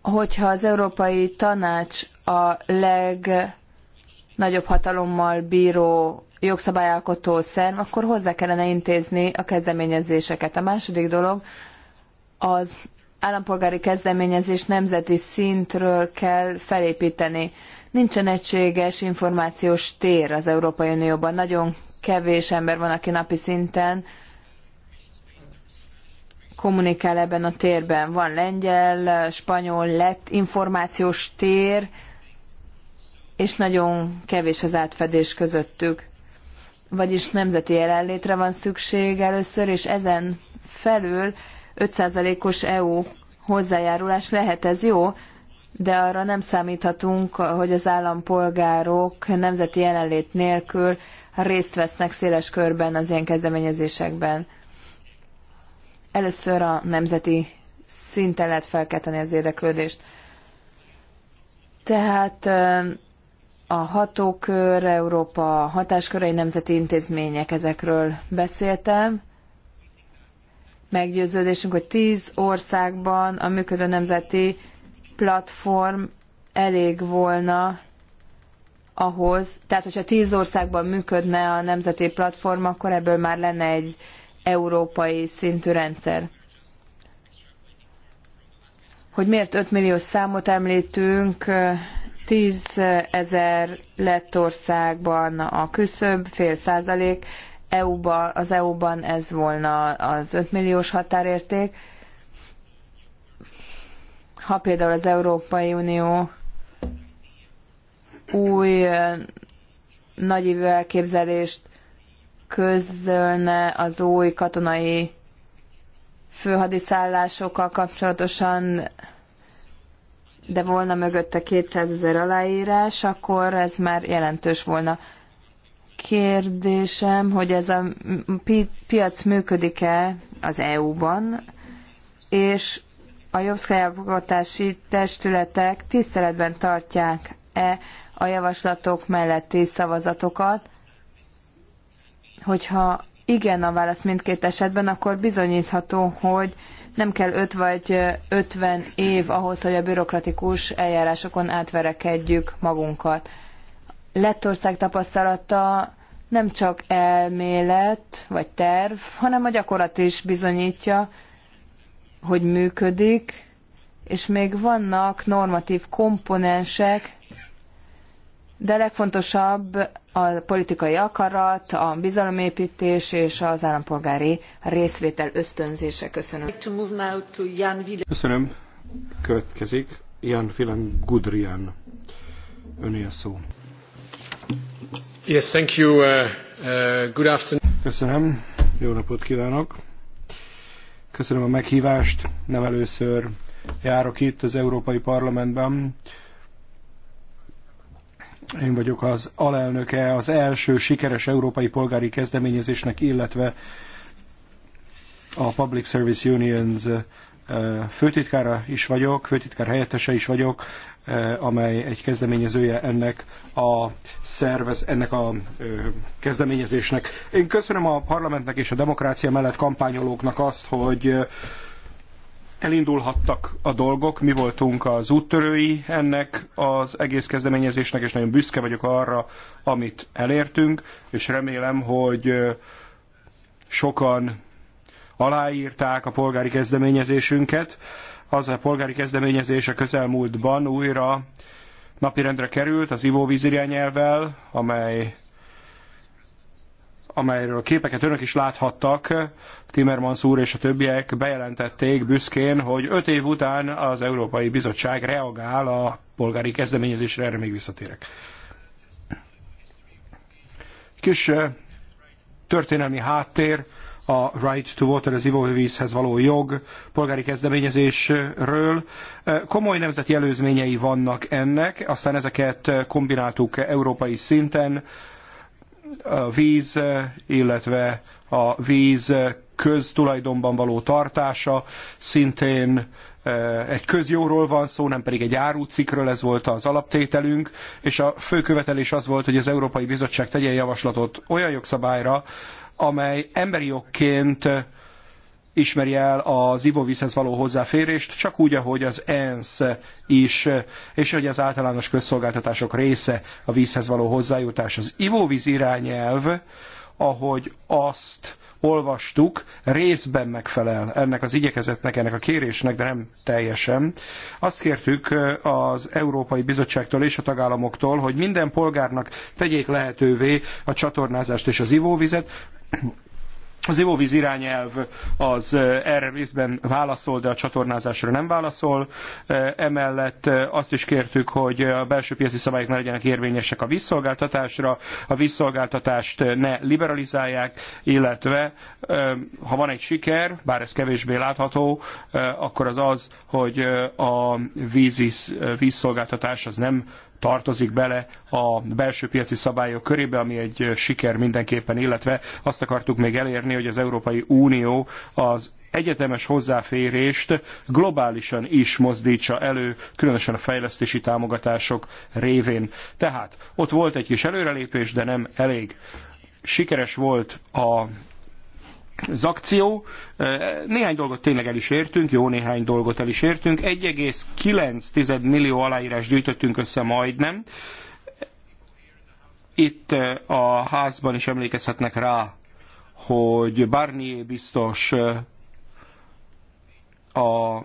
Hogyha az Európai Tanács a legnagyobb hatalommal bíró jogszabályalkotó szerv, akkor hozzá kellene intézni a kezdeményezéseket. A második dolog az állampolgári kezdeményezés nemzeti szintről kell felépíteni. Nincsen egységes információs tér az Európai Unióban. Nagyon kevés ember van, aki napi szinten kommunikál ebben a térben. Van lengyel, spanyol, lett információs tér, és nagyon kevés az átfedés közöttük vagyis nemzeti jelenlétre van szükség először, és ezen felül 5%-os EU hozzájárulás lehet, ez jó, de arra nem számíthatunk, hogy az állampolgárok nemzeti jelenlét nélkül részt vesznek széles körben az ilyen kezdeményezésekben. Először a nemzeti szinten lehet felkelteni az érdeklődést. Tehát a hatókör, Európa hatáskörei nemzeti intézmények, ezekről beszéltem. Meggyőződésünk, hogy tíz országban a működő nemzeti platform elég volna ahhoz, tehát hogyha tíz országban működne a nemzeti platform, akkor ebből már lenne egy európai szintű rendszer. Hogy miért 5 millió számot említünk, 10 ezer Lettországban a küszöb, fél százalék, EU-ba, az EU-ban ez volna az 5 milliós határérték. Ha például az Európai Unió új nagyívű elképzelést közölne az új katonai főhadiszállásokkal kapcsolatosan, de volna mögötte 200 ezer aláírás, akkor ez már jelentős volna. Kérdésem, hogy ez a pi- piac működik-e az EU-ban, és a jogszabályokatási testületek tiszteletben tartják-e a javaslatok melletti szavazatokat, hogyha igen a válasz mindkét esetben, akkor bizonyítható, hogy nem kell 5 vagy 50 év ahhoz, hogy a bürokratikus eljárásokon átverekedjük magunkat. Lettország tapasztalata nem csak elmélet vagy terv, hanem a gyakorlat is bizonyítja, hogy működik, és még vannak normatív komponensek, de legfontosabb a politikai akarat, a bizalomépítés és az állampolgári részvétel ösztönzése. Köszönöm. Köszönöm. Következik Jan Filan Gudrian. Öné a szó. Yes, thank you. Uh, uh, good afternoon. Köszönöm. Jó napot kívánok. Köszönöm a meghívást. Nem először járok itt az Európai Parlamentben én vagyok az alelnöke az első sikeres európai polgári kezdeményezésnek, illetve a Public Service Unions eh, főtitkára is vagyok, főtitkár helyettese is vagyok, eh, amely egy kezdeményezője ennek a szervez, ennek a eh, kezdeményezésnek. Én köszönöm a parlamentnek és a demokrácia mellett kampányolóknak azt, hogy elindulhattak a dolgok, mi voltunk az úttörői ennek az egész kezdeményezésnek, és nagyon büszke vagyok arra, amit elértünk, és remélem, hogy sokan aláírták a polgári kezdeményezésünket. Az a polgári kezdeményezés a közelmúltban újra napirendre került az ivóvíz irányelvvel, amely amelyről képeket önök is láthattak, Timmermans úr és a többiek bejelentették büszkén, hogy öt év után az Európai Bizottság reagál a polgári kezdeményezésre, erre még visszatérek. Kis történelmi háttér, a Right to Water, az ivóvízhez való jog polgári kezdeményezésről. Komoly nemzeti előzményei vannak ennek, aztán ezeket kombináltuk európai szinten, a víz, illetve a víz köztulajdonban való tartása szintén eh, egy közjóról van szó, nem pedig egy árucikről, ez volt az alaptételünk, és a fő követelés az volt, hogy az Európai Bizottság tegyen javaslatot olyan jogszabályra, amely emberi jogként ismeri el az ivóvízhez való hozzáférést, csak úgy, ahogy az ENSZ is, és hogy az általános közszolgáltatások része a vízhez való hozzájutás. Az ivóvíz irányelv, ahogy azt olvastuk, részben megfelel ennek az igyekezetnek, ennek a kérésnek, de nem teljesen. Azt kértük az Európai Bizottságtól és a tagállamoktól, hogy minden polgárnak tegyék lehetővé a csatornázást és az ivóvizet, az ivóvíz irányelv az eh, erre részben válaszol, de a csatornázásra nem válaszol. Eh, emellett eh, azt is kértük, hogy a belső piaci szabályok ne legyenek érvényesek a vízszolgáltatásra, a vízszolgáltatást ne liberalizálják, illetve ha van egy siker, bár ez kevésbé látható, akkor az az, hogy a vízis vízszolgáltatás az nem tartozik bele a belső piaci szabályok körébe, ami egy siker mindenképpen, illetve azt akartuk még elérni, hogy az Európai Unió az egyetemes hozzáférést globálisan is mozdítsa elő, különösen a fejlesztési támogatások révén. Tehát ott volt egy kis előrelépés, de nem elég. Sikeres volt a az akció. Néhány dolgot tényleg el is értünk, jó néhány dolgot el is értünk. 1,9 millió aláírás gyűjtöttünk össze majdnem. Itt a házban is emlékezhetnek rá, hogy Barnier biztos a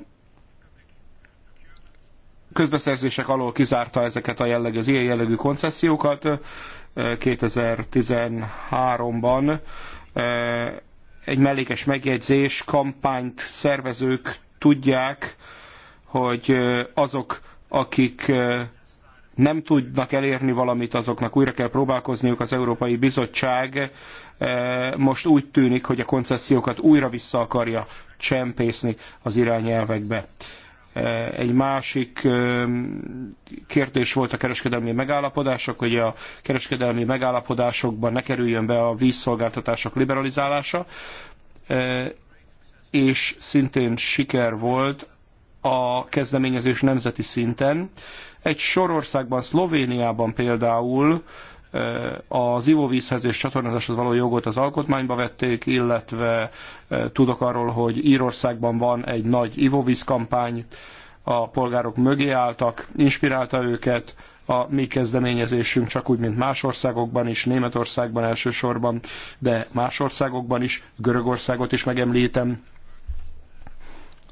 közbeszerzések alól kizárta ezeket a jellegű, az ilyen jellegű koncesziókat 2013-ban egy mellékes megjegyzés, kampányt szervezők tudják, hogy azok, akik nem tudnak elérni valamit, azoknak újra kell próbálkozniuk. Az Európai Bizottság most úgy tűnik, hogy a koncesziókat újra vissza akarja csempészni az irányelvekbe. Eh, egy másik eh, kérdés volt a kereskedelmi megállapodások, hogy a kereskedelmi megállapodásokban ne kerüljön be a vízszolgáltatások liberalizálása, eh, és szintén siker volt a kezdeményezés nemzeti szinten. Egy sor országban, Szlovéniában például az ivóvízhez és csatornázáshoz való jogot az alkotmányba vették, illetve tudok arról, hogy Írországban van egy nagy ivóvízkampány, a polgárok mögé álltak, inspirálta őket, a mi kezdeményezésünk, csak úgy, mint más országokban is, Németországban elsősorban, de más országokban is, Görögországot is megemlítem,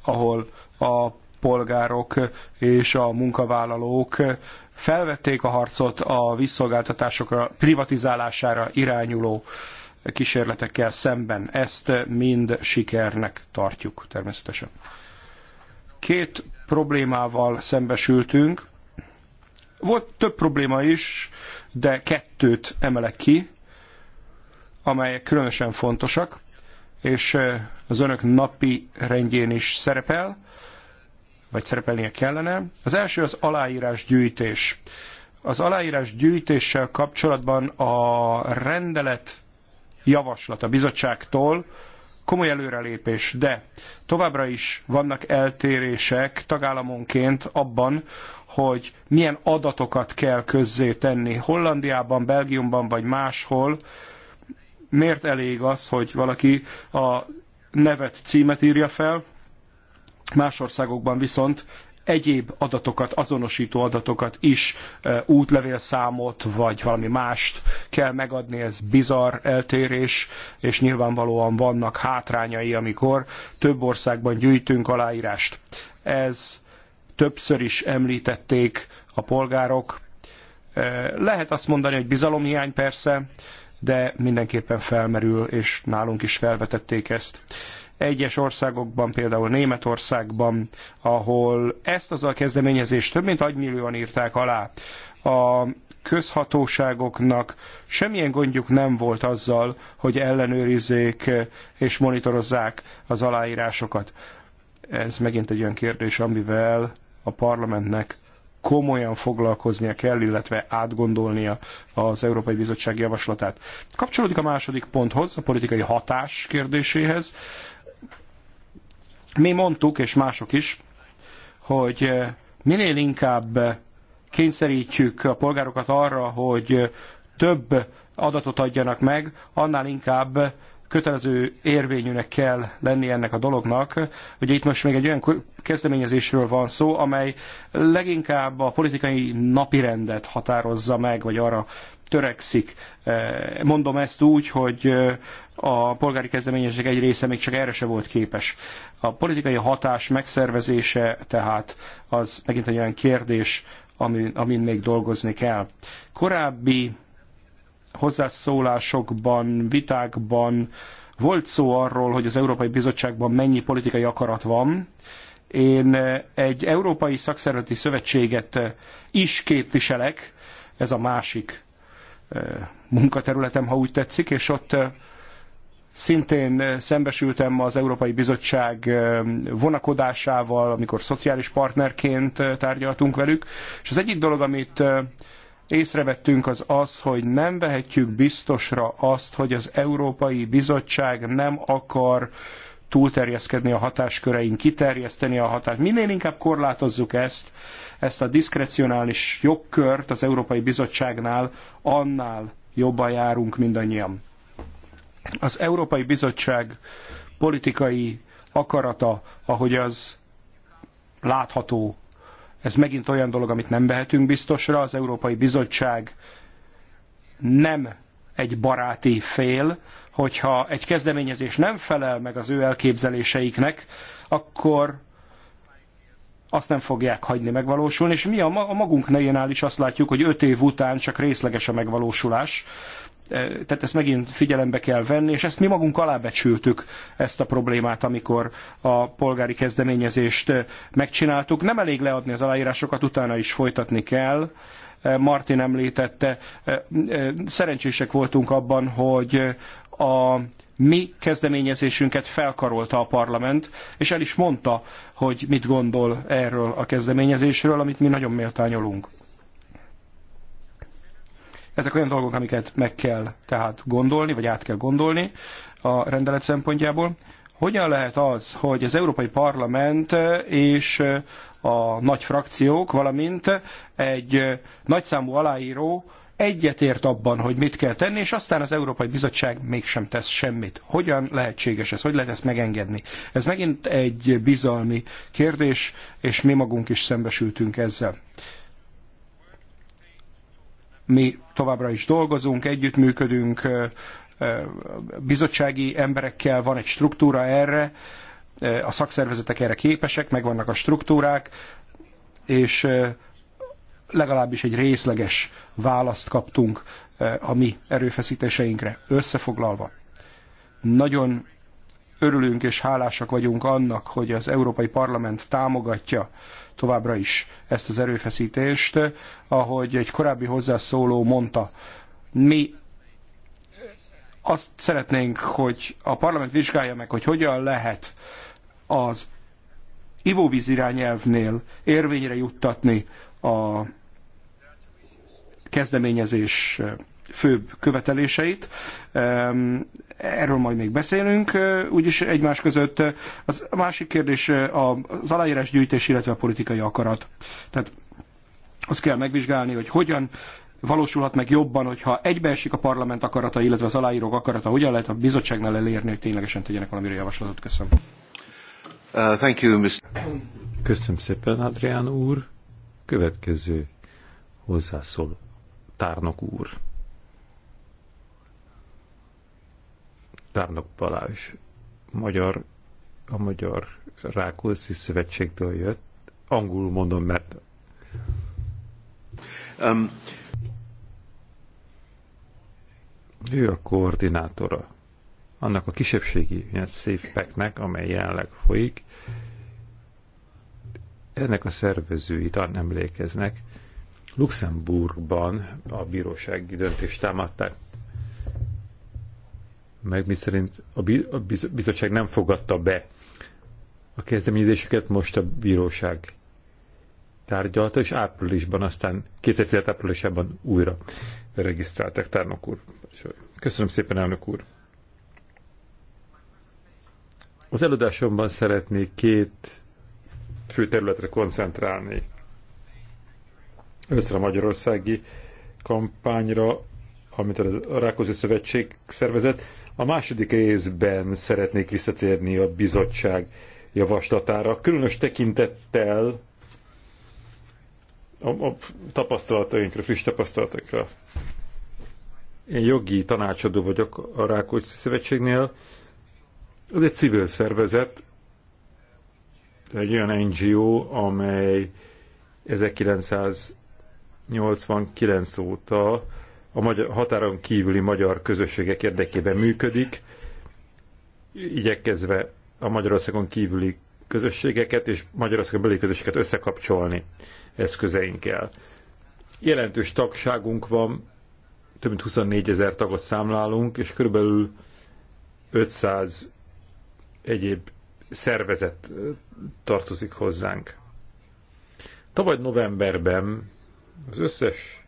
ahol a polgárok és a munkavállalók felvették a harcot a visszolgáltatásokra, privatizálására irányuló kísérletekkel szemben. Ezt mind sikernek tartjuk természetesen. Két problémával szembesültünk. Volt több probléma is, de kettőt emelek ki, amelyek különösen fontosak, és az önök napi rendjén is szerepel vagy szerepelnie kellene. Az első az aláírásgyűjtés. Az aláírásgyűjtéssel kapcsolatban a rendelet javaslat a bizottságtól komoly előrelépés, de továbbra is vannak eltérések tagállamonként abban, hogy milyen adatokat kell tenni Hollandiában, Belgiumban vagy máshol miért elég az, hogy valaki a nevet, címet írja fel, Más országokban viszont egyéb adatokat, azonosító adatokat is, e, útlevélszámot, vagy valami mást kell megadni, ez bizarr eltérés, és nyilvánvalóan vannak hátrányai, amikor több országban gyűjtünk aláírást. Ez többször is említették a polgárok. E, lehet azt mondani, hogy bizalomhiány persze, de mindenképpen felmerül, és nálunk is felvetették ezt. Egyes országokban, például Németországban, ahol ezt az a kezdeményezést több mint agymillióan írták alá, a közhatóságoknak semmilyen gondjuk nem volt azzal, hogy ellenőrizzék és monitorozzák az aláírásokat. Ez megint egy olyan kérdés, amivel a parlamentnek komolyan foglalkoznia kell, illetve átgondolnia az Európai Bizottság javaslatát. Kapcsolódik a második ponthoz, a politikai hatás kérdéséhez. Mi mondtuk, és mások is, hogy eh, minél inkább eh, kényszerítjük a polgárokat arra, hogy eh, több adatot adjanak meg, annál inkább kötelező érvényűnek kell lenni ennek a dolognak. Ugye itt most még egy olyan kezdeményezésről van szó, amely leginkább a politikai napirendet határozza meg, vagy arra törekszik. E, mondom ezt úgy, hogy e, a polgári kezdeményezések egy része még csak erre se volt képes. A politikai hatás megszervezése tehát az megint egy olyan kérdés, amin, amin még dolgozni kell. Korábbi hozzászólásokban, vitákban volt szó arról, hogy az Európai Bizottságban mennyi politikai akarat van. Én egy Európai Szakszervezeti Szövetséget is képviselek, ez a másik munkaterületem, ha úgy tetszik, és ott szintén szembesültem az Európai Bizottság vonakodásával, amikor szociális partnerként tárgyaltunk velük, és az egyik dolog, amit észrevettünk az az, hogy nem vehetjük biztosra azt, hogy az Európai Bizottság nem akar túlterjeszkedni a hatáskörein, kiterjeszteni a hatást. Minél inkább korlátozzuk ezt, ezt a diszkrecionális jogkört az Európai Bizottságnál, annál jobban járunk mindannyian. Az Európai Bizottság politikai akarata, ahogy az látható, ez megint olyan dolog, amit nem vehetünk biztosra. Az Európai Bizottság nem egy baráti fél, hogyha egy kezdeményezés nem felel meg az ő elképzeléseiknek, akkor azt nem fogják hagyni megvalósulni, és mi a magunk nejénál is azt látjuk, hogy öt év után csak részleges a megvalósulás. E, tehát ezt megint figyelembe kell venni, és ezt mi magunk alábecsültük, ezt a problémát, amikor a polgári kezdeményezést e, megcsináltuk. Nem elég leadni az aláírásokat, utána is folytatni kell. E, Martin említette, szerencsések voltunk abban, hogy a mi kezdeményezésünket felkarolta a parlament, és el is mondta, hogy mit gondol erről a kezdeményezésről, amit mi nagyon méltányolunk. Ezek olyan dolgok, amiket meg kell tehát gondolni, vagy át kell gondolni a rendelet szempontjából. Hogyan lehet az, hogy az Európai Parlament és a nagy frakciók, valamint egy nagyszámú aláíró egyetért abban, hogy mit kell tenni, és aztán az Európai Bizottság mégsem tesz semmit. Hogyan lehetséges ez? Hogy lehet ezt megengedni? Ez megint egy bizalmi kérdés, és mi magunk is szembesültünk ezzel. Mi továbbra is dolgozunk, együttműködünk, bizottsági emberekkel van egy struktúra erre, a szakszervezetek erre képesek, megvannak a struktúrák, és legalábbis egy részleges választ kaptunk eh, a mi erőfeszítéseinkre összefoglalva. Nagyon örülünk és hálásak vagyunk annak, hogy az Európai Parlament támogatja továbbra is ezt az erőfeszítést, ahogy egy korábbi hozzászóló mondta. Mi azt szeretnénk, hogy a parlament vizsgálja meg, hogy hogyan lehet az ivóvíz irányelvnél érvényre juttatni a kezdeményezés főbb követeléseit. Erről majd még beszélünk, úgyis egymás között. Az másik kérdés az aláírás gyűjtés, illetve a politikai akarat. Tehát azt kell megvizsgálni, hogy hogyan valósulhat meg jobban, hogyha egybeesik a parlament akarata, illetve az aláírók akarata, hogyan lehet a bizottságnál elérni, hogy ténylegesen tegyenek valamire javaslatot. Köszönöm. Uh, thank you, Mr. Köszönöm szépen, Adrián úr. Következő hozzászóló. Tárnok úr. Tárnok Balázs. Magyar, a Magyar Rákóczi Szövetségtől jött. Angolul mondom, mert... Um. Ő a koordinátora annak a kisebbségi széfpeknek, amely jelenleg folyik, ennek a tart emlékeznek, Luxemburgban a bírósági döntést támadták meg mi szerint a bizottság nem fogadta be a kezdeményezéseket, most a bíróság tárgyalta, és áprilisban aztán, 2017 áprilisában újra regisztráltak tárnok úr. Köszönöm szépen, elnök úr. Az előadásomban szeretnék két fő területre koncentrálni. Először a magyarországi kampányra, amit a Rákóczi Szövetség szervezett. A második részben szeretnék visszatérni a bizottság javaslatára, különös tekintettel a, a tapasztalatainkra, friss tapasztalatainkra. Én jogi tanácsadó vagyok a Rákóczi Szövetségnél. Ez egy civil szervezet, egy olyan NGO, amely 1900 89 óta a magyar, határon kívüli magyar közösségek érdekében működik, igyekezve a Magyarországon kívüli közösségeket és Magyarországon belüli közösségeket összekapcsolni eszközeinkkel. Jelentős tagságunk van, több mint 24 ezer tagot számlálunk, és körülbelül 500 egyéb szervezet tartozik hozzánk. Tavaly novemberben az összes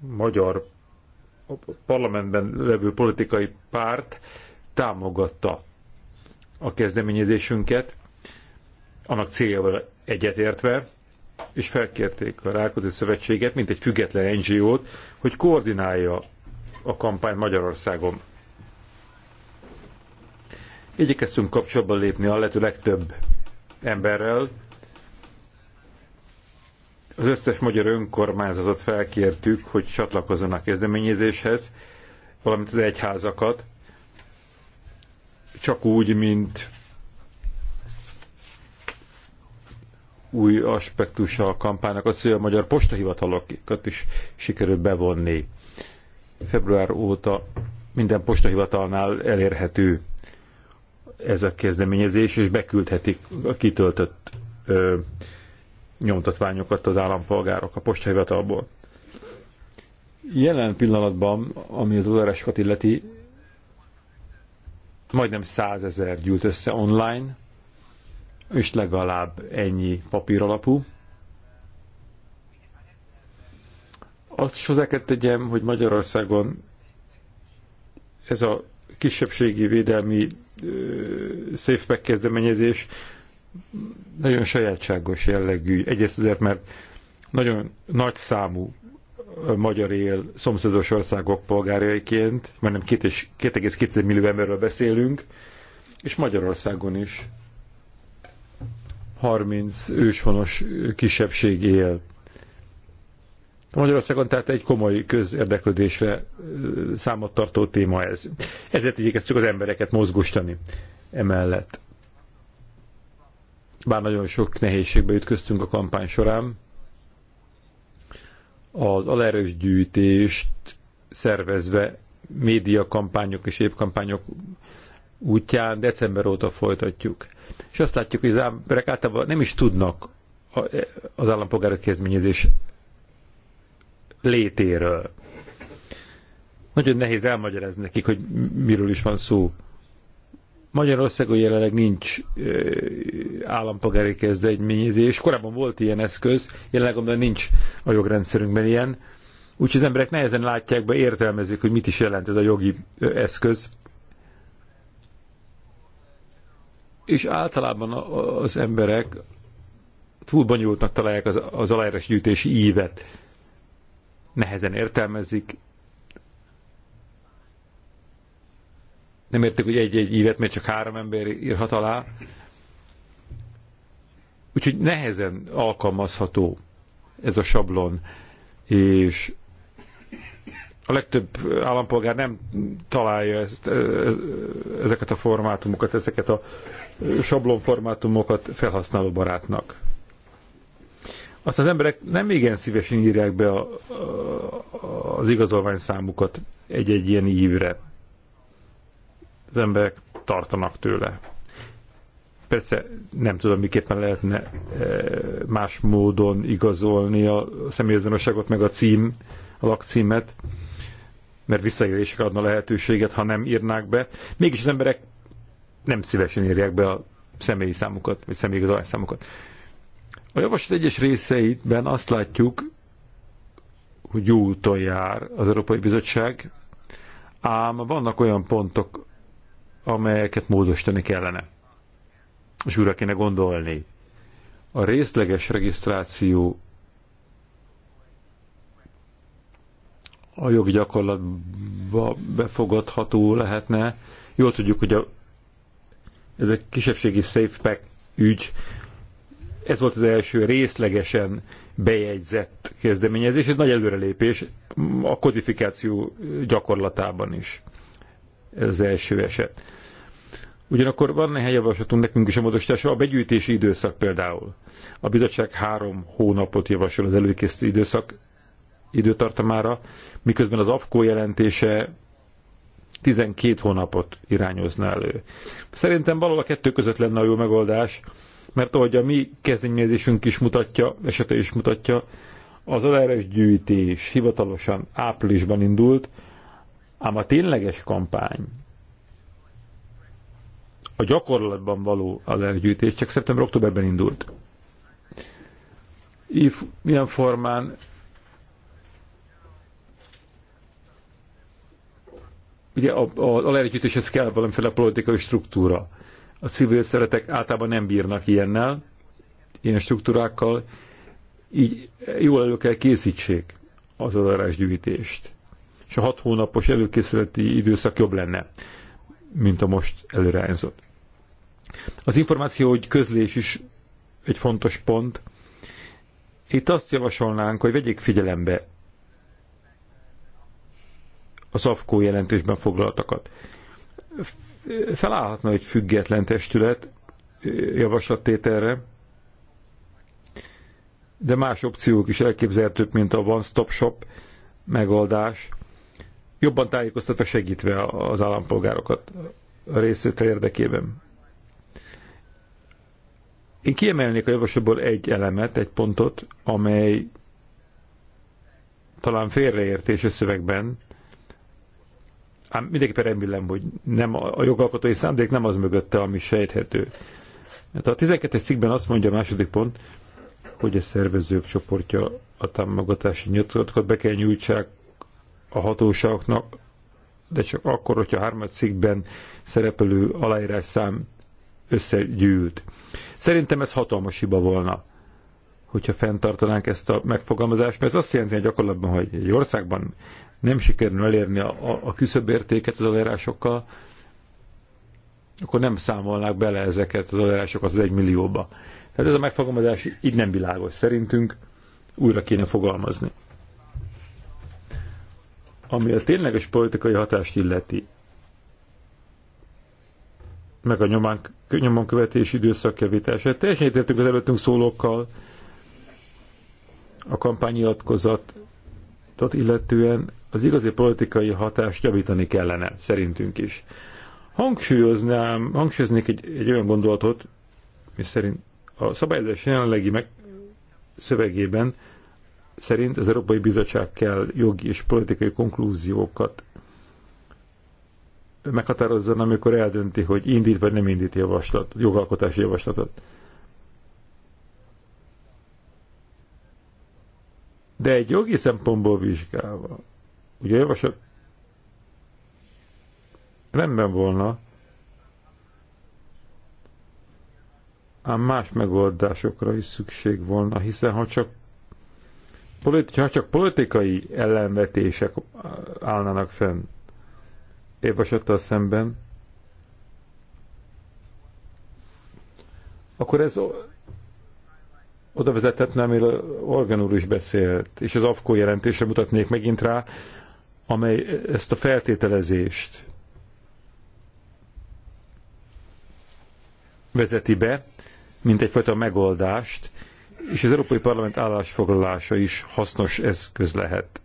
magyar parlamentben levő politikai párt támogatta a kezdeményezésünket, annak céljával egyetértve, és felkérték a Rákóczi Szövetséget, mint egy független NGO-t, hogy koordinálja a kampány Magyarországon. Igyekeztünk kapcsolatban lépni a lehető legtöbb emberrel, az összes magyar önkormányzatot felkértük, hogy csatlakozzanak kezdeményezéshez, valamint az egyházakat, csak úgy, mint új aspektusa a kampánynak az, hogy a magyar postahivatalokat is sikerül bevonni. Február óta minden postahivatalnál elérhető ez a kezdeményezés, és beküldhetik a kitöltött ö, nyomtatványokat az állampolgárok a postahivatalból. Jelen pillanatban, ami az oldalásokat illeti, majdnem százezer gyűlt össze online, és legalább ennyi papír alapú. Azt is hozzá kell tegyem, hogy Magyarországon ez a kisebbségi védelmi szépek kezdeményezés nagyon sajátságos jellegű, egyrészt azért, mert nagyon nagy számú magyar él szomszédos országok polgárjaiként, nem 2,2 millió emberről beszélünk, és Magyarországon is 30 őshonos kisebbség él. Magyarországon tehát egy komoly közérdeklődésre számot tartó téma ez. Ezért igyekeztük az embereket mozgostani emellett bár nagyon sok nehézségbe ütköztünk a kampány során, az alerős gyűjtést szervezve médiakampányok és évkampányok útján december óta folytatjuk. És azt látjuk, hogy az emberek általában nem is tudnak az állampolgárok kezdeményezés létéről. Nagyon nehéz elmagyarázni nekik, hogy miről is van szó. Magyarországon jelenleg nincs ö, állampolgári kezdeményezés. Korábban volt ilyen eszköz, jelenleg amiben nincs a jogrendszerünkben ilyen. Úgyhogy az emberek nehezen látják be, értelmezik, hogy mit is jelent ez a jogi eszköz. És általában az emberek túl bonyolultnak találják az, az gyűjtési ívet. Nehezen értelmezik, nem értek, hogy egy-egy ívet, mert csak három ember írhat alá. Úgyhogy nehezen alkalmazható ez a sablon, és a legtöbb állampolgár nem találja ezt, e, e, ezeket a formátumokat, ezeket a sablonformátumokat felhasználó barátnak. Azt az emberek nem igen szívesen írják be a, a, az igazolvány számukat egy-egy ilyen ívre az emberek tartanak tőle. Persze nem tudom, miképpen lehetne eh, más módon igazolni a személyazonosságot, meg a cím, a lakcímet, mert visszaélésre adna lehetőséget, ha nem írnák be. Mégis az emberek nem szívesen írják be a személyi számukat, vagy személyi számukat. A javaslat egyes részeitben azt látjuk, hogy jó úton jár az Európai Bizottság, ám vannak olyan pontok, amelyeket módosítani kellene. És újra kéne gondolni. A részleges regisztráció a jogi gyakorlatba befogadható lehetne. Jól tudjuk, hogy a, ez egy kisebbségi safe pack ügy, ez volt az első részlegesen bejegyzett kezdeményezés, egy nagy előrelépés a kodifikáció gyakorlatában is. Ez az első eset. Ugyanakkor van néhány javaslatunk nekünk is a módosításra, a begyűjtési időszak például. A bizottság három hónapot javasol az előkészítő időszak időtartamára, miközben az AFKO jelentése 12 hónapot irányozna elő. Szerintem valahol a kettő között lenne a jó megoldás, mert ahogy a mi kezdeményezésünk is mutatja, esete is mutatja, az aláres gyűjtés hivatalosan áprilisban indult, ám a tényleges kampány a gyakorlatban való adatgyűjtés csak szeptember-októberben indult. If, milyen formán ugye a, a, kell valamiféle politikai struktúra. A civil szeretek általában nem bírnak ilyennel, ilyen struktúrákkal, így jól elő kell készítsék az adarásgyűjtést. És a hat hónapos előkészületi időszak jobb lenne, mint a most előreányzott. Az információ, hogy közlés is egy fontos pont. Itt azt javasolnánk, hogy vegyék figyelembe az Szafkó jelentésben foglaltakat. Felállhatna egy független testület javaslattételre, de más opciók is elképzelhetők, mint a one-stop-shop megoldás, jobban tájékoztatva segítve az állampolgárokat a érdekében. Én kiemelnék a javaslatból egy elemet, egy pontot, amely talán félreértés a szövegben, ám mindenképpen remélem, hogy nem a jogalkotói szándék nem az mögötte, ami sejthető. Hát a 12. cikkben azt mondja a második pont, hogy a szervezők csoportja a támogatási nyilatkozatokat be kell nyújtsák a hatóságoknak, de csak akkor, hogyha a harmadik cikkben szerepelő aláírás szám összegyűlt. Szerintem ez hatalmas hiba volna, hogyha fenntartanánk ezt a megfogalmazást, mert ez azt jelenti, hogy gyakorlatban, hogy egy országban nem sikerül elérni a, a, a küszöbértéket az alárásokkal, akkor nem számolnák bele ezeket az alárásokat az egy millióba. Tehát ez a megfogalmazás így nem világos szerintünk, újra kéne fogalmazni. Ami a tényleges politikai hatást illeti, meg a nyomán, nyomon követési időszak javítását. Teljesen értettünk az előttünk szólókkal a kampányilatkozatot illetően az igazi politikai hatást javítani kellene, szerintünk is. Hangsúlyoznám, hangsúlyoznék egy, egy olyan gondolatot, mi szerint a szabályozás jelenlegi meg szövegében szerint az Európai Bizottság kell jogi és politikai konklúziókat meghatározzon, amikor eldönti, hogy indít vagy nem indít javaslat, jogalkotási javaslatot. De egy jogi szempontból vizsgálva, ugye a javaslat rendben volna, ám más megoldásokra is szükség volna, hiszen ha csak, politi- ha csak politikai ellenvetések állnának fenn, évasattal szemben, akkor ez oda vezethetne, amiről Organ úr is beszélt, és az AFKO jelentésre mutatnék megint rá, amely ezt a feltételezést vezeti be, mint egyfajta megoldást, és az Európai Parlament állásfoglalása is hasznos eszköz lehet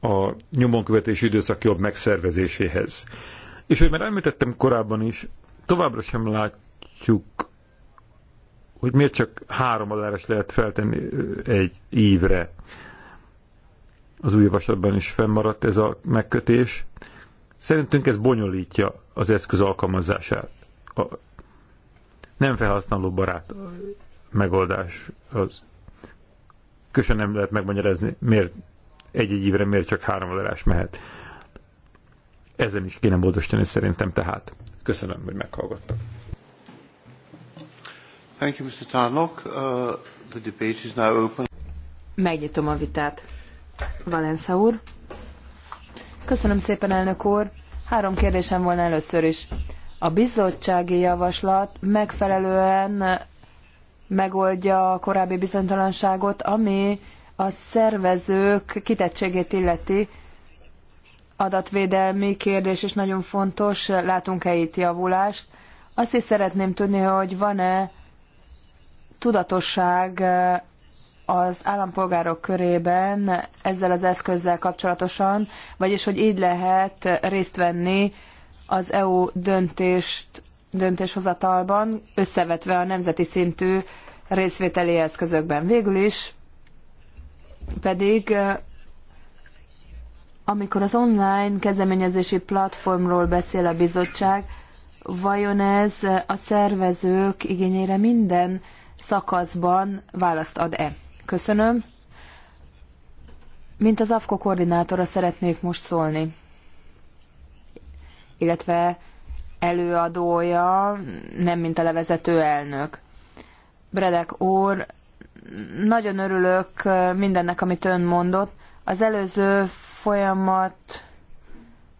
a nyomonkövetési időszak jobb megszervezéséhez. És hogy már említettem korábban is, továbbra sem látjuk, hogy miért csak három adárás lehet feltenni egy ívre Az új vasatban is fennmaradt ez a megkötés. Szerintünk ez bonyolítja az eszköz alkalmazását. A nem felhasználó barát megoldás az. Köszönöm, nem lehet megmagyarázni, miért egy-egy évre miért csak három adás mehet. Ezen is kéne módosítani szerintem tehát. Köszönöm, hogy meghallgattak. Thank you, Mr. Tarnok. Uh, the debate is now open. Megnyitom a vitát. Valensza úr. Köszönöm szépen, elnök úr. Három kérdésem volna először is. A bizottsági javaslat megfelelően megoldja a korábbi bizonytalanságot, ami a szervezők kitettségét illeti adatvédelmi kérdés is nagyon fontos, látunk-e itt javulást. Azt is szeretném tudni, hogy van-e tudatosság az állampolgárok körében ezzel az eszközzel kapcsolatosan, vagyis hogy így lehet részt venni az EU döntést, döntéshozatalban, összevetve a nemzeti szintű részvételi eszközökben. Végül is pedig amikor az online kezdeményezési platformról beszél a bizottság, vajon ez a szervezők igényére minden szakaszban választ ad-e? Köszönöm. Mint az AFKO koordinátora szeretnék most szólni, illetve előadója, nem mint a levezető elnök. Bredek úr nagyon örülök mindennek, amit ön mondott. Az előző folyamat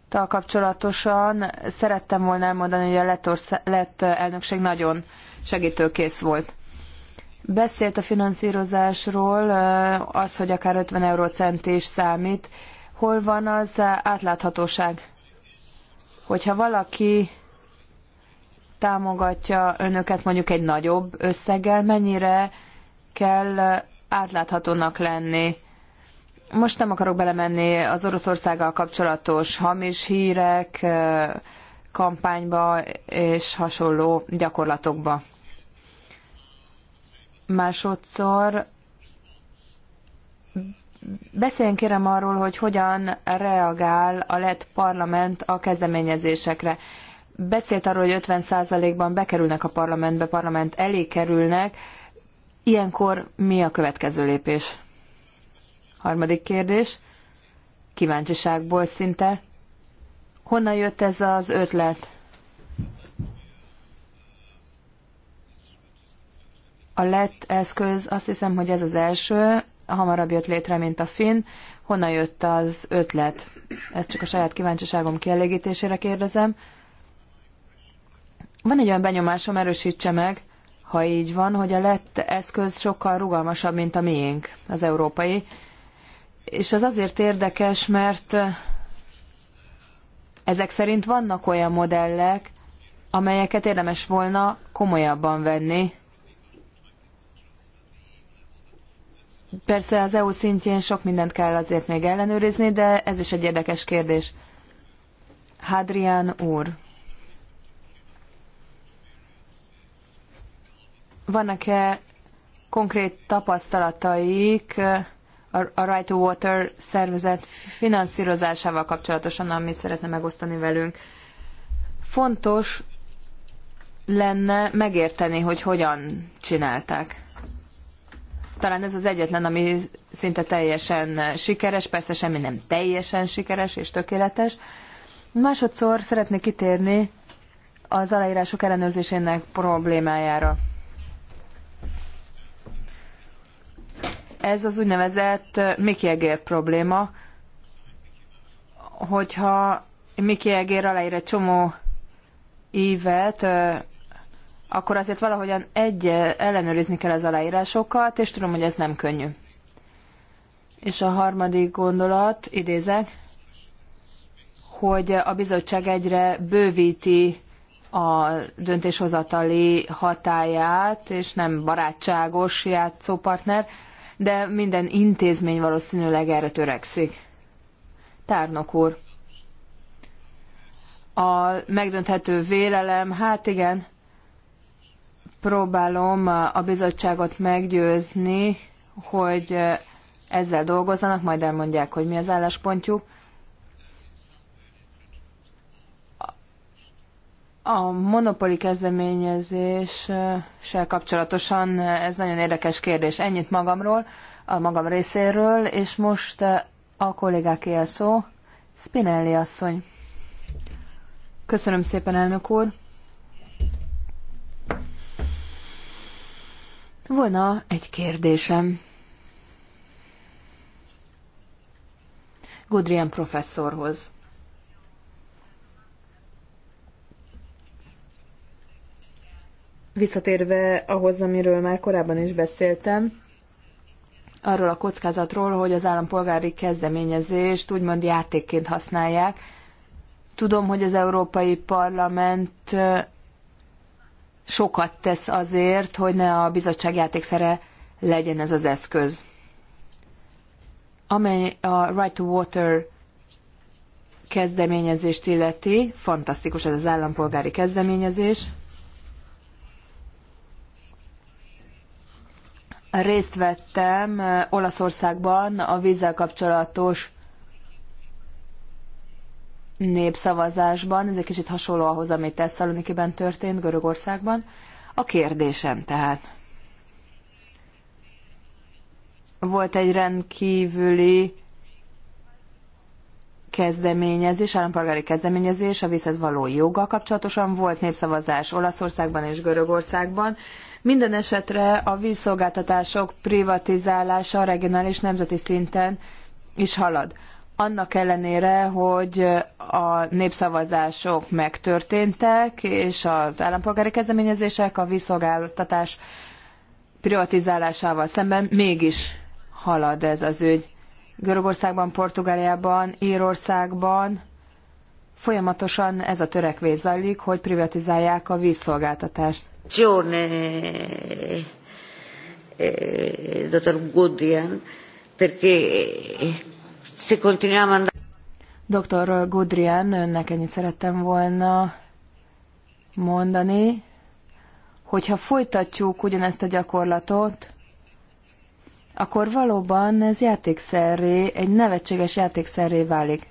kapcsolatosan szerettem volna elmondani, hogy a lett, orsz- lett elnökség nagyon segítőkész volt. Beszélt a finanszírozásról, az, hogy akár 50 cent is számít. Hol van az átláthatóság? Hogyha valaki támogatja önöket mondjuk egy nagyobb összeggel, mennyire kell átláthatónak lenni. Most nem akarok belemenni az Oroszországgal kapcsolatos hamis hírek, kampányba és hasonló gyakorlatokba. Másodszor beszéljen kérem arról, hogy hogyan reagál a lett parlament a kezdeményezésekre. Beszélt arról, hogy 50%-ban bekerülnek a parlamentbe, parlament elé kerülnek, Ilyenkor mi a következő lépés? Harmadik kérdés, kíváncsiságból szinte. Honnan jött ez az ötlet? A lett eszköz, azt hiszem, hogy ez az első, hamarabb jött létre, mint a finn. Honnan jött az ötlet? Ezt csak a saját kíváncsiságom kielégítésére kérdezem. Van egy olyan benyomásom, erősítse meg, ha így van, hogy a lett eszköz sokkal rugalmasabb, mint a miénk, az európai. És ez azért érdekes, mert ezek szerint vannak olyan modellek, amelyeket érdemes volna komolyabban venni. Persze az EU szintjén sok mindent kell azért még ellenőrizni, de ez is egy érdekes kérdés. Hadrian úr. vannak-e konkrét tapasztalataik a Right to Water szervezet finanszírozásával kapcsolatosan, amit szeretne megosztani velünk. Fontos lenne megérteni, hogy hogyan csinálták. Talán ez az egyetlen, ami szinte teljesen sikeres, persze semmi nem teljesen sikeres és tökéletes. Másodszor szeretnék kitérni az aláírások ellenőrzésének problémájára. Ez az úgynevezett Mickey Egér probléma, hogyha Mickey Egér aláír egy csomó ívet, akkor azért valahogyan egy ellenőrizni kell az aláírásokat, és tudom, hogy ez nem könnyű. És a harmadik gondolat, idézek, hogy a bizottság egyre bővíti a döntéshozatali hatáját, és nem barátságos játszópartner de minden intézmény valószínűleg erre törekszik. Tárnok úr. A megdönthető vélelem, hát igen, próbálom a bizottságot meggyőzni, hogy ezzel dolgozzanak, majd elmondják, hogy mi az álláspontjuk. A monopoli kezdeményezéssel kapcsolatosan ez nagyon érdekes kérdés. Ennyit magamról, a magam részéről, és most a kollégáké a szó, Spinelli asszony. Köszönöm szépen, elnök úr. Volna egy kérdésem. Gudrian professzorhoz. Visszatérve ahhoz, amiről már korábban is beszéltem, arról a kockázatról, hogy az állampolgári kezdeményezést úgymond játékként használják. Tudom, hogy az Európai Parlament sokat tesz azért, hogy ne a bizottság játékszere legyen ez az eszköz. Amely a Right to Water kezdeményezést illeti, fantasztikus ez az állampolgári kezdeményezés, részt vettem Olaszországban a vízzel kapcsolatos népszavazásban, ez egy kicsit hasonló ahhoz, ami Tesszalonikiben történt, Görögországban. A kérdésem tehát. Volt egy rendkívüli kezdeményezés, állampolgári kezdeményezés a vízhez való joggal kapcsolatosan volt népszavazás Olaszországban és Görögországban. Minden esetre a vízszolgáltatások privatizálása regionális nemzeti szinten is halad. Annak ellenére, hogy a népszavazások megtörténtek, és az állampolgári kezdeményezések a vízszolgáltatás privatizálásával szemben mégis halad ez az ügy. Görögországban, Portugáliában, Írországban folyamatosan ez a törekvés zajlik, hogy privatizálják a vízszolgáltatást eh, eh, dottor Goodrian, perché se continuiamo a andare. Dr. Goodrian, önnek ennyit szerettem volna mondani, hogyha folytatjuk ugyanezt a gyakorlatot, akkor valóban ez játékszerré, egy nevetséges játékszerré válik.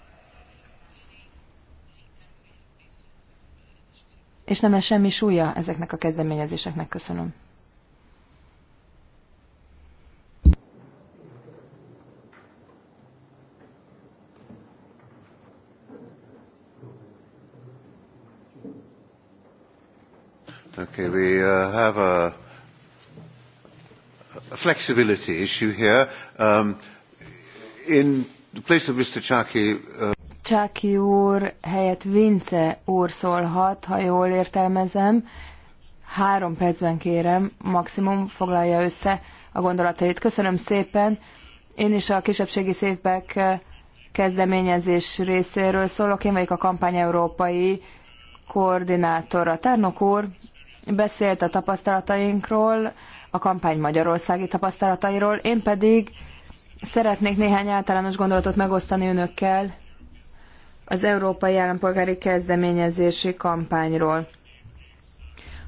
és nem ez semmi súlya ezeknek a kezdeményezéseknek. Köszönöm. Okay, we uh, have a, a flexibility issue here. Um, in the place of Mr. Chaki, uh, Csáki úr helyett Vince úr szólhat, ha jól értelmezem. Három percben kérem, maximum foglalja össze a gondolatait. Köszönöm szépen. Én is a kisebbségi szépek kezdeményezés részéről szólok. Én vagyok a kampány európai koordinátora. Tárnok úr beszélt a tapasztalatainkról, a kampány magyarországi tapasztalatairól, én pedig szeretnék néhány általános gondolatot megosztani önökkel az Európai Állampolgári Kezdeményezési Kampányról.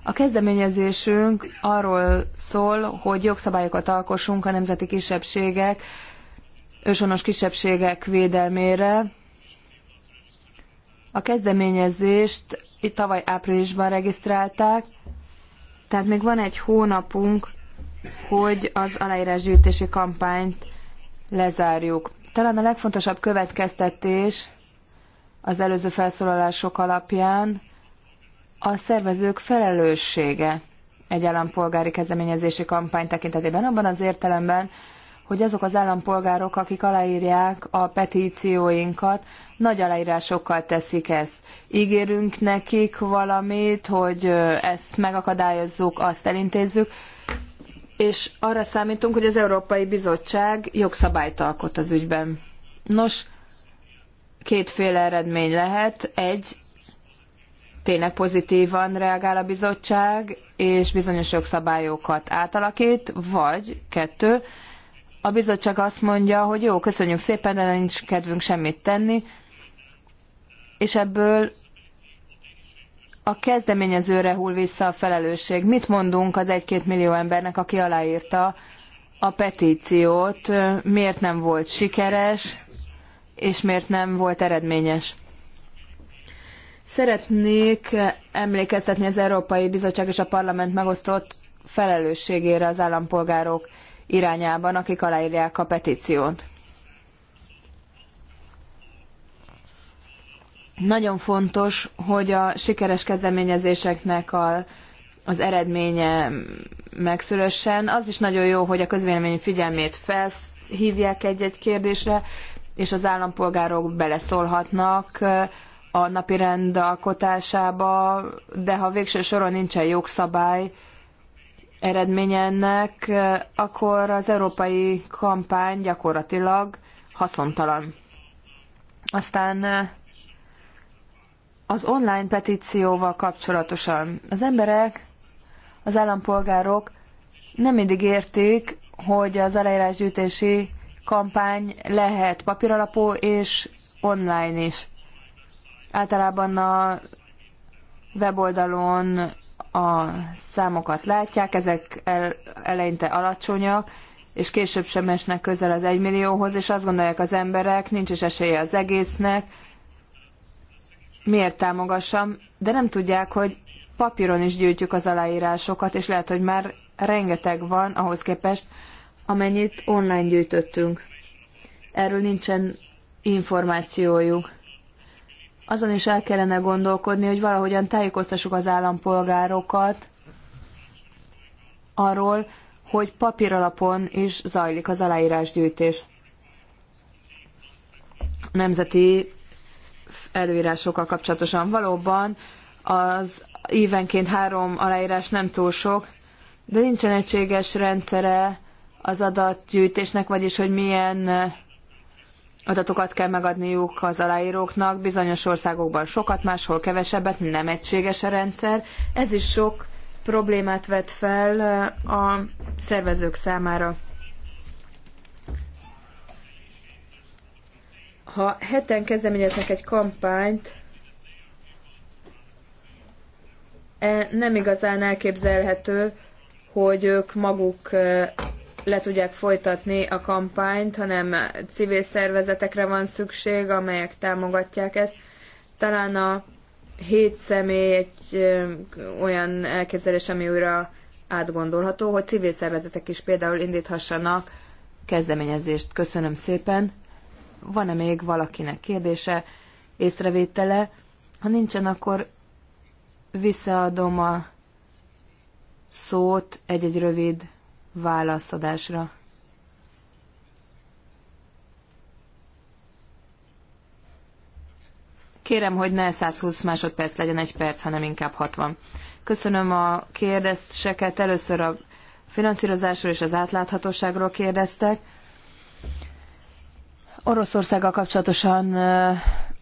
A kezdeményezésünk arról szól, hogy jogszabályokat alkossunk a nemzeti kisebbségek, ősonos kisebbségek védelmére. A kezdeményezést itt tavaly áprilisban regisztrálták, tehát még van egy hónapunk, hogy az aláírásgyűjtési kampányt lezárjuk. Talán a legfontosabb következtetés az előző felszólalások alapján a szervezők felelőssége egy állampolgári kezdeményezési kampány tekintetében, abban az értelemben, hogy azok az állampolgárok, akik aláírják a petícióinkat, nagy aláírásokkal teszik ezt. Ígérünk nekik valamit, hogy ezt megakadályozzuk, azt elintézzük, és arra számítunk, hogy az Európai Bizottság jogszabályt alkot az ügyben. Nos, kétféle eredmény lehet. Egy, tényleg pozitívan reagál a bizottság, és bizonyos jogszabályokat átalakít, vagy kettő, a bizottság azt mondja, hogy jó, köszönjük szépen, de nincs kedvünk semmit tenni, és ebből a kezdeményezőre hull vissza a felelősség. Mit mondunk az egy-két millió embernek, aki aláírta a petíciót, miért nem volt sikeres, és miért nem volt eredményes. Szeretnék emlékeztetni az Európai Bizottság és a Parlament megosztott felelősségére az állampolgárok irányában, akik aláírják a petíciót. Nagyon fontos, hogy a sikeres kezdeményezéseknek a, az eredménye megszülössen. Az is nagyon jó, hogy a közvélemény figyelmét felhívják egy-egy kérdésre, és az állampolgárok beleszólhatnak a napi rend alkotásába, de ha végső soron nincsen jogszabály eredménye ennek, akkor az európai kampány gyakorlatilag haszontalan. Aztán az online petícióval kapcsolatosan az emberek, az állampolgárok nem mindig értik, hogy az aláírásgyűjtési kampány lehet papíralapú és online is. Általában a weboldalon a számokat látják, ezek eleinte alacsonyak, és később sem esnek közel az egymillióhoz, és azt gondolják az emberek, nincs is esélye az egésznek, miért támogassam, de nem tudják, hogy papíron is gyűjtjük az aláírásokat, és lehet, hogy már rengeteg van ahhoz képest, amennyit online gyűjtöttünk. Erről nincsen információjuk. Azon is el kellene gondolkodni, hogy valahogyan tájékoztassuk az állampolgárokat arról, hogy papír alapon is zajlik az aláírásgyűjtés. A nemzeti előírásokkal kapcsolatosan valóban az évenként három aláírás nem túl sok, de nincsen egységes rendszere az adatgyűjtésnek, vagyis hogy milyen adatokat kell megadniuk az aláíróknak, bizonyos országokban sokat, máshol kevesebbet, nem egységes a rendszer. Ez is sok problémát vet fel a szervezők számára. Ha heten kezdeményeznek egy kampányt, e, nem igazán elképzelhető, hogy ők maguk le tudják folytatni a kampányt, hanem civil szervezetekre van szükség, amelyek támogatják ezt. Talán a hét személy egy olyan elképzelés, ami újra átgondolható, hogy civil szervezetek is például indíthassanak kezdeményezést. Köszönöm szépen. Van-e még valakinek kérdése, észrevétele? Ha nincsen, akkor visszaadom a szót egy-egy rövid válaszadásra. Kérem, hogy ne 120 másodperc legyen egy perc, hanem inkább 60. Köszönöm a kérdéseket. Először a finanszírozásról és az átláthatóságról kérdeztek. Oroszországgal kapcsolatosan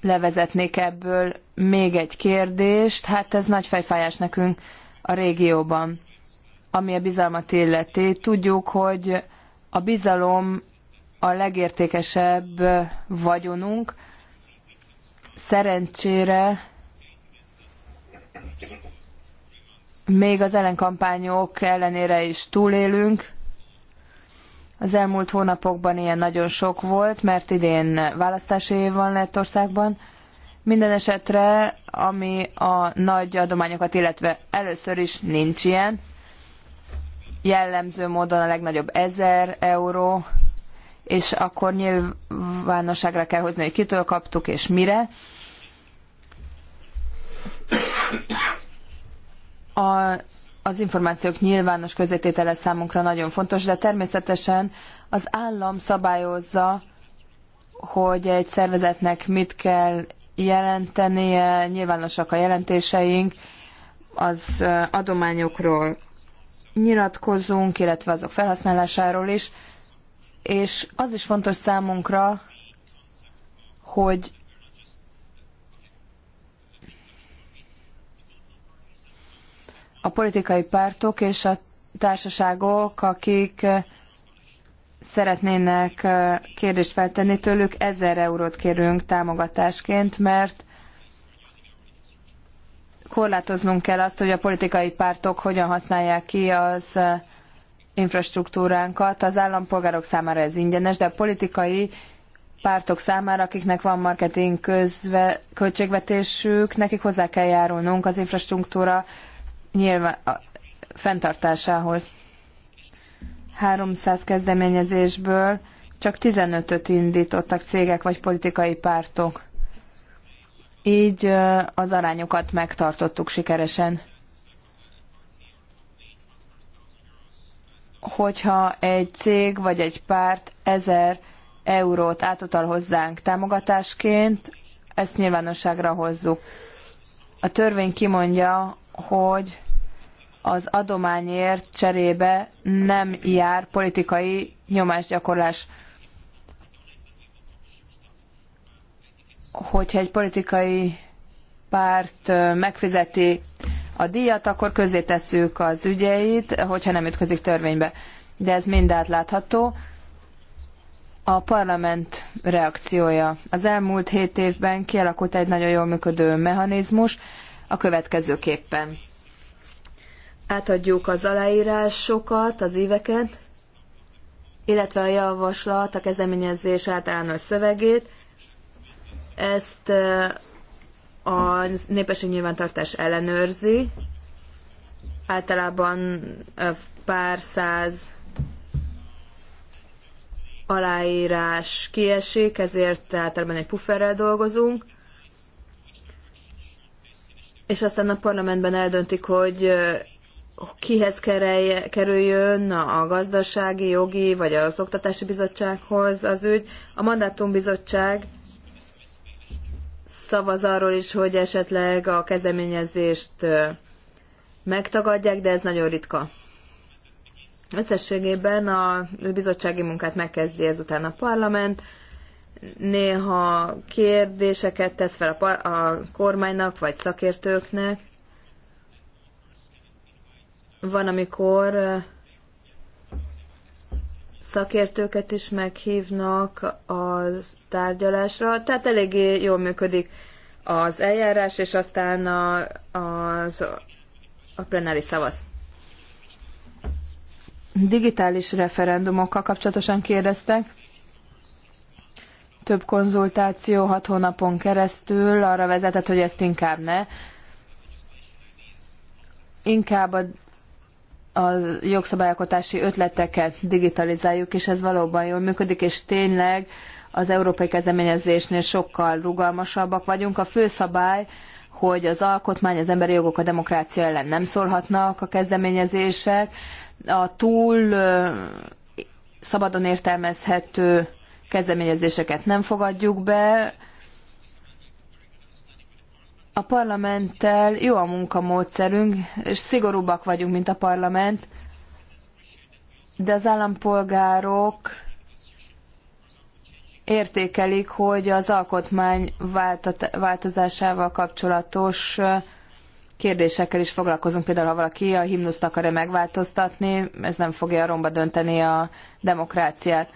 levezetnék ebből még egy kérdést. Hát ez nagy fejfájás nekünk a régióban ami a bizalmat illeti. Tudjuk, hogy a bizalom a legértékesebb vagyonunk. Szerencsére még az ellenkampányok ellenére is túlélünk. Az elmúlt hónapokban ilyen nagyon sok volt, mert idén választási év van országban. Minden esetre, ami a nagy adományokat, illetve először is nincs ilyen, jellemző módon a legnagyobb 1000 euró, és akkor nyilvánosságra kell hozni, hogy kitől kaptuk és mire. A, az információk nyilvános közététele számunkra nagyon fontos, de természetesen az állam szabályozza, hogy egy szervezetnek mit kell jelentenie, nyilvánosak a jelentéseink az adományokról, nyilatkozzunk, illetve azok felhasználásáról is, és az is fontos számunkra, hogy a politikai pártok és a társaságok, akik szeretnének kérdést feltenni tőlük, ezer eurót kérünk támogatásként, mert korlátoznunk kell azt, hogy a politikai pártok hogyan használják ki az eh, infrastruktúránkat. Az állampolgárok számára ez ingyenes, de a politikai pártok számára, akiknek van marketing közve, költségvetésük, nekik hozzá kell járulnunk az infrastruktúra nyilván a fenntartásához. 300 kezdeményezésből csak 15-öt indítottak cégek vagy politikai pártok. Így az arányokat megtartottuk sikeresen. Hogyha egy cég vagy egy párt ezer eurót átutal hozzánk támogatásként, ezt nyilvánosságra hozzuk. A törvény kimondja, hogy az adományért cserébe nem jár politikai nyomásgyakorlás. hogyha egy politikai párt megfizeti a díjat, akkor közé tesszük az ügyeit, hogyha nem ütközik törvénybe. De ez mind átlátható. A parlament reakciója. Az elmúlt hét évben kialakult egy nagyon jól működő mechanizmus a következőképpen. Átadjuk az aláírásokat, az éveket, illetve a javaslat, a kezdeményezés általános szövegét, ezt a népesség nyilvántartás ellenőrzi, általában pár száz aláírás kiesik, ezért általában egy pufferrel dolgozunk, és aztán a parlamentben eldöntik, hogy kihez kerüljön a gazdasági, jogi vagy az oktatási bizottsághoz az ügy. A mandátumbizottság szavaz arról is, hogy esetleg a kezdeményezést megtagadják, de ez nagyon ritka. Összességében a bizottsági munkát megkezdi ezután a parlament, néha kérdéseket tesz fel a, a kormánynak vagy szakértőknek. Van, amikor szakértőket is meghívnak a tárgyalásra, tehát eléggé jól működik az eljárás, és aztán a, az, a plenáris szavaz. Digitális referendumokkal kapcsolatosan kérdeztek. Több konzultáció hat hónapon keresztül arra vezetett, hogy ezt inkább ne. Inkább a a jogszabályalkotási ötleteket digitalizáljuk, és ez valóban jól működik, és tényleg az európai kezdeményezésnél sokkal rugalmasabbak vagyunk. A fő szabály, hogy az alkotmány, az emberi jogok, a demokrácia ellen nem szólhatnak a kezdeményezések. A túl szabadon értelmezhető kezdeményezéseket nem fogadjuk be, a parlamenttel jó a munkamódszerünk, és szigorúbbak vagyunk, mint a parlament, de az állampolgárok értékelik, hogy az alkotmány változásával kapcsolatos kérdésekkel is foglalkozunk, például ha valaki a himnuszt akarja megváltoztatni, ez nem fogja romba dönteni a demokráciát.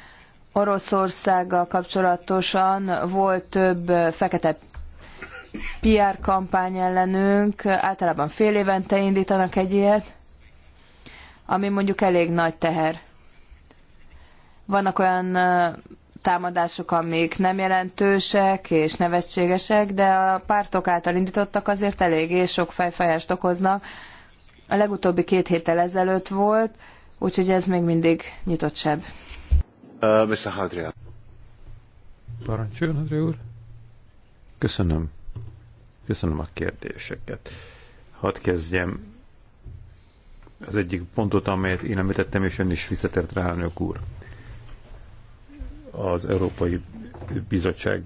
Oroszországgal kapcsolatosan volt több fekete PR kampány ellenünk, általában fél évente indítanak egy ilyet, ami mondjuk elég nagy teher. Vannak olyan támadások, amik nem jelentősek és nevetségesek, de a pártok által indítottak azért eléggé sok fejfájást okoznak. A legutóbbi két héttel ezelőtt volt, úgyhogy ez még mindig nyitott sebb. Uh, Mr. Hadrian. Parancsoljon, Hadrian úr. Köszönöm. Köszönöm a kérdéseket. Hadd kezdjem az egyik pontot, amelyet én említettem, és ön is visszatért rá, elnök úr. Az Európai Bizottság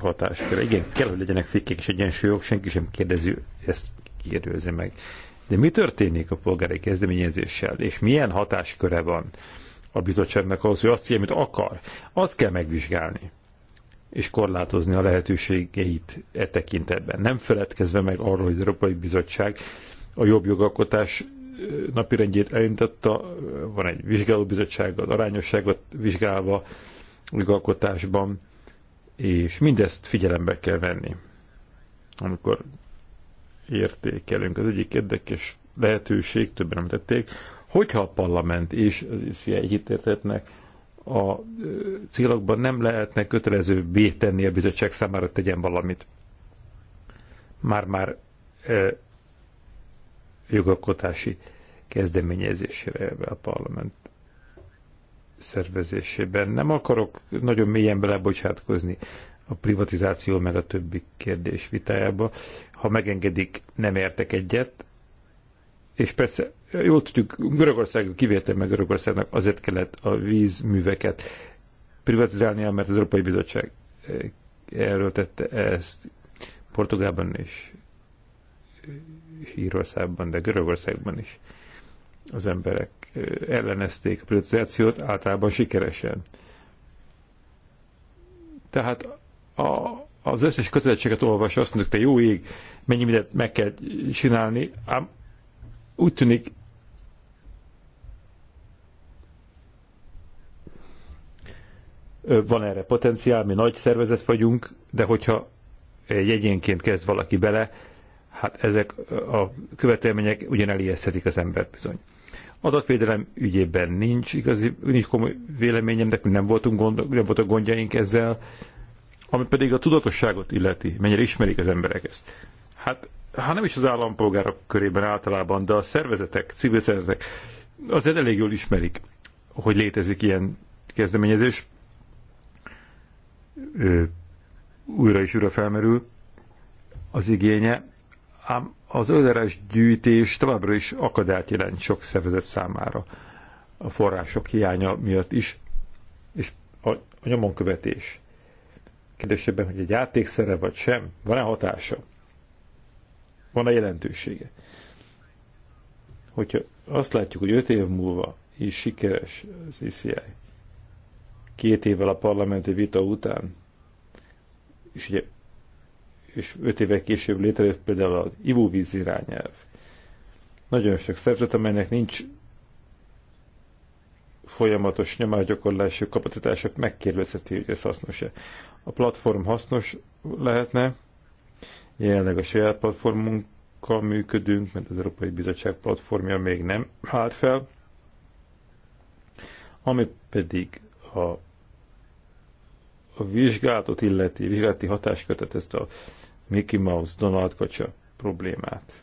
hatáskör. Igen, kell, hogy legyenek fékék és egyensúlyok, senki sem kérdezi, ezt kérdőzi meg. De mi történik a polgári kezdeményezéssel, és milyen hatásköre van a bizottságnak ahhoz, hogy azt ilyen, amit akar? Azt kell megvizsgálni és korlátozni a lehetőségeit e tekintetben. Nem feledkezve meg arról, hogy az Európai Bizottság a jobb jogalkotás napirendjét elintette, van egy vizsgálóbizottság, az arányosságot vizsgálva jogalkotásban, és mindezt figyelembe kell venni, amikor értékelünk. Az egyik érdekes lehetőség, többen tették, hogyha a parlament és az ICI egyetértetnek, a célokban nem lehetne kötelező tenni a bizottság számára tegyen valamit. Már-már e, jogalkotási kezdeményezésre a parlament szervezésében. Nem akarok nagyon mélyen belebocsátkozni a privatizáció meg a többi kérdés vitájába. Ha megengedik, nem értek egyet, és persze jól tudjuk, Görögország kivétel meg Görögországnak azért kellett a vízműveket privatizálnia, mert az Európai Bizottság eh, erről tette ezt Portugálban is, Hírországban, Írországban, de Görögországban is az emberek eh, ellenezték a privatizációt, általában sikeresen. Tehát a, az összes kötelezettséget olvas, azt mondjuk, te jó ég, mennyi mindent meg kell csinálni, ám úgy tűnik van erre potenciál, mi nagy szervezet vagyunk, de hogyha egy egyénként kezd valaki bele, hát ezek a követelmények ugyan elijeszthetik az embert bizony. Adatvédelem ügyében nincs igazi, nincs komoly véleményem, de nem, voltunk gond, nem voltak gondjaink ezzel, ami pedig a tudatosságot illeti, mennyire ismerik az emberek ezt. Hát, hát nem is az állampolgárok körében általában, de a szervezetek, civil szervezetek azért elég jól ismerik, hogy létezik ilyen kezdeményezés ö, újra és újra felmerül az igénye, ám az öderes gyűjtés továbbra is akadályt jelent sok szervezet számára a források hiánya miatt is, és a, a nyomonkövetés. Kérdésében, hogy egy játékszere vagy sem, van-e hatása? Van-e jelentősége? Hogyha azt látjuk, hogy öt év múlva is sikeres az ICI, két évvel a parlamenti vita után, és, ugye, és öt évek később létrejött például az ivóvíz irányelv. Nagyon sok szervezet, amelynek nincs folyamatos nyomásgyakorlási kapacitása megkérdezheti, hogy ez hasznos-e. A platform hasznos lehetne, jelenleg a saját platformunkkal működünk, mert az Európai Bizottság platformja még nem állt fel, ami pedig a a vizsgálatot illeti, vizsgálati hatáskötet ezt a Mickey Mouse, Donald Kacsa problémát.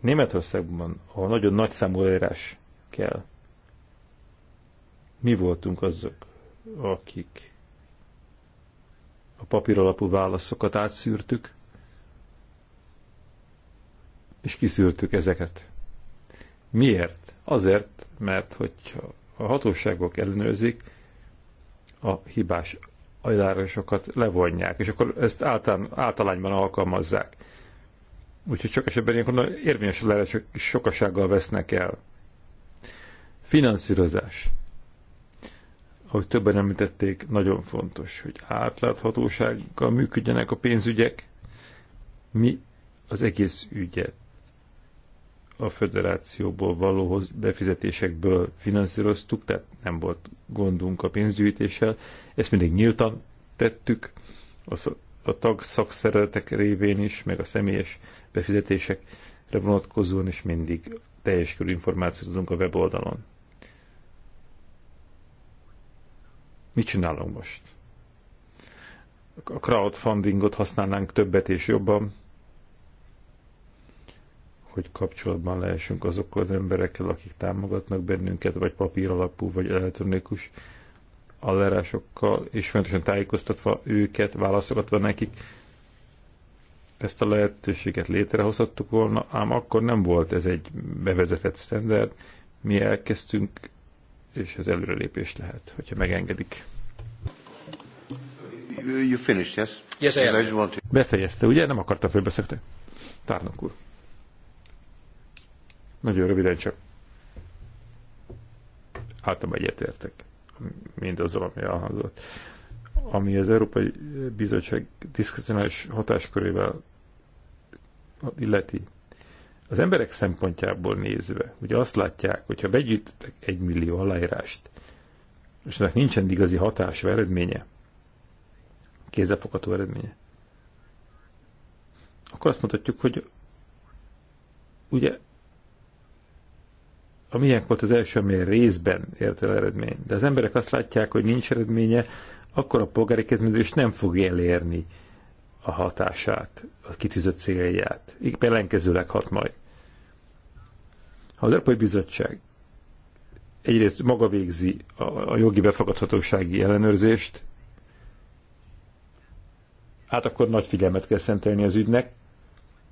Németországban, ahol nagyon nagy számú leírás kell, mi voltunk azok, akik a papír alapú válaszokat átszűrtük, és kiszűrtük ezeket. Miért? Azért, mert hogy a hatóságok ellenőrzik, a hibás ajánlásokat levonják, és akkor ezt általán, általányban alkalmazzák. Úgyhogy sok esetben ilyenkor érvényes ajánlások sokasággal vesznek el. Finanszírozás. Ahogy többen említették, nagyon fontos, hogy átláthatósággal működjenek a pénzügyek. Mi az egész ügyet a föderációból való befizetésekből finanszíroztuk, tehát nem volt gondunk a pénzgyűjtéssel. Ezt mindig nyíltan tettük, a, a tag szakszervezetek révén is, meg a személyes befizetésekre vonatkozóan is mindig teljes körű információt adunk a weboldalon. Mit csinálunk most? A crowdfundingot használnánk többet és jobban, hogy kapcsolatban lehessünk azokkal az emberekkel, akik támogatnak bennünket, vagy papír alapú, vagy elektronikus alárásokkal, és fontosan tájékoztatva őket, válaszolgatva nekik, ezt a lehetőséget létrehozhattuk volna, ám akkor nem volt ez egy bevezetett standard, mi elkezdtünk, és az előrelépés lehet, hogyha megengedik. You finished, yes? Yes, I am. Befejezte, ugye? Nem akarta félbeszakni. Tárnok úr. Nagyon röviden csak általában egyetértek mindazzal, ami elhangzott. Ami az Európai Bizottság diszkrecionális hatáskörével illeti, az emberek szempontjából nézve, ugye azt látják, hogyha begyűjtetek egy millió aláírást, és ennek nincsen igazi hatás eredménye, kézzelfogható eredménye, akkor azt mondhatjuk, hogy ugye a miénk volt az első, ami részben ért el eredmény. De az emberek azt látják, hogy nincs eredménye, akkor a polgári kezdeményezés nem fog elérni a hatását, a kitűzött célját. Így ellenkezőleg hat majd. Ha az Európai Bizottság egyrészt maga végzi a, a jogi befogadhatósági ellenőrzést, hát akkor nagy figyelmet kell szentelni az ügynek,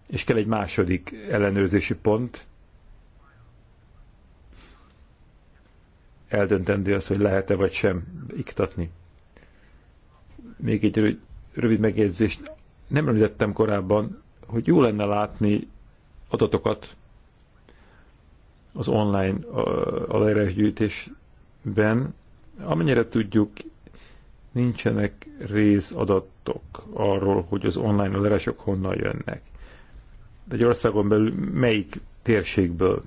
és kell egy második ellenőrzési pont, eldöntendő az, hogy lehet-e vagy sem iktatni. Még egy rövid megjegyzést. Nem említettem korábban, hogy jó lenne látni adatokat az online aláírásgyűjtésben. Amennyire tudjuk, nincsenek részadatok arról, hogy az online aláírások honnan jönnek. Egy országon belül melyik térségből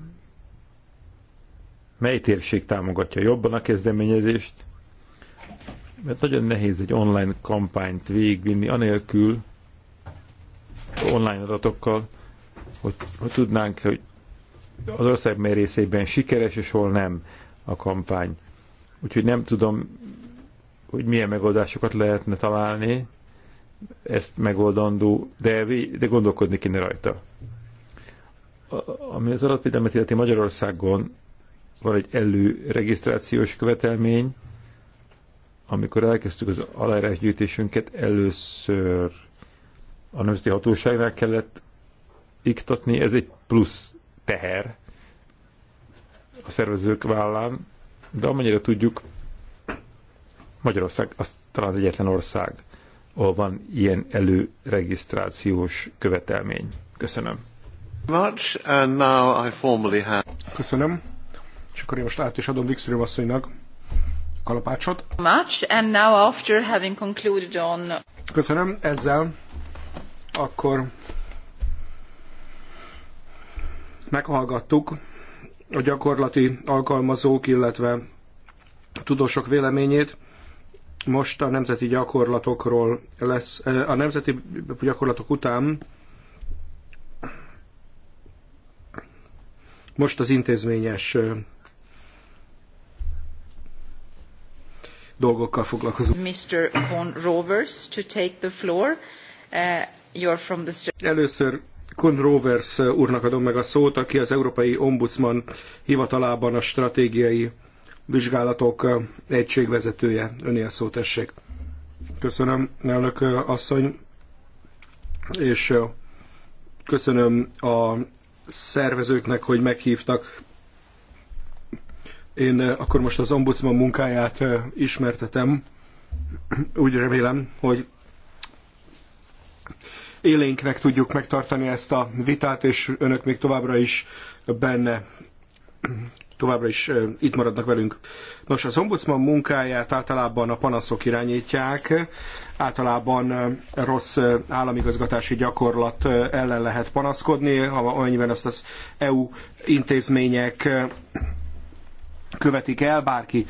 mely térség támogatja jobban a kezdeményezést, mert nagyon nehéz egy online kampányt végigvinni, anélkül online adatokkal, hogy, hogy tudnánk, hogy az ország mely részében sikeres, és hol nem a kampány. Úgyhogy nem tudom, hogy milyen megoldásokat lehetne találni, ezt megoldandó, de, de gondolkodni kéne rajta. A, ami az adatvédelmet illeti Magyarországon van egy előregisztrációs követelmény, amikor elkezdtük az aláírásgyűjtésünket, először a nemzeti hatóságnál kellett iktatni, ez egy plusz teher a szervezők vállán, de amennyire tudjuk, Magyarország az talán egyetlen ország, ahol van ilyen előregisztrációs követelmény. Köszönöm. Köszönöm akkor én most át is adom Vixről asszonynak kalapácsot. Much, and now after having concluded on... Köszönöm, ezzel akkor meghallgattuk a gyakorlati alkalmazók, illetve tudósok véleményét. Most a nemzeti gyakorlatokról lesz, eh, a nemzeti gyakorlatok után most az intézményes eh, dolgokkal foglalkozunk. Mr. Con Rovers to take the floor. Uh, you're from the... Először Kun Rovers uh, úrnak adom meg a szót, aki az Európai Ombudsman hivatalában a stratégiai vizsgálatok uh, egységvezetője. Öné a szót tessék. Köszönöm, elnök uh, asszony, és köszönöm a szervezőknek, hogy meghívtak én eh, akkor most az ombudsman munkáját eh, ismertetem. Úgy remélem, hogy élénknek tudjuk megtartani ezt a vitát, és önök még továbbra is benne továbbra is eh, itt maradnak velünk. Nos, az ombudsman munkáját általában a panaszok irányítják, általában rossz államigazgatási gyakorlat ellen lehet panaszkodni, amennyiben ezt az EU intézmények követik el, bárki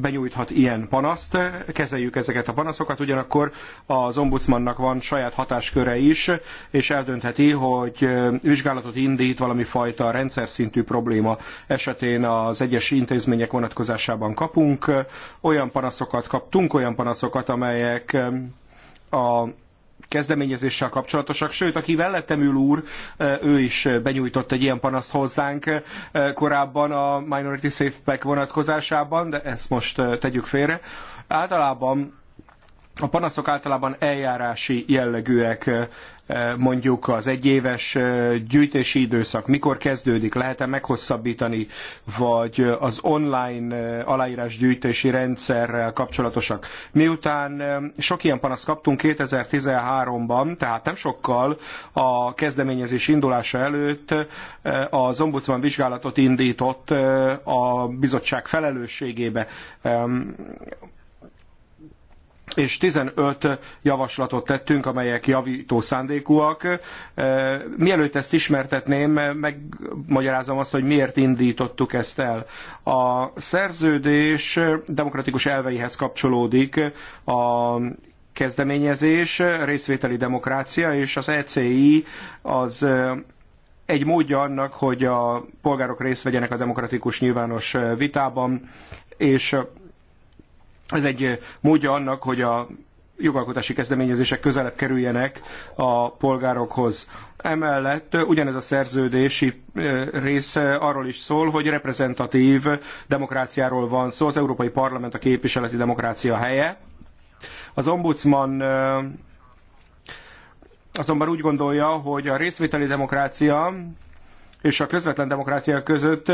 benyújthat ilyen panaszt, kezeljük ezeket a panaszokat, ugyanakkor az ombudsmannak van saját hatásköre is, és eldöntheti, hogy vizsgálatot indít valami fajta rendszer szintű probléma esetén az egyes intézmények vonatkozásában kapunk. Olyan panaszokat kaptunk, olyan panaszokat, amelyek a kezdeményezéssel kapcsolatosak, sőt, aki mellettem ül úr, ő is benyújtott egy ilyen panaszt hozzánk korábban a Minority Safe Pack vonatkozásában, de ezt most tegyük félre. Általában a panaszok általában eljárási jellegűek, mondjuk az egyéves gyűjtési időszak mikor kezdődik, lehet-e meghosszabbítani, vagy az online gyűjtési rendszerrel kapcsolatosak. Miután sok ilyen panaszt kaptunk 2013-ban, tehát nem sokkal a kezdeményezés indulása előtt az ombudsman vizsgálatot indított a bizottság felelősségébe és 15 javaslatot tettünk, amelyek javító szándékúak. E, mielőtt ezt ismertetném, megmagyarázom azt, hogy miért indítottuk ezt el. A szerződés demokratikus elveihez kapcsolódik a kezdeményezés, részvételi demokrácia, és az ECI az e, egy módja annak, hogy a polgárok részt vegyenek a demokratikus nyilvános vitában, és ez egy módja annak, hogy a jogalkotási kezdeményezések közelebb kerüljenek a polgárokhoz. Emellett ugyanez a szerződési rész arról is szól, hogy reprezentatív demokráciáról van szó, az Európai Parlament a képviseleti demokrácia helye. Az ombudsman azonban úgy gondolja, hogy a részvételi demokrácia és a közvetlen demokrácia között,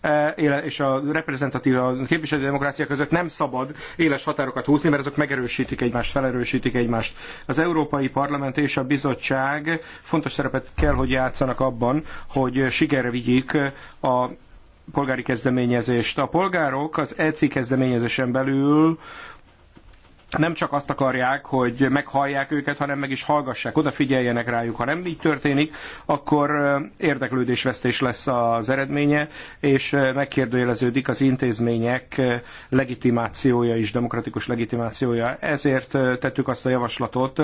eh, és a reprezentatív, a képviselő demokrácia között nem szabad éles határokat húzni, mert azok megerősítik egymást, felerősítik egymást. Az Európai Parlament és a Bizottság fontos szerepet kell, hogy játszanak abban, hogy sikerre vigyék a polgári kezdeményezést. A polgárok az ECI kezdeményezésen belül nem csak azt akarják, hogy meghallják őket, hanem meg is hallgassák, odafigyeljenek rájuk. Ha nem így történik, akkor érdeklődésvesztés lesz az eredménye, és megkérdőjeleződik az intézmények legitimációja is, demokratikus legitimációja. Ezért tettük azt a javaslatot,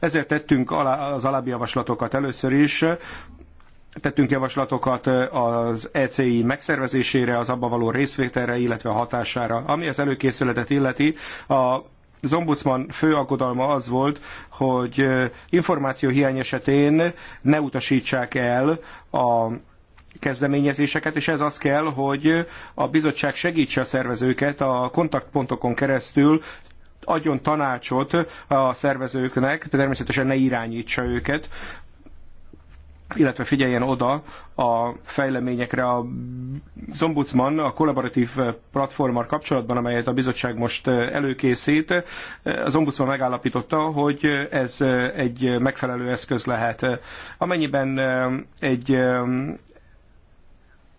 ezért tettünk az alábbi javaslatokat először is, tettünk javaslatokat az ECI megszervezésére, az abba való részvételre, illetve hatására. Ami az előkészületet illeti, a az ombudsman fő aggodalma az volt, hogy információhiány esetén ne utasítsák el a kezdeményezéseket, és ez az kell, hogy a bizottság segítse a szervezőket a kontaktpontokon keresztül, adjon tanácsot a szervezőknek, de természetesen ne irányítsa őket illetve figyeljen oda a fejleményekre. A Zombudsman, a kollaboratív platformmal kapcsolatban, amelyet a bizottság most előkészít, az ombudsman megállapította, hogy ez egy megfelelő eszköz lehet. Amennyiben egy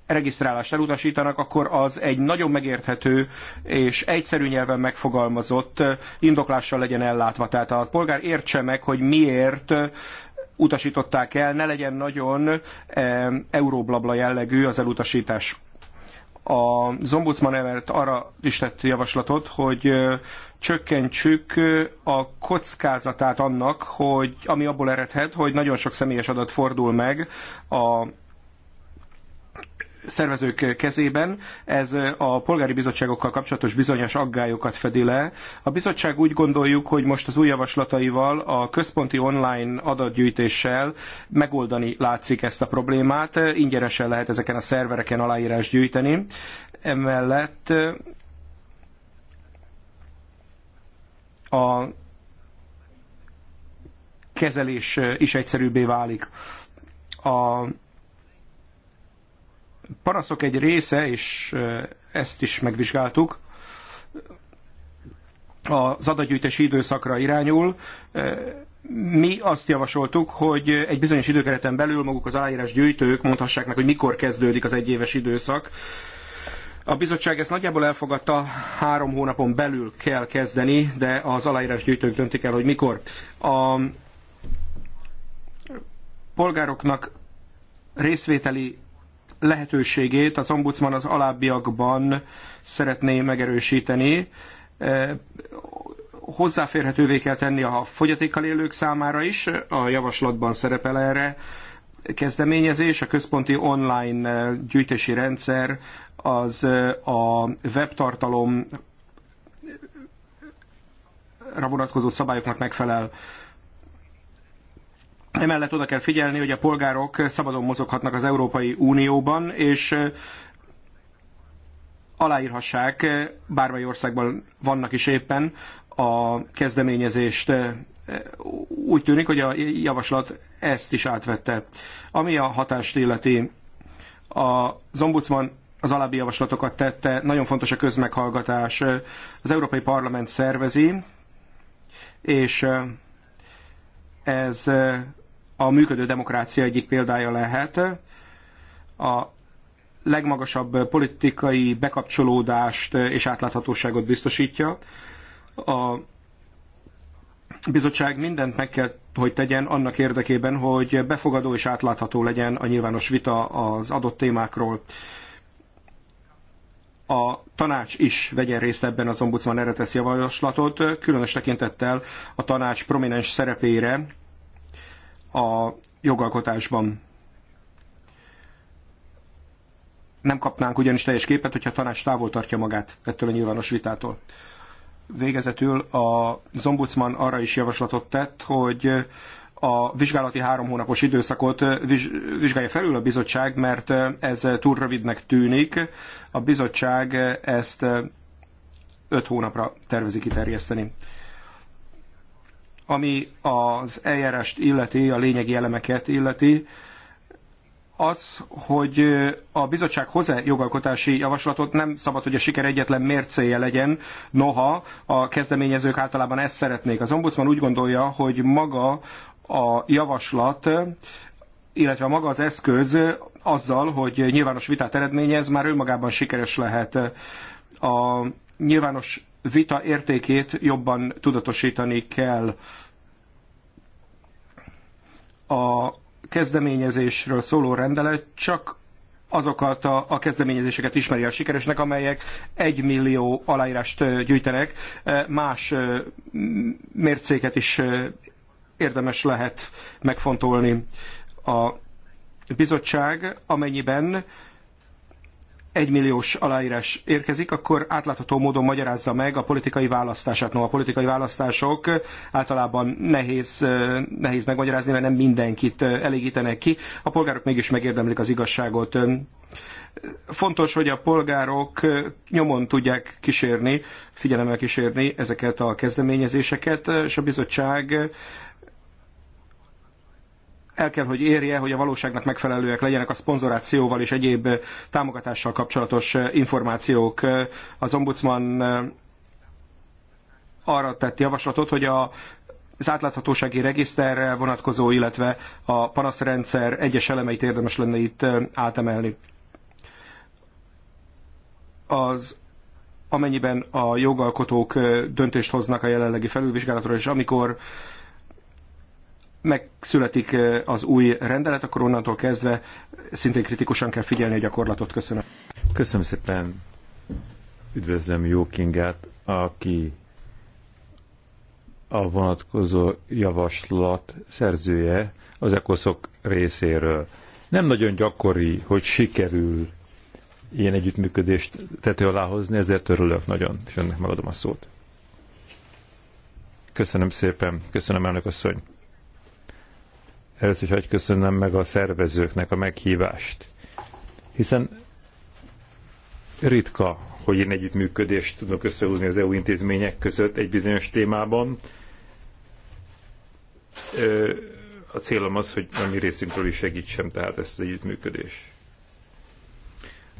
regisztrálást elutasítanak, akkor az egy nagyon megérthető és egyszerű nyelven megfogalmazott indoklással legyen ellátva. Tehát a polgár értse meg, hogy miért utasították el, ne legyen nagyon euróblabla jellegű az elutasítás. A Zombudsman emelt arra is tett javaslatot, hogy csökkentsük a kockázatát annak, hogy ami abból eredhet, hogy nagyon sok személyes adat fordul meg a szervezők kezében. Ez a polgári bizottságokkal kapcsolatos bizonyos aggályokat fedi le. A bizottság úgy gondoljuk, hogy most az új javaslataival a központi online adatgyűjtéssel megoldani látszik ezt a problémát. Ingyenesen lehet ezeken a szervereken aláírás gyűjteni. Emellett a kezelés is egyszerűbbé válik. A panaszok egy része, és ezt is megvizsgáltuk, az adatgyűjtési időszakra irányul. Mi azt javasoltuk, hogy egy bizonyos időkereten belül maguk az aláírás gyűjtők mondhassák meg, hogy mikor kezdődik az egyéves időszak. A bizottság ezt nagyjából elfogadta, három hónapon belül kell kezdeni, de az aláírás gyűjtők döntik el, hogy mikor. A polgároknak részvételi lehetőségét az ombudsman az alábbiakban szeretné megerősíteni. E, hozzáférhetővé kell tenni a fogyatékkal élők számára is, a javaslatban szerepel erre kezdeményezés, a központi online gyűjtési rendszer az e, a webtartalom vonatkozó szabályoknak megfelel. Emellett oda kell figyelni, hogy a polgárok szabadon mozoghatnak az Európai Unióban, és aláírhassák, bármely országban vannak is éppen, a kezdeményezést. Úgy tűnik, hogy a javaslat ezt is átvette. Ami a hatást illeti, az ombudsman az alábbi javaslatokat tette, nagyon fontos a közmeghallgatás. Az Európai Parlament szervezi, és ez a működő demokrácia egyik példája lehet. A legmagasabb politikai bekapcsolódást és átláthatóságot biztosítja. A bizottság mindent meg kell, hogy tegyen annak érdekében, hogy befogadó és átlátható legyen a nyilvános vita az adott témákról. A tanács is vegyen részt ebben az ombudsman erre tesz javaslatot, különös tekintettel a tanács prominens szerepére a jogalkotásban. Nem kapnánk ugyanis teljes képet, hogyha a tanács távol tartja magát ettől a nyilvános vitától. Végezetül a Zombudsman arra is javaslatot tett, hogy a vizsgálati három hónapos időszakot vizsgálja felül a bizottság, mert ez túl rövidnek tűnik. A bizottság ezt öt hónapra tervezi kiterjeszteni. Ami az eljárást illeti, a lényegi elemeket illeti, az, hogy a bizottság hozzá jogalkotási javaslatot nem szabad, hogy a siker egyetlen mércéje legyen, noha a kezdeményezők általában ezt szeretnék. Az ombudsman úgy gondolja, hogy maga a javaslat, illetve maga az eszköz azzal, hogy nyilvános vitát eredményez, már önmagában sikeres lehet. A nyilvános vita értékét jobban tudatosítani kell. A kezdeményezésről szóló rendelet csak azokat a, a kezdeményezéseket ismeri a sikeresnek, amelyek egy millió aláírást gyűjtenek. Más mércéket is érdemes lehet megfontolni. A bizottság, amennyiben egymilliós aláírás érkezik, akkor átlátható módon magyarázza meg a politikai választását. No, a politikai választások általában nehéz, nehéz megmagyarázni, mert nem mindenkit elégítenek ki. A polgárok mégis megérdemlik az igazságot. Fontos, hogy a polgárok nyomon tudják kísérni, figyelemmel kísérni ezeket a kezdeményezéseket, és a bizottság el kell, hogy érje, hogy a valóságnak megfelelőek legyenek a szponzorációval és egyéb támogatással kapcsolatos információk. Az ombudsman arra tett javaslatot, hogy a az átláthatósági regiszterre vonatkozó, illetve a panaszrendszer egyes elemeit érdemes lenne itt átemelni. Az amennyiben a jogalkotók döntést hoznak a jelenlegi felülvizsgálatról, és amikor megszületik az új rendelet, akkor onnantól kezdve szintén kritikusan kell figyelni a gyakorlatot. Köszönöm. Köszönöm szépen. Üdvözlöm Kingát, aki a vonatkozó javaslat szerzője az ekoszok részéről. Nem nagyon gyakori, hogy sikerül ilyen együttműködést tető alá hozni, ezért örülök nagyon, és önnek megadom a szót. Köszönöm szépen, köszönöm elnök asszony. Először is hagyj köszönöm meg a szervezőknek a meghívást, hiszen ritka, hogy én együttműködést tudok összehúzni az EU intézmények között egy bizonyos témában. A célom az, hogy a mi részünkről is segítsem tehát ezt az együttműködést.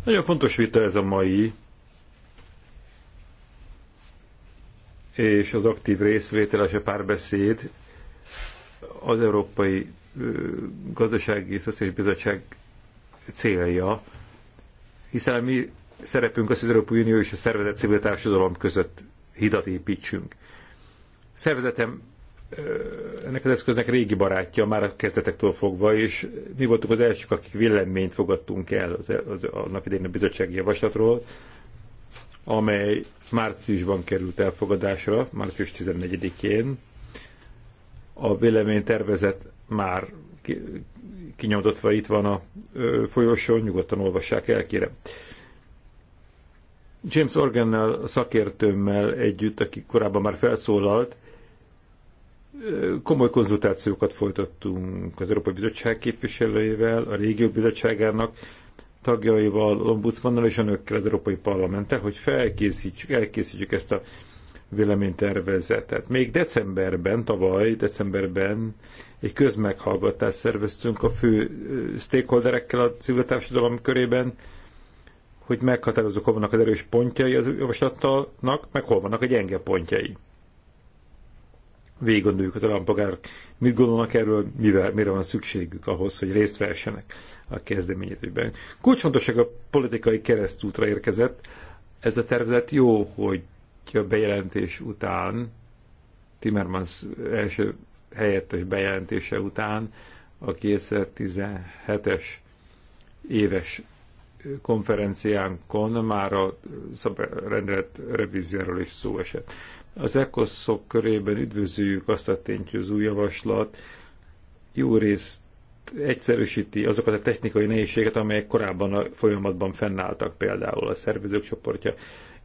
Nagyon fontos vita ez a mai, és az aktív és a párbeszéd az Európai Gazdasági és Szociális Bizottság célja, hiszen mi szerepünk az, az Európai Unió és a szervezet civil társadalom között hidat építsünk. A szervezetem ennek az eszköznek régi barátja, már a kezdetektől fogva, és mi voltunk az elsők, akik véleményt fogadtunk el az, az, annak idején a bizottsági javaslatról, amely márciusban került elfogadásra, március 14-én, a véleménytervezet már kinyomtatva itt van a folyosón, nyugodtan olvassák el, kérem. James Organnel, szakértőmmel együtt, aki korábban már felszólalt, komoly konzultációkat folytattunk az Európai Bizottság képviselőivel, a Régió Bizottságának tagjaival, ombudsmannal és önökkel az Európai Parlamenttel, hogy felkészítsük, elkészítsük ezt a véleménytervezetet. Még decemberben, tavaly decemberben egy közmeghallgatást szerveztünk a fő stakeholderekkel a civil társadalom körében, hogy meghatározzuk, hol vannak az erős pontjai az javaslatnak, meg hol vannak a gyenge pontjai. Végig gondoljuk a állampolgárok, mit gondolnak erről, mivel, mire van szükségük ahhoz, hogy részt vehessenek a kezdeményezőben. Kulcsfontosság a politikai keresztútra érkezett. Ez a tervezet jó, hogy ki a bejelentés után, Timmermans első helyettes bejelentése után a 2017-es éves konferenciánkon már a rendelet revízióról is szó esett. Az ecosz -ok körében üdvözlőjük azt a tényt, hogy az új javaslat jó részt egyszerűsíti azokat a technikai nehézséget, amelyek korábban a folyamatban fennálltak, például a szervezők csoportja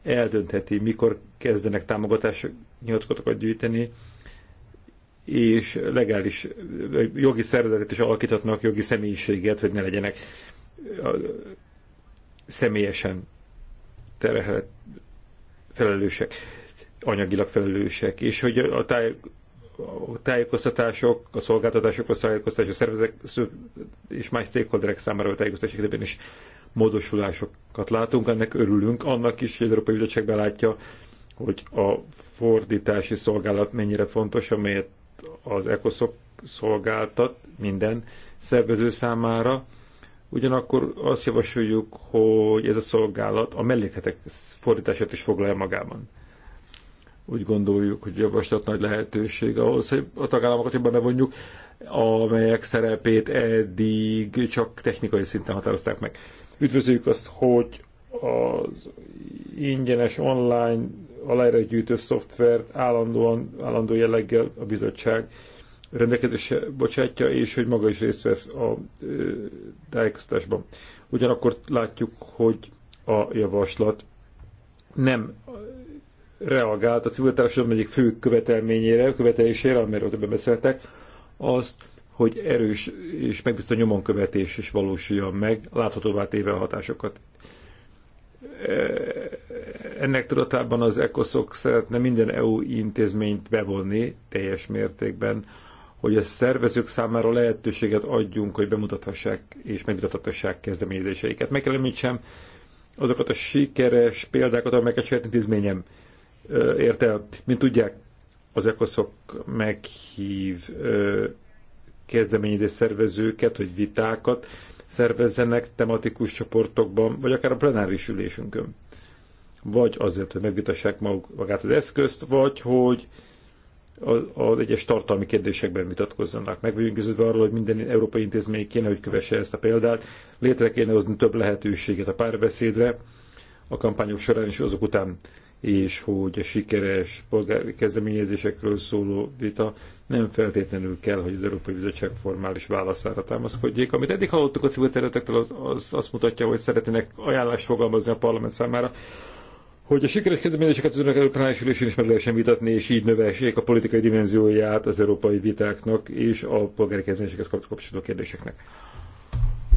eldöntheti, mikor kezdenek támogatási nyilatkozatokat gyűjteni, és legális jogi szervezetet is alakíthatnak, jogi személyiséget, hogy ne legyenek személyesen terhelt felelősek, anyagilag felelősek, és hogy a, táj, a tájékoztatások, a szolgáltatások, a szolgáltatások, a szervezetek és más stakeholderek számára a tájékoztatások is módosulásokat látunk, ennek örülünk, annak is, hogy az Európai Bizottság belátja, hogy a fordítási szolgálat mennyire fontos, amelyet az ECOSOC szolgáltat minden szervező számára. Ugyanakkor azt javasoljuk, hogy ez a szolgálat a mellékletek fordítását is foglalja magában. Úgy gondoljuk, hogy javaslat nagy lehetőség ahhoz, hogy a tagállamokat jobban bevonjuk, amelyek szerepét eddig csak technikai szinten határozták meg. Üdvözlőjük azt, hogy az ingyenes online gyűjtő szoftvert állandóan, állandó jelleggel a bizottság rendelkezésre bocsátja, és hogy maga is részt vesz a tájékoztatásban. Ugyanakkor látjuk, hogy a javaslat nem reagált a civil társadalom egyik fő követelményére, követelésére, amiről többen beszéltek, azt, hogy erős és nyomon követés is valósuljon meg, láthatóvá téve a hatásokat. E, ennek tudatában az ECOSOC szeretne minden EU intézményt bevonni teljes mértékben, hogy a szervezők számára lehetőséget adjunk, hogy bemutathassák és megvitathassák kezdeményezéseiket. Meg kell említsem azokat a sikeres példákat, amelyeket saját intézményem e, érte. Mint tudják, az ECOSOC meghív e, kezdeményezés szervezőket, hogy vitákat szervezzenek tematikus csoportokban, vagy akár a plenáris ülésünkön. Vagy azért, hogy megvitassák maguk, magát az eszközt, vagy hogy az, az egyes tartalmi kérdésekben vitatkozzanak. Meg vagyunk győződve arról, hogy minden európai intézmény kéne, hogy kövesse ezt a példát. Létre kéne hozni több lehetőséget a párbeszédre, a kampányok során és azok után és hogy a sikeres polgári kezdeményezésekről szóló vita nem feltétlenül kell, hogy az Európai Bizottság formális válaszára támaszkodjék. Amit eddig hallottuk a civil területektől, az azt mutatja, hogy szeretnének ajánlást fogalmazni a parlament számára, hogy a sikeres kezdeményezéseket az önök plenáris ülésén is meg lehessen vitatni, és így növessék a politikai dimenzióját az európai vitáknak és a polgári kezdeményezésekhez kapcsolódó kérdéseknek.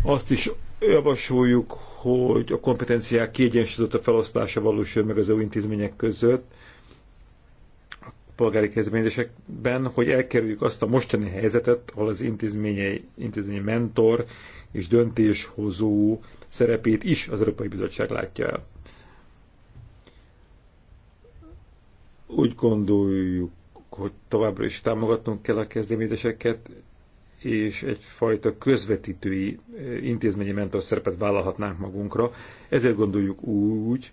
Azt is javasoljuk, hogy a kompetenciák kiegyensúlyozott felosztása valósul meg az EU intézmények között a polgári kezdeményezésekben, hogy elkerüljük azt a mostani helyzetet, ahol az intézményei, intézményi mentor és döntéshozó szerepét is az Európai Bizottság látja el. Úgy gondoljuk, hogy továbbra is támogatnunk kell a kezdeményezéseket, és egyfajta közvetítői eh, intézményi szerepet vállalhatnánk magunkra. Ezért gondoljuk úgy,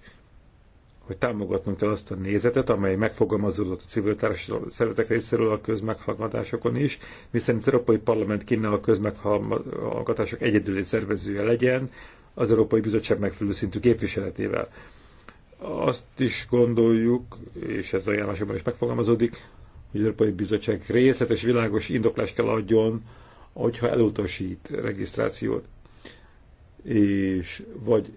hogy támogatnunk kell azt a nézetet, amely megfogalmazódott a civil társadalom szeretek részéről a közmeghallgatásokon is, hiszen az Európai Parlament kéne a közmeghallgatások egyedüli szervezője legyen, az Európai Bizottság megfelelő szintű képviseletével. Azt is gondoljuk, és ez ajánlásomban is megfogalmazódik, hogy az Európai Bizottság részletes, világos indoklást kell adjon hogyha elutasít regisztrációt, és vagy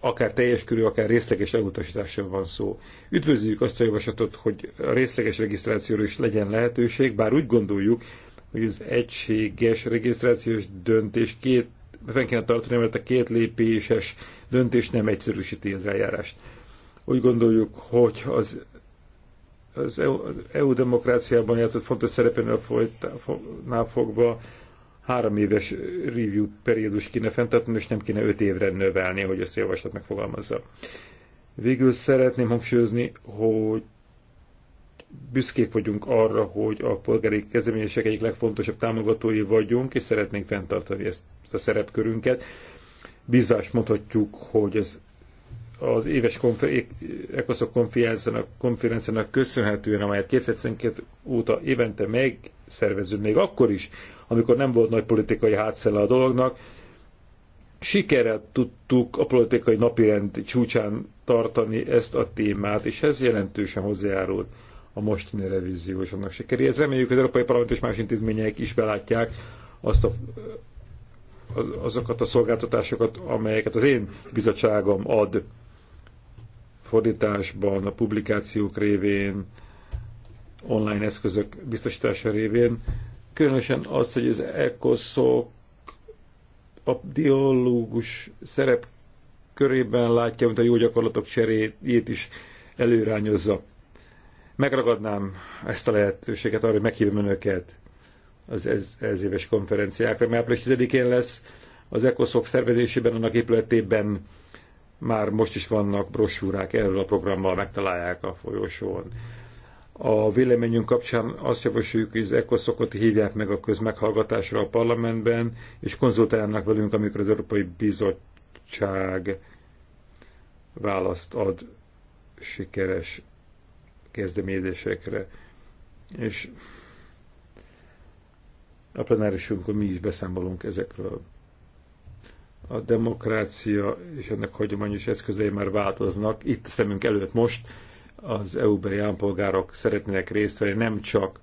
akár teljes körű, akár részleges elutasításról van szó. Üdvözlőjük azt a javaslatot, hogy a részleges regisztrációra is legyen lehetőség, bár úgy gondoljuk, hogy az egységes regisztrációs döntés két fenn kéne tartani, mert a két lépéses döntés nem egyszerűsíti az eljárást. Úgy gondoljuk, hogy az az EU, EU demokráciában játszott fontos szerepénél fogva három éves review periódus kéne fenntartani, és nem kéne öt évre növelni, hogy ezt a javaslat megfogalmazza. Végül szeretném hangsúlyozni, hogy büszkék vagyunk arra, hogy a polgári kezdeményezések egyik legfontosabb támogatói vagyunk, és szeretnénk fenntartani ezt, ezt a szerepkörünket. Bízást mondhatjuk, hogy ez az éves ECOSZOK konferenciának, konferenciának köszönhetően, amelyet 2012 óta évente megszerveződ, még akkor is, amikor nem volt nagy politikai hátszele a dolognak, sikerrel tudtuk a politikai napirend csúcsán tartani ezt a témát, és ez jelentősen hozzájárult a mostani revízió és annak sikeréhez. Reméljük, hogy az Európai Parlament és más intézmények is belátják azt a, azokat a szolgáltatásokat, amelyeket az én bizottságom ad fordításban, a publikációk révén, online eszközök biztosítása révén, különösen az, hogy az ECOSZOK a dialógus szerep körében látja, mint a jó gyakorlatok cseréjét is előrányozza. Megragadnám ezt a lehetőséget arra, hogy meghívom önöket az ez, ez éves konferenciákra, mert április 10-én lesz az ECOSZOK szervezésében, annak épületében már most is vannak brosúrák, erről a programmal megtalálják a folyosón. A véleményünk kapcsán azt javasoljuk, hogy az ECOSZOKot hívják meg a közmeghallgatásra a parlamentben, és konzultálnak velünk, amikor az Európai Bizottság választ ad sikeres kezdeményezésekre. És a plenárisunkon mi is beszámolunk ezekről a demokrácia és ennek hagyományos eszközei már változnak. Itt a szemünk előtt most az EU-beli állampolgárok szeretnének részt venni, nem csak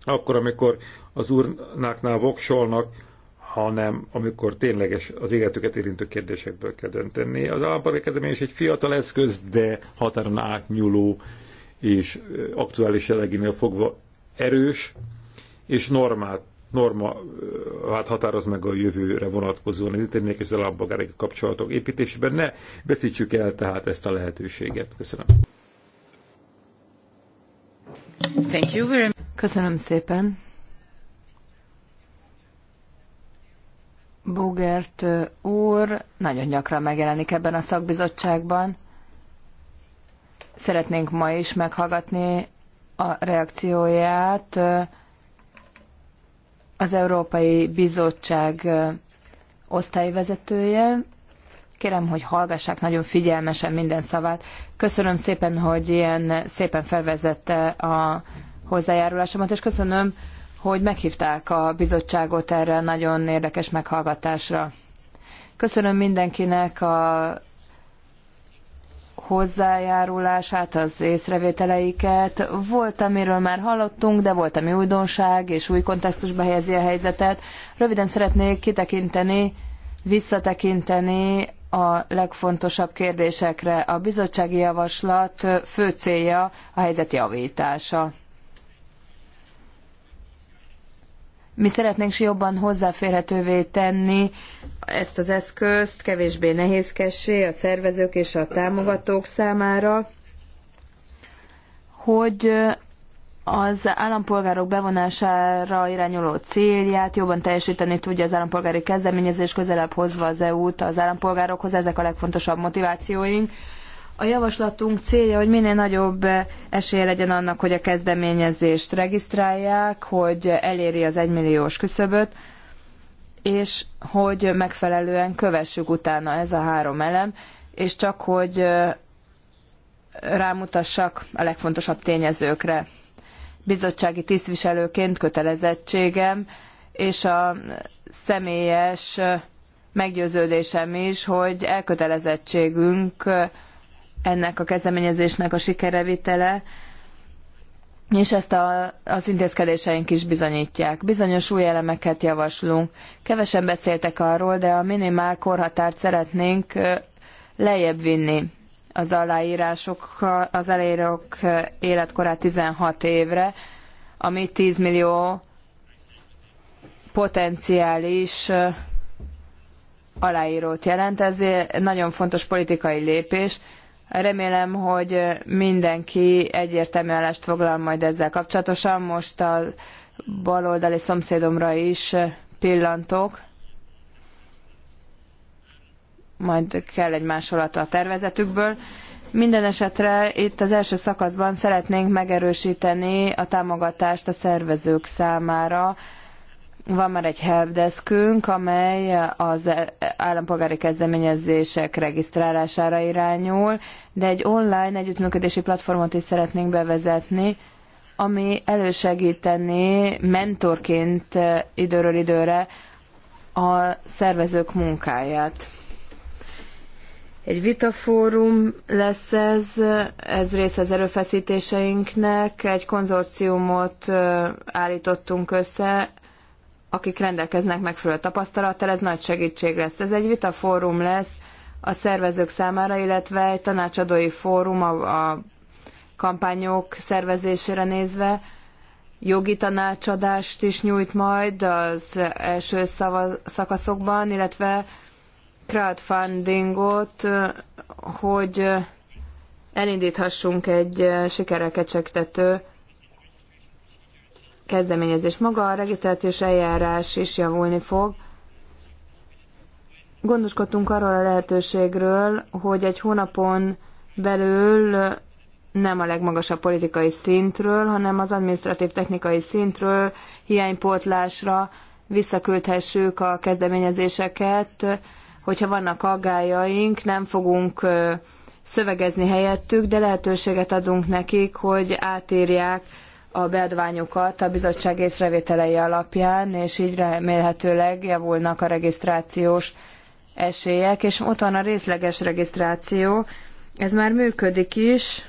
akkor, amikor az urnáknál voksolnak, hanem amikor tényleges az életüket érintő kérdésekből kell dönteni. Az állampolgári kezdeményezés egy fiatal eszköz, de határon átnyúló és aktuális eleginél fogva erős, és normát norma hát határoz meg a jövőre vonatkozóan az internet és az állampolgári kapcsolatok építésében. Ne veszítsük el tehát ezt a lehetőséget. Köszönöm. Thank you very much. Köszönöm szépen. Bogert úr nagyon gyakran megjelenik ebben a szakbizottságban. Szeretnénk ma is meghallgatni a reakcióját az Európai Bizottság osztályvezetője. Kérem, hogy hallgassák nagyon figyelmesen minden szavát. Köszönöm szépen, hogy ilyen szépen felvezette a hozzájárulásomat, és köszönöm, hogy meghívták a bizottságot erre a nagyon érdekes meghallgatásra. Köszönöm mindenkinek a hozzájárulását, az észrevételeiket. Volt, amiről már hallottunk, de volt, ami újdonság és új kontextusba helyezi a helyzetet. Röviden szeretnék kitekinteni, visszatekinteni a legfontosabb kérdésekre. A bizottsági javaslat fő célja a helyzet javítása. Mi szeretnénk jobban hozzáférhetővé tenni ezt az eszközt, kevésbé nehézkessé a szervezők és a támogatók számára, hogy az állampolgárok bevonására irányuló célját jobban teljesíteni tudja az állampolgári kezdeményezés, közelebb hozva az EU-t az állampolgárokhoz. Ezek a legfontosabb motivációink. A javaslatunk célja, hogy minél nagyobb esély legyen annak, hogy a kezdeményezést regisztrálják, hogy eléri az egymilliós küszöböt, és hogy megfelelően kövessük utána ez a három elem, és csak hogy rámutassak a legfontosabb tényezőkre. Bizottsági tisztviselőként kötelezettségem, és a személyes meggyőződésem is, hogy elkötelezettségünk ennek a kezdeményezésnek a sikerevitele, és ezt a, az intézkedéseink is bizonyítják. Bizonyos új elemeket javaslunk. Kevesen beszéltek arról, de a minimál korhatárt szeretnénk lejjebb vinni az aláírások, az elérők életkorát 16 évre, ami 10 millió potenciális aláírót jelent. Ez nagyon fontos politikai lépés. Remélem, hogy mindenki egyértelmű állást foglal majd ezzel kapcsolatosan. Most a baloldali szomszédomra is pillantok. Majd kell egy másolat a tervezetükből. Minden esetre itt az első szakaszban szeretnénk megerősíteni a támogatást a szervezők számára, van már egy helpdeskünk, amely az állampolgári kezdeményezések regisztrálására irányul, de egy online együttműködési platformot is szeretnénk bevezetni, ami elősegíteni mentorként időről időre a szervezők munkáját. Egy vitafórum lesz ez, ez része az erőfeszítéseinknek, egy konzorciumot állítottunk össze, akik rendelkeznek megfelelő tapasztalattal, ez nagy segítség lesz. Ez egy vitafórum lesz a szervezők számára, illetve egy tanácsadói fórum a, a kampányok szervezésére nézve. Jogi tanácsadást is nyújt majd az első szava, szakaszokban, illetve crowdfundingot, hogy elindíthassunk egy sikereket csektető kezdeményezés. Maga a regisztrációs eljárás is javulni fog. Gondoskodtunk arról a lehetőségről, hogy egy hónapon belül nem a legmagasabb politikai szintről, hanem az administratív technikai szintről hiánypótlásra visszaküldhessük a kezdeményezéseket, hogyha vannak aggájaink, nem fogunk szövegezni helyettük, de lehetőséget adunk nekik, hogy átírják a beadványokat a bizottság észrevételei alapján, és így remélhetőleg javulnak a regisztrációs esélyek, és ott van a részleges regisztráció, ez már működik is.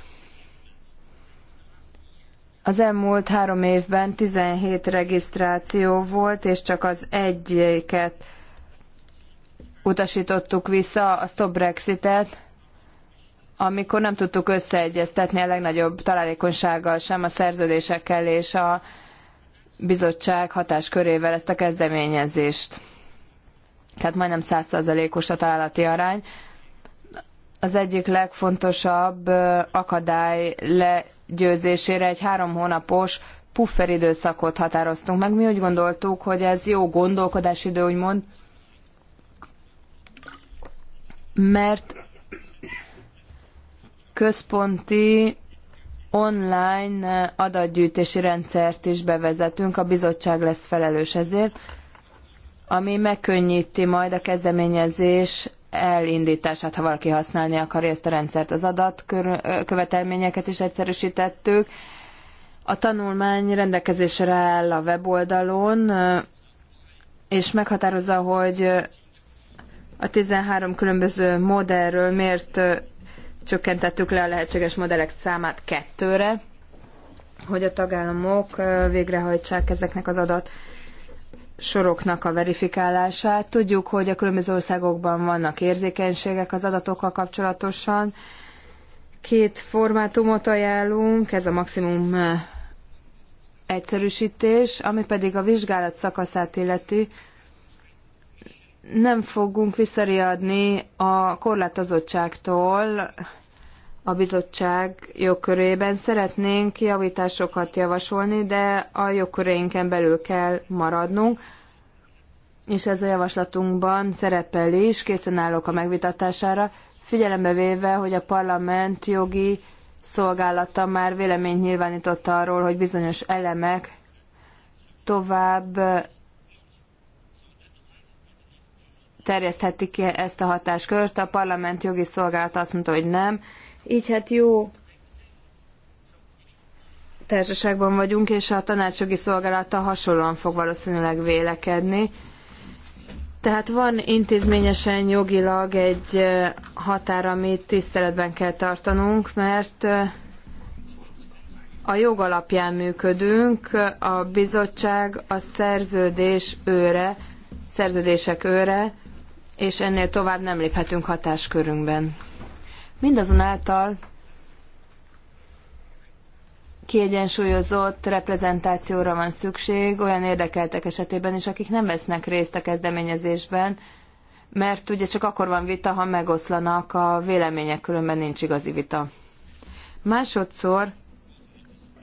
Az elmúlt három évben 17 regisztráció volt, és csak az egyiket utasítottuk vissza, a Stop Brexitet, amikor nem tudtuk összeegyeztetni a legnagyobb találékonysággal sem a szerződésekkel és a bizottság hatáskörével ezt a kezdeményezést. Tehát majdnem százszázalékos a találati arány. Az egyik legfontosabb akadály legyőzésére egy három hónapos puffer időszakot határoztunk meg. Mi úgy gondoltuk, hogy ez jó gondolkodásidő, úgymond, mert központi online adatgyűjtési rendszert is bevezetünk, a bizottság lesz felelős ezért, ami megkönnyíti majd a kezdeményezés elindítását, ha valaki használni akarja ezt a rendszert. Az adatkövetelményeket is egyszerűsítettük. A tanulmány rendelkezésre áll a weboldalon, és meghatározza, hogy a 13 különböző modellről miért csökkentettük le a lehetséges modellek számát kettőre, hogy a tagállamok végrehajtsák ezeknek az adat soroknak a verifikálását. Tudjuk, hogy a különböző országokban vannak érzékenységek az adatokkal kapcsolatosan. Két formátumot ajánlunk, ez a maximum egyszerűsítés, ami pedig a vizsgálat szakaszát illeti, nem fogunk visszariadni a korlátozottságtól, a bizottság jogkörében. Szeretnénk javításokat javasolni, de a jogköréinken belül kell maradnunk, és ez a javaslatunkban szerepel is, készen állok a megvitatására, figyelembe véve, hogy a parlament jogi szolgálata már véleményt nyilvánított arról, hogy bizonyos elemek tovább terjeszthetik ki ezt a hatáskört. A parlament jogi szolgálata azt mondta, hogy nem, így hát jó társaságban vagyunk, és a tanácsjogi szolgálata hasonlóan fog valószínűleg vélekedni. Tehát van intézményesen jogilag egy határ, amit tiszteletben kell tartanunk, mert a jog alapján működünk, a bizottság a szerződés őre, szerződések őre, és ennél tovább nem léphetünk hatáskörünkben. Mindazonáltal kiegyensúlyozott reprezentációra van szükség olyan érdekeltek esetében is, akik nem vesznek részt a kezdeményezésben, mert ugye csak akkor van vita, ha megoszlanak a vélemények, különben nincs igazi vita. Másodszor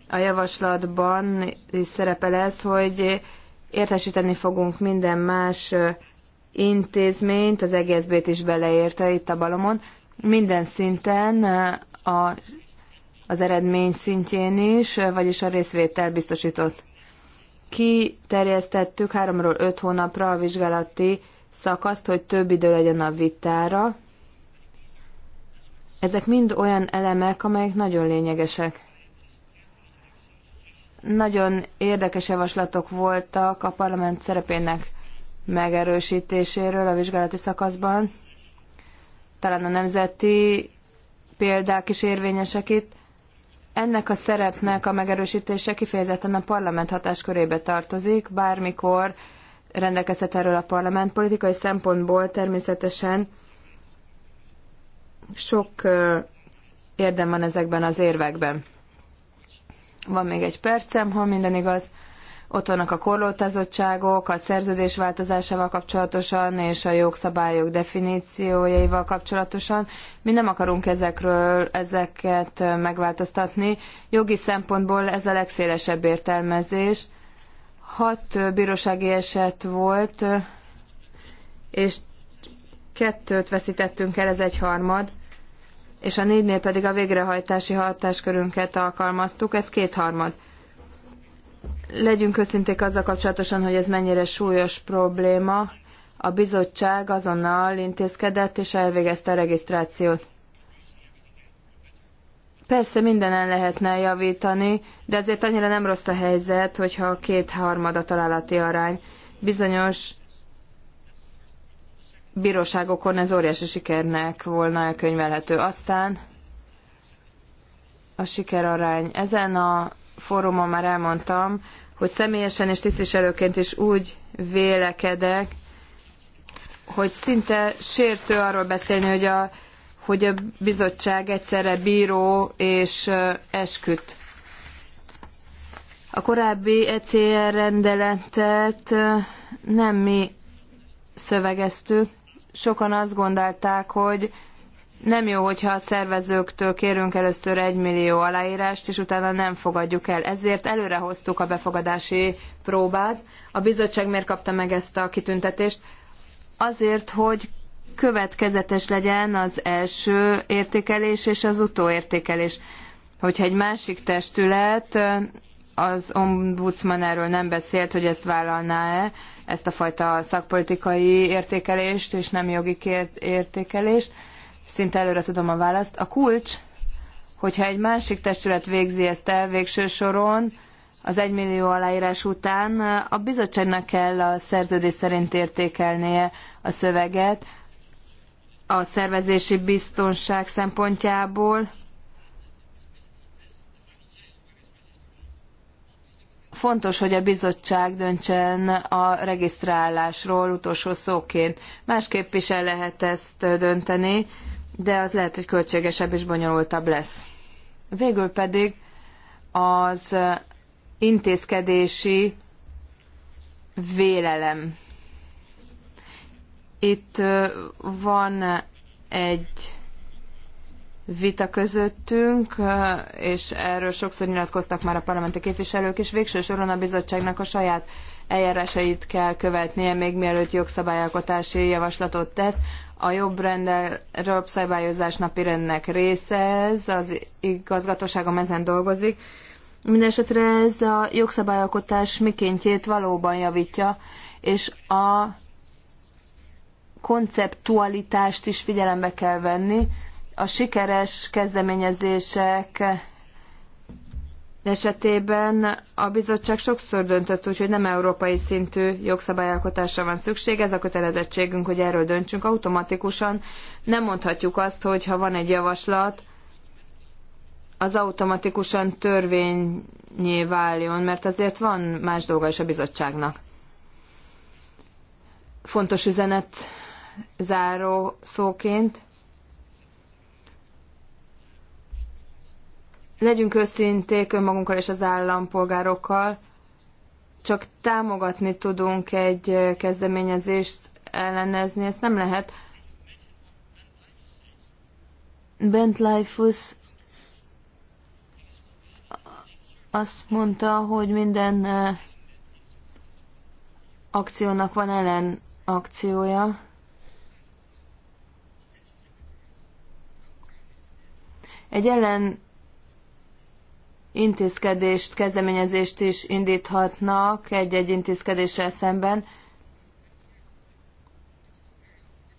a javaslatban is szerepel ez, hogy értesíteni fogunk minden más intézményt, az egészbét is beleérte itt a balomon, minden szinten, a, az eredmény szintjén is, vagyis a részvétel biztosított. Kiterjesztettük háromról öt hónapra a vizsgálati szakaszt, hogy több idő legyen a vitára. Ezek mind olyan elemek, amelyek nagyon lényegesek. Nagyon érdekes javaslatok voltak a parlament szerepének megerősítéséről a vizsgálati szakaszban talán a nemzeti példák is érvényesek itt. Ennek a szerepnek a megerősítése kifejezetten a parlament hatáskörébe tartozik, bármikor rendelkezhet erről a parlament. Politikai szempontból természetesen sok érdem van ezekben az érvekben. Van még egy percem, ha minden igaz. Ott vannak a korlótázottságok, a szerződés változásával kapcsolatosan és a jogszabályok definíciójaival kapcsolatosan. Mi nem akarunk ezekről ezeket megváltoztatni. Jogi szempontból ez a legszélesebb értelmezés. Hat bírósági eset volt, és kettőt veszítettünk el, ez egy harmad és a négynél pedig a végrehajtási hatáskörünket alkalmaztuk, ez kétharmad. Legyünk őszinték azzal kapcsolatosan, hogy ez mennyire súlyos probléma. A bizottság azonnal intézkedett és elvégezte a regisztrációt. Persze mindenen lehetne javítani, de ezért annyira nem rossz a helyzet, hogyha a két a találati arány. Bizonyos bíróságokon ez óriási sikernek volna elkönyvelhető. Aztán a sikerarány. Ezen a fórumon már elmondtam, hogy személyesen és tisztviselőként is úgy vélekedek, hogy szinte sértő arról beszélni, hogy a, hogy a bizottság egyszerre bíró és esküt. A korábbi ECR rendeletet nem mi szövegeztük. Sokan azt gondolták, hogy nem jó, hogyha a szervezőktől kérünk először egy millió aláírást, és utána nem fogadjuk el. Ezért előre hoztuk a befogadási próbát. A bizottság miért kapta meg ezt a kitüntetést? Azért, hogy következetes legyen az első értékelés és az utóértékelés. Hogyha egy másik testület az ombudsman erről nem beszélt, hogy ezt vállalná-e, ezt a fajta szakpolitikai értékelést és nem jogi értékelést, szinte előre tudom a választ. A kulcs, hogyha egy másik testület végzi ezt el végső soron, az egymillió aláírás után a bizottságnak kell a szerződés szerint értékelnie a szöveget a szervezési biztonság szempontjából. Fontos, hogy a bizottság döntsen a regisztrálásról utolsó szóként. Másképp is el lehet ezt dönteni de az lehet, hogy költségesebb és bonyolultabb lesz. Végül pedig az intézkedési vélelem. Itt van egy vita közöttünk, és erről sokszor nyilatkoztak már a parlamenti képviselők, és végső soron a bizottságnak a saját eljárásait kell követnie, még mielőtt jogszabályalkotási javaslatot tesz a jobb rendel, jobb szabályozás napirendnek része ez, az igazgatóságom ezen dolgozik. Mindenesetre ez a jogszabályalkotás mikéntjét valóban javítja, és a konceptualitást is figyelembe kell venni. A sikeres kezdeményezések esetében a bizottság sokszor döntött úgy, hogy nem európai szintű jogszabályalkotásra van szükség, ez a kötelezettségünk, hogy erről döntsünk automatikusan. Nem mondhatjuk azt, hogy ha van egy javaslat, az automatikusan törvényé váljon, mert azért van más dolga is a bizottságnak. Fontos üzenet záró szóként. Legyünk őszinték önmagunkkal és az állampolgárokkal, csak támogatni tudunk egy kezdeményezést, ellenezni, ezt nem lehet. Bent Lifeus azt mondta, hogy minden eh, akciónak van ellen akciója. Egy ellen intézkedést, kezdeményezést is indíthatnak egy-egy intézkedéssel szemben,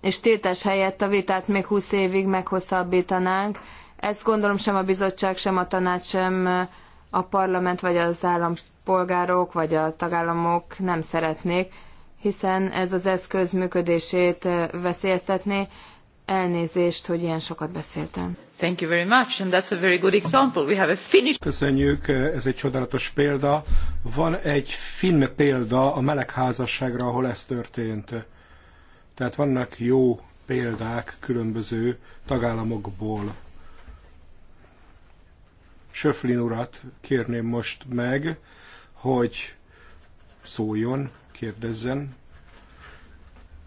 és tiltás helyett a vitát még 20 évig meghosszabbítanánk. Ezt gondolom sem a bizottság, sem a tanács, sem a parlament, vagy az állampolgárok, vagy a tagállamok nem szeretnék, hiszen ez az eszköz működését veszélyeztetné. Elnézést, hogy ilyen sokat beszéltem. Thank you very much, and that's a very good example. We have a Finnish... Köszönjük, ez egy csodálatos példa. Van egy finn példa a melegházasságra, ahol ez történt. Tehát vannak jó példák különböző tagállamokból. Söflin urat kérném most meg, hogy szóljon, kérdezzen.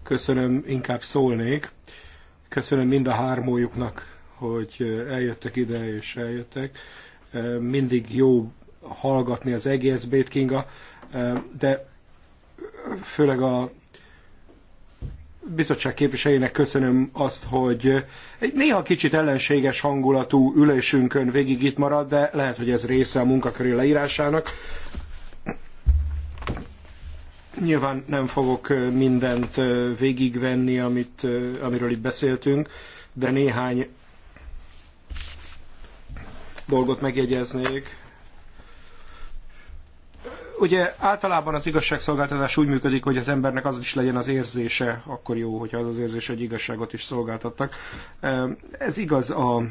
Köszönöm, inkább szólnék. Köszönöm mind a hármójuknak, hogy eljöttek ide és eljöttek. Mindig jó hallgatni az egész Kinga, de főleg a bizottság képviselőjének köszönöm azt, hogy egy néha kicsit ellenséges hangulatú ülésünkön végig itt marad, de lehet, hogy ez része a munkakörű leírásának. Nyilván nem fogok mindent végigvenni, amit, amiről itt beszéltünk, de néhány dolgot megjegyeznék. Ugye általában az igazságszolgáltatás úgy működik, hogy az embernek az is legyen az érzése, akkor jó, hogyha az az érzés, hogy igazságot is szolgáltattak. Ez igaz a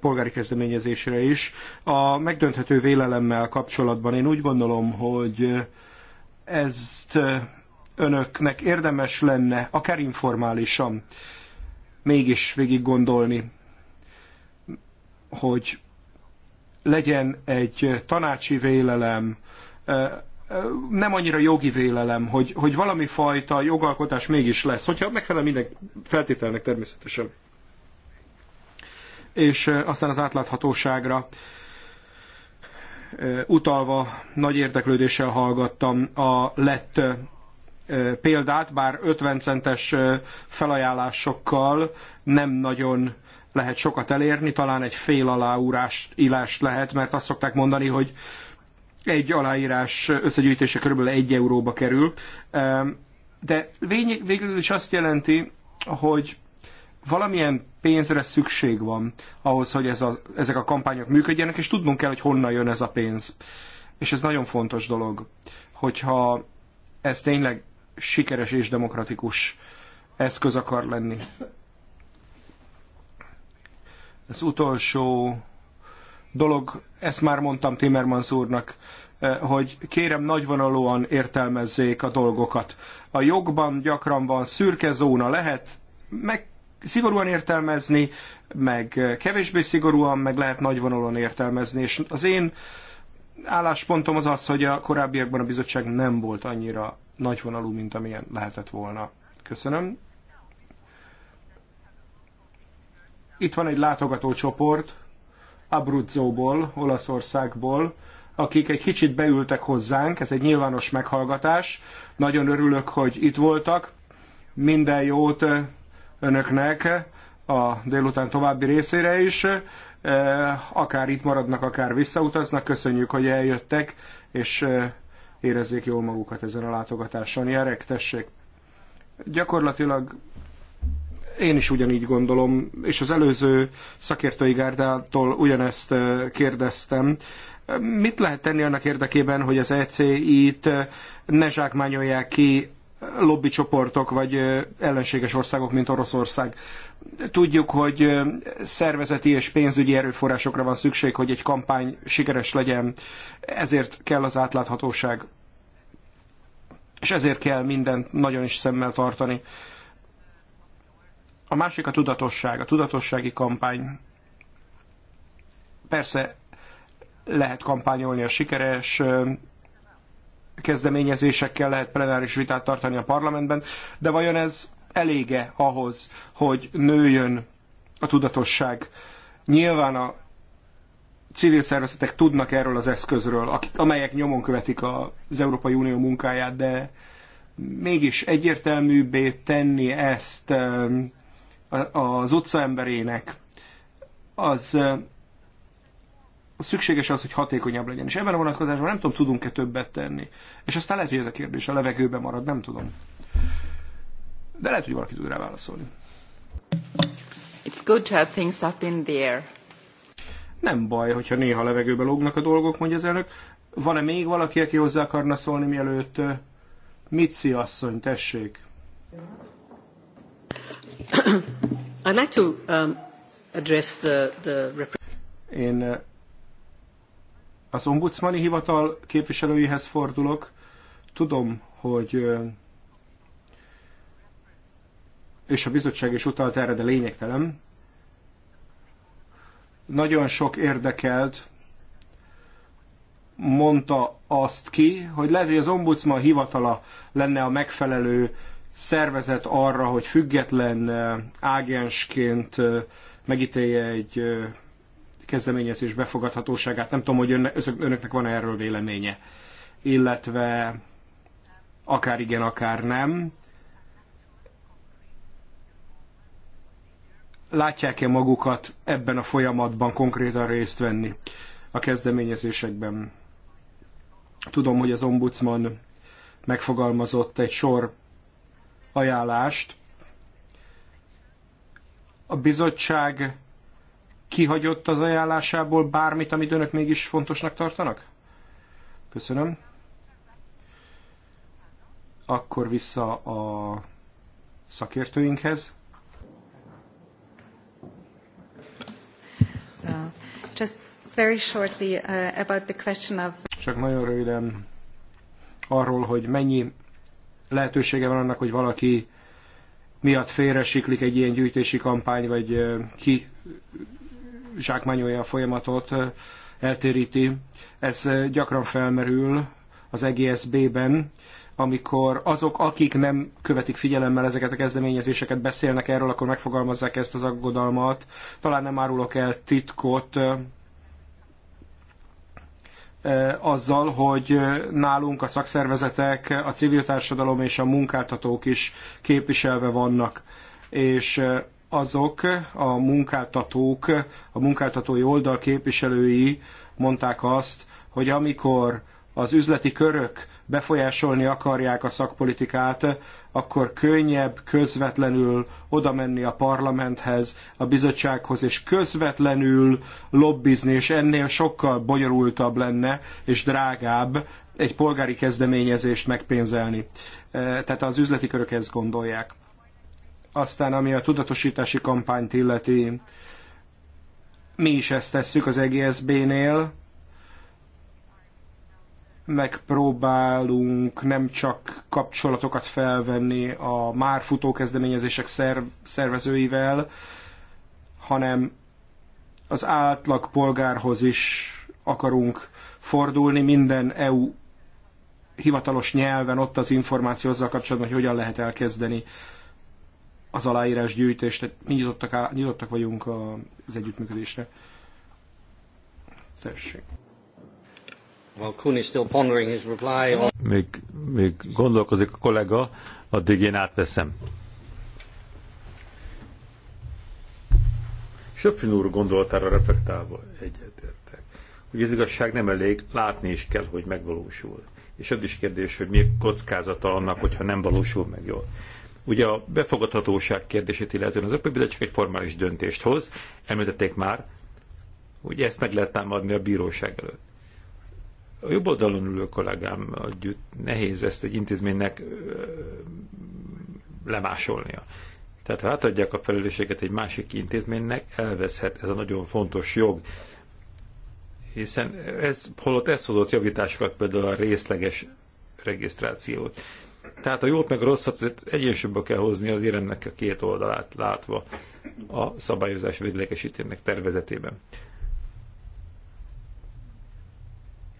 polgári kezdeményezésre is. A megdönthető vélelemmel kapcsolatban én úgy gondolom, hogy ezt önöknek érdemes lenne, akár informálisan, mégis végig gondolni, hogy legyen egy tanácsi vélelem, nem annyira jogi vélelem, hogy, hogy valami fajta jogalkotás mégis lesz, hogyha megfelel minden feltételnek természetesen. És aztán az átláthatóságra utalva nagy érdeklődéssel hallgattam a lett példát, bár 50 centes felajánlásokkal nem nagyon lehet sokat elérni, talán egy fél aláúrás írást lehet, mert azt szokták mondani, hogy egy aláírás összegyűjtése körülbelül egy euróba kerül. De végül is azt jelenti, hogy valamilyen pénzre szükség van ahhoz, hogy ez a, ezek a kampányok működjenek, és tudnunk kell, hogy honnan jön ez a pénz. És ez nagyon fontos dolog, hogyha ez tényleg sikeres és demokratikus eszköz akar lenni. Az utolsó dolog, ezt már mondtam Timmermans úrnak, eh, hogy kérem nagyvonalúan értelmezzék a dolgokat. A jogban gyakran van szürke zóna, lehet meg szigorúan értelmezni, meg kevésbé szigorúan, meg lehet nagyvonalon értelmezni. És az én álláspontom az az, hogy a korábbiakban a bizottság nem volt annyira nagyvonalú, mint amilyen lehetett volna. Köszönöm. Itt van egy látogatócsoport Abruzzóból, Olaszországból, akik egy kicsit beültek hozzánk, ez egy nyilvános meghallgatás. Nagyon örülök, hogy itt voltak. Minden jót önöknek a délután további részére is. E, akár itt maradnak, akár visszautaznak. Köszönjük, hogy eljöttek, és e, érezzék jól magukat ezen a látogatáson. Jerek, tessék! Gyakorlatilag én is ugyanígy gondolom, és az előző szakértői gárdától ugyanezt e, kérdeztem. Mit lehet tenni annak érdekében, hogy az ECI-t ne zsákmányolják ki lobby csoportok vagy ellenséges országok, mint Oroszország. Tudjuk, hogy szervezeti és pénzügyi erőforrásokra van szükség, hogy egy kampány sikeres legyen, ezért kell az átláthatóság, és ezért kell mindent nagyon is szemmel tartani. A másik a tudatosság, a tudatossági kampány. Persze lehet kampányolni a sikeres kezdeményezésekkel lehet plenáris vitát tartani a parlamentben, de vajon ez elége ahhoz, hogy nőjön a tudatosság? Nyilván a civil szervezetek tudnak erről az eszközről, akik, amelyek nyomon követik az Európai Unió munkáját, de mégis egyértelműbbé tenni ezt az utcaemberének, az szükséges az, hogy hatékonyabb legyen. És ebben a vonatkozásban nem tudom, tudunk-e többet tenni. És aztán lehet, hogy ez a kérdés a levegőben marad, nem tudom. De lehet, hogy valaki tud rá válaszolni. It's good to have things up in the air. Nem baj, hogyha néha levegőbe lógnak a dolgok, mondja az elnök. Van-e még valaki, aki hozzá akarna szólni, mielőtt Mit asszony, tessék? I'd like to um, address the, the... Én az ombudsmani hivatal képviselőihez fordulok. Tudom, hogy és a bizottság is utalt erre, de lényegtelen. Nagyon sok érdekelt mondta azt ki, hogy lehet, hogy az ombudsman hivatala lenne a megfelelő szervezet arra, hogy független ágensként megítélje egy kezdeményezés befogadhatóságát. Nem tudom, hogy önne, önöknek van -e erről véleménye. Illetve akár igen, akár nem. Látják-e magukat ebben a folyamatban konkrétan részt venni a kezdeményezésekben? Tudom, hogy az ombudsman megfogalmazott egy sor ajánlást. A bizottság kihagyott az ajánlásából bármit, amit önök mégis fontosnak tartanak? Köszönöm. Akkor vissza a szakértőinkhez. Uh, just very shortly uh, about the question of... Csak nagyon röviden arról, hogy mennyi lehetősége van annak, hogy valaki miatt félresiklik egy ilyen gyűjtési kampány, vagy uh, ki zsákmányolja a folyamatot, eltéríti. Ez gyakran felmerül az EGSB-ben, amikor azok, akik nem követik figyelemmel ezeket a kezdeményezéseket, beszélnek erről, akkor megfogalmazzák ezt az aggodalmat. Talán nem árulok el titkot azzal, hogy nálunk a szakszervezetek, a civil társadalom és a munkáltatók is képviselve vannak. És azok a munkáltatók, a munkáltatói oldal képviselői mondták azt, hogy amikor az üzleti körök befolyásolni akarják a szakpolitikát, akkor könnyebb közvetlenül oda menni a parlamenthez, a bizottsághoz, és közvetlenül lobbizni, és ennél sokkal bonyolultabb lenne, és drágább egy polgári kezdeményezést megpénzelni. Eh, tehát az üzleti körök ezt gondolják. Aztán ami a tudatosítási kampányt illeti, mi is ezt tesszük az EGSB-nél, megpróbálunk nem csak kapcsolatokat felvenni a már futó kezdeményezések szervezőivel, hanem az átlag polgárhoz is akarunk fordulni. Minden EU hivatalos nyelven ott az információ azzal kapcsolatban, hogy hogyan lehet elkezdeni az aláírás gyűjtést, tehát mi nyitottak, á, nyitottak vagyunk az együttműködésre. Tessék. Well, is still pondering his reply még, még gondolkozik a kollega, addig én átveszem. Söpfin úr gondolatára reflektálva egyetértek, hogy ez igazság nem elég, látni is kell, hogy megvalósul. És az is kérdés, hogy mi kockázata annak, hogyha nem valósul meg jól. Ugye a befogadhatóság kérdését illetően az Európai csak egy formális döntést hoz, említették már, hogy ezt meg lehet támadni a bíróság előtt. A jobb oldalon ülő kollégám együtt nehéz ezt egy intézménynek lemásolnia. Tehát ha átadják a felelősséget egy másik intézménynek, elveszhet ez a nagyon fontos jog. Hiszen ez, holott ez hozott javításokat, például a részleges regisztrációt. Tehát a jót meg a rosszat egyensúlyba kell hozni az éremnek a két oldalát látva a szabályozás véglegesítének tervezetében.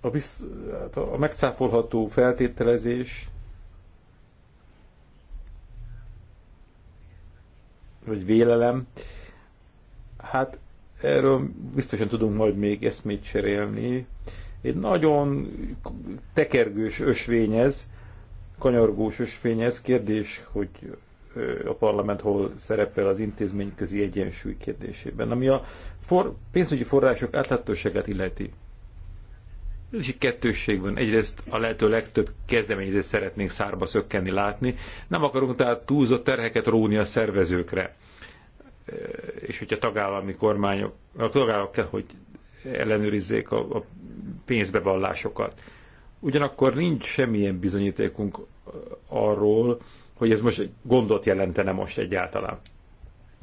A, visz, hát a megcáfolható feltételezés vagy vélelem, hát erről biztosan tudunk majd még eszmét cserélni. Egy nagyon tekergős ösvény ez, kanyargós ez Kérdés, hogy a parlament hol szerepel az intézményközi egyensúly kérdésében, ami a for, pénzügyi források átláthatóságát illeti. ez is egy kettősség van. Egyrészt a lehető legtöbb kezdeményezést szeretnénk szárba szökkenni, látni. Nem akarunk tehát túlzott terheket róni a szervezőkre. És hogy a tagállami kormányok, a tagállamok kell, hogy ellenőrizzék a, a pénzbevallásokat. Ugyanakkor nincs semmilyen bizonyítékunk arról, hogy ez most egy gondot jelentene most egyáltalán.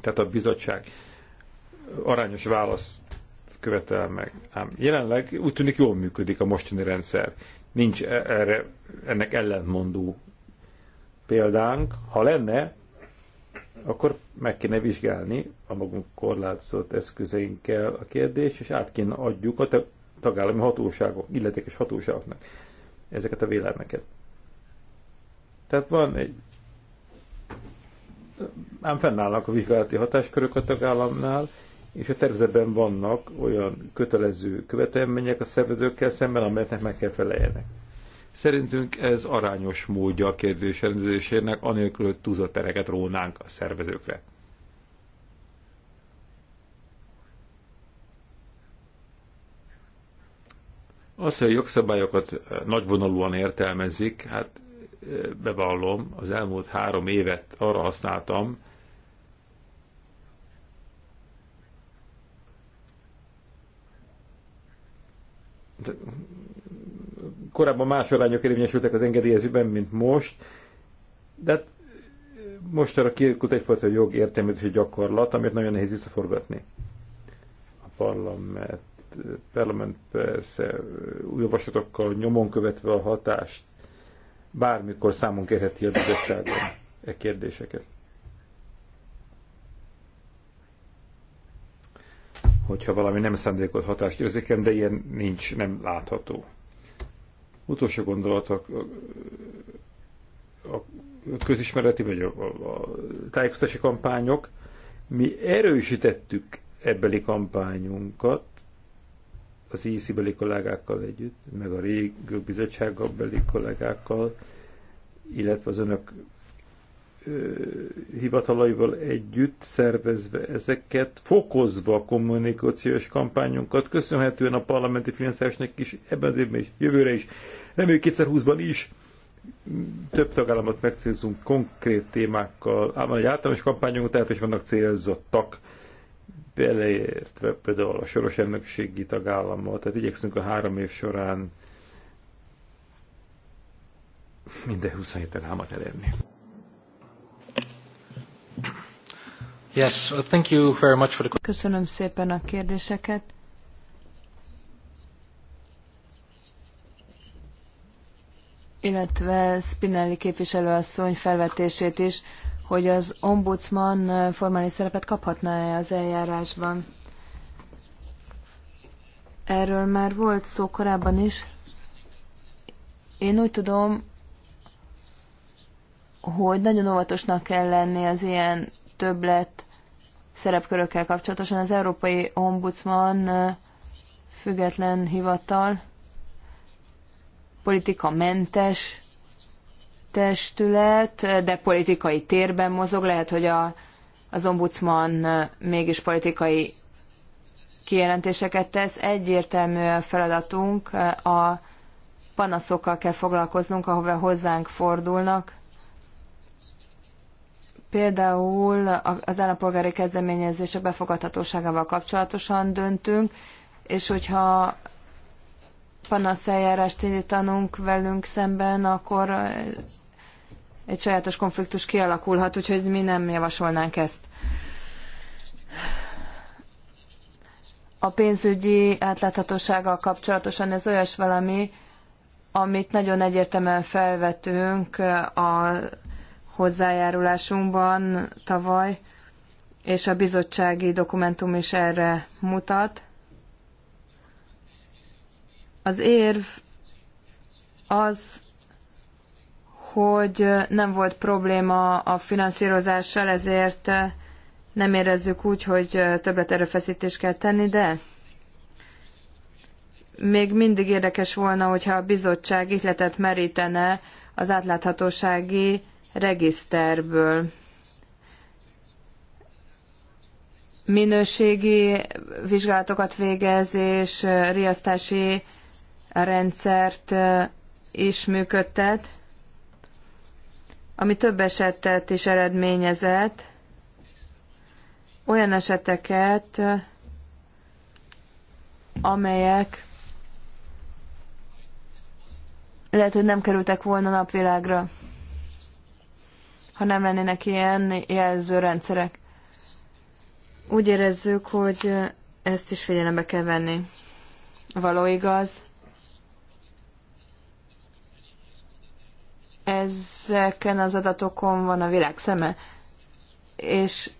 Tehát a bizottság arányos válasz követel meg. Ám jelenleg úgy tűnik jól működik a mostani rendszer. Nincs e- erre, ennek ellentmondó példánk. Ha lenne, akkor meg kéne vizsgálni a magunk korlátszott eszközeinkkel a kérdést, és át kéne adjuk a tagállami hatóságok, illetékes hatóságoknak ezeket a vélelmeket. Tehát van egy... Ám fennállnak a vizsgálati hatáskörök a tagállamnál, és a tervezetben vannak olyan kötelező követelmények a szervezőkkel szemben, amelyeknek meg kell feleljenek. Szerintünk ez arányos módja a kérdés rendezésének, anélkül, hogy túlzott tereket rónánk a szervezőkre. Az, hogy a jogszabályokat eh, nagyvonalúan értelmezik, hát eh, bevallom, az elmúlt három évet arra használtam, korábban más arányok érvényesültek az engedélyezőben, mint most, de hát eh, most arra kiírkult egyfajta jog értelmezési gyakorlat, amit nagyon nehéz visszaforgatni. A parlament parlament persze új javaslatokkal nyomon követve a hatást bármikor számon kérheti a bizottságon e kérdéseket. Hogyha valami nem szándékolt hatást érzéken, de ilyen nincs, nem látható. Utolsó gondolatok a közismereti vagy a, a, a tájékoztatási kampányok. Mi erősítettük ebbeli kampányunkat, az ISZI-beli e kollégákkal együtt, meg a régi bizottsággal beli kollégákkal, illetve az önök hivatalaival együtt szervezve ezeket, fokozva a kommunikációs kampányunkat, köszönhetően a parlamenti finanszírásnak is, ebben az évben is, jövőre is, reméljük 2020-ban is több tagállamot megcélzunk konkrét témákkal, ám van egy általános kampányunk, tehát is vannak célzottak beleértve például a soros elnökségi tagállammal, tehát igyekszünk a három év során minden 27 álmat elérni. Yes, thank you very much for the... Köszönöm szépen a kérdéseket. illetve Spinelli képviselőasszony felvetését is hogy az ombudsman formális szerepet kaphatna-e az eljárásban. Erről már volt szó korábban is. Én úgy tudom, hogy nagyon óvatosnak kell lenni az ilyen többlet szerepkörökkel kapcsolatosan. Az Európai Ombudsman független hivatal, politika mentes testület, de politikai térben mozog. Lehet, hogy a, az ombudsman mégis politikai kijelentéseket tesz. Egyértelmű a feladatunk, a panaszokkal kell foglalkoznunk, ahová hozzánk fordulnak. Például az állampolgári kezdeményezések befogadhatóságával kapcsolatosan döntünk, és hogyha panaszeljárást indítanunk velünk szemben, akkor egy sajátos konfliktus kialakulhat, úgyhogy mi nem javasolnánk ezt. A pénzügyi átláthatósággal kapcsolatosan ez olyas valami, amit nagyon egyértelműen felvetünk a hozzájárulásunkban tavaly, és a bizottsági dokumentum is erre mutat. Az érv az, hogy nem volt probléma a finanszírozással, ezért nem érezzük úgy, hogy többet erőfeszítést kell tenni, de még mindig érdekes volna, hogyha a bizottság ihletet merítene az átláthatósági regiszterből. Minőségi vizsgálatokat végez, és riasztási rendszert is működtet ami több esetet is eredményezett, olyan eseteket, amelyek lehet, hogy nem kerültek volna napvilágra, ha nem lennének ilyen jelzőrendszerek. Úgy érezzük, hogy ezt is figyelembe kell venni. Való igaz, ezeken az adatokon van a világ szeme. És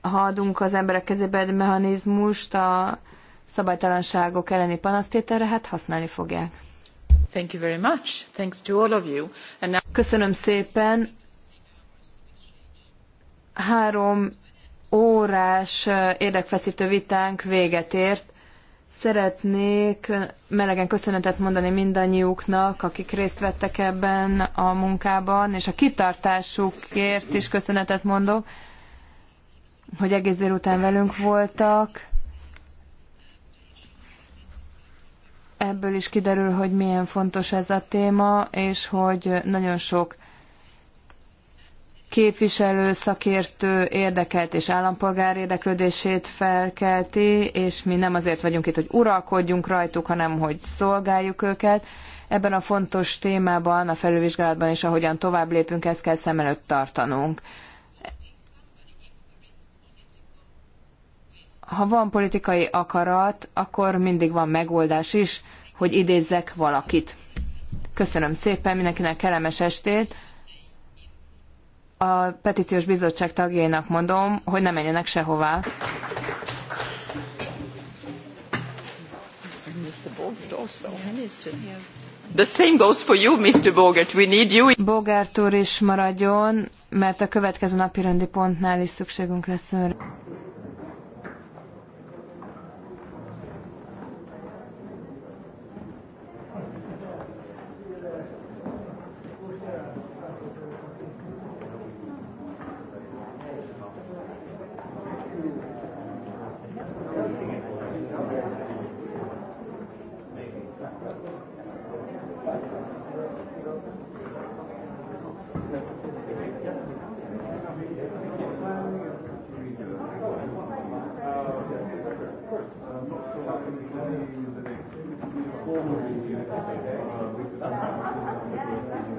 ha adunk az emberek kezébe egy mechanizmust a szabálytalanságok elleni panasztételre, hát használni fogják. Thank you very much. Thanks to all of you. And now... Köszönöm szépen. Három órás eh, érdekfeszítő vitánk véget ért. Szeretnék melegen köszönetet mondani mindannyiuknak, akik részt vettek ebben a munkában, és a kitartásukért is köszönetet mondok, hogy egész délután velünk voltak. Ebből is kiderül, hogy milyen fontos ez a téma, és hogy nagyon sok képviselő, szakértő érdekelt és állampolgár érdeklődését felkelti, és mi nem azért vagyunk itt, hogy uralkodjunk rajtuk, hanem hogy szolgáljuk őket. Ebben a fontos témában, a felülvizsgálatban és ahogyan tovább lépünk, ezt kell szem előtt tartanunk. Ha van politikai akarat, akkor mindig van megoldás is, hogy idézzek valakit. Köszönöm szépen, mindenkinek kellemes estét! a petíciós bizottság tagjainak mondom, hogy ne menjenek sehová. The same goes for you, Mr. Bogart. We need you. Bogart úr is maradjon, mert a következő napi rendi pontnál is szükségünk lesz önre.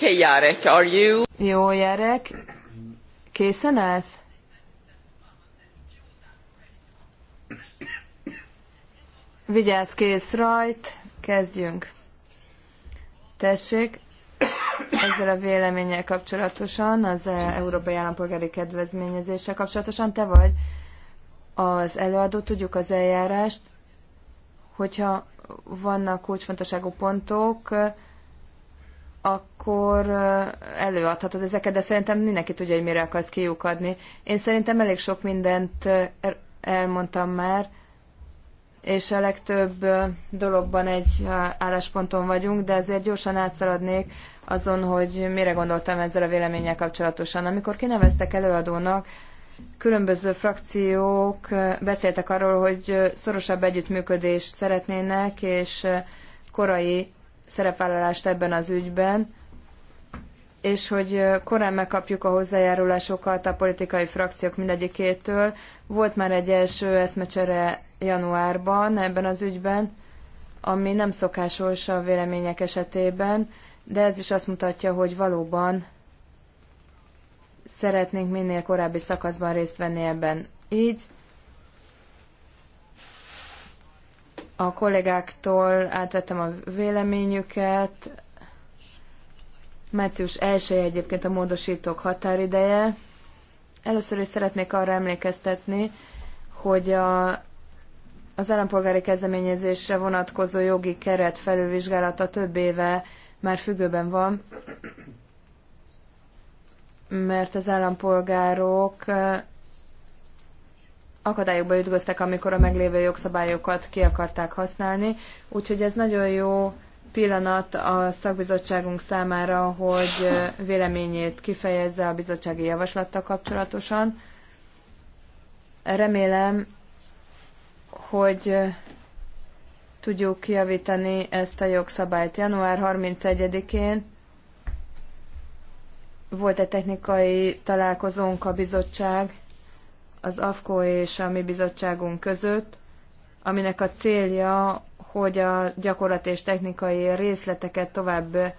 Okay, Jarek, are you... Jó, Jarek. Készen állsz? Vigyázz, kész rajt. Kezdjünk. Tessék, ezzel a véleménnyel kapcsolatosan, az e, Európai Állampolgári Kedvezményezéssel kapcsolatosan te vagy az előadó, tudjuk az eljárást, hogyha vannak kulcsfontosságú pontok, akkor előadhatod ezeket, de szerintem mindenki tudja, hogy mire akarsz kiukadni. Én szerintem elég sok mindent er, elmondtam már, és a legtöbb dologban egy állásponton vagyunk, de azért gyorsan átszaladnék azon, hogy mire gondoltam ezzel a véleménnyel kapcsolatosan. Amikor kineveztek előadónak, különböző frakciók beszéltek arról, hogy szorosabb együttműködést szeretnének, és korai szerepvállalást ebben az ügyben, és hogy korán megkapjuk a hozzájárulásokat a politikai frakciók mindegyikétől. Volt már egy első eszmecsere januárban ebben az ügyben, ami nem szokásos a vélemények esetében, de ez is azt mutatja, hogy valóban szeretnénk minél korábbi szakaszban részt venni ebben. Így A kollégáktól átvettem a véleményüket. Március 1 egyébként a módosítók határideje. Először is szeretnék arra emlékeztetni, hogy a az állampolgári kezdeményezésre vonatkozó jogi keret felülvizsgálata több éve már függőben van, mert az állampolgárok akadályokba ütköztek, amikor a meglévő jogszabályokat ki akarták használni, úgyhogy ez nagyon jó pillanat a szakbizottságunk számára, hogy véleményét kifejezze a bizottsági javaslattal kapcsolatosan. Remélem, hogy tudjuk javítani ezt a jogszabályt. Január 31-én volt egy technikai találkozónk a bizottság az AFKO és a mi bizottságunk között, aminek a célja, hogy a gyakorlati és technikai részleteket tovább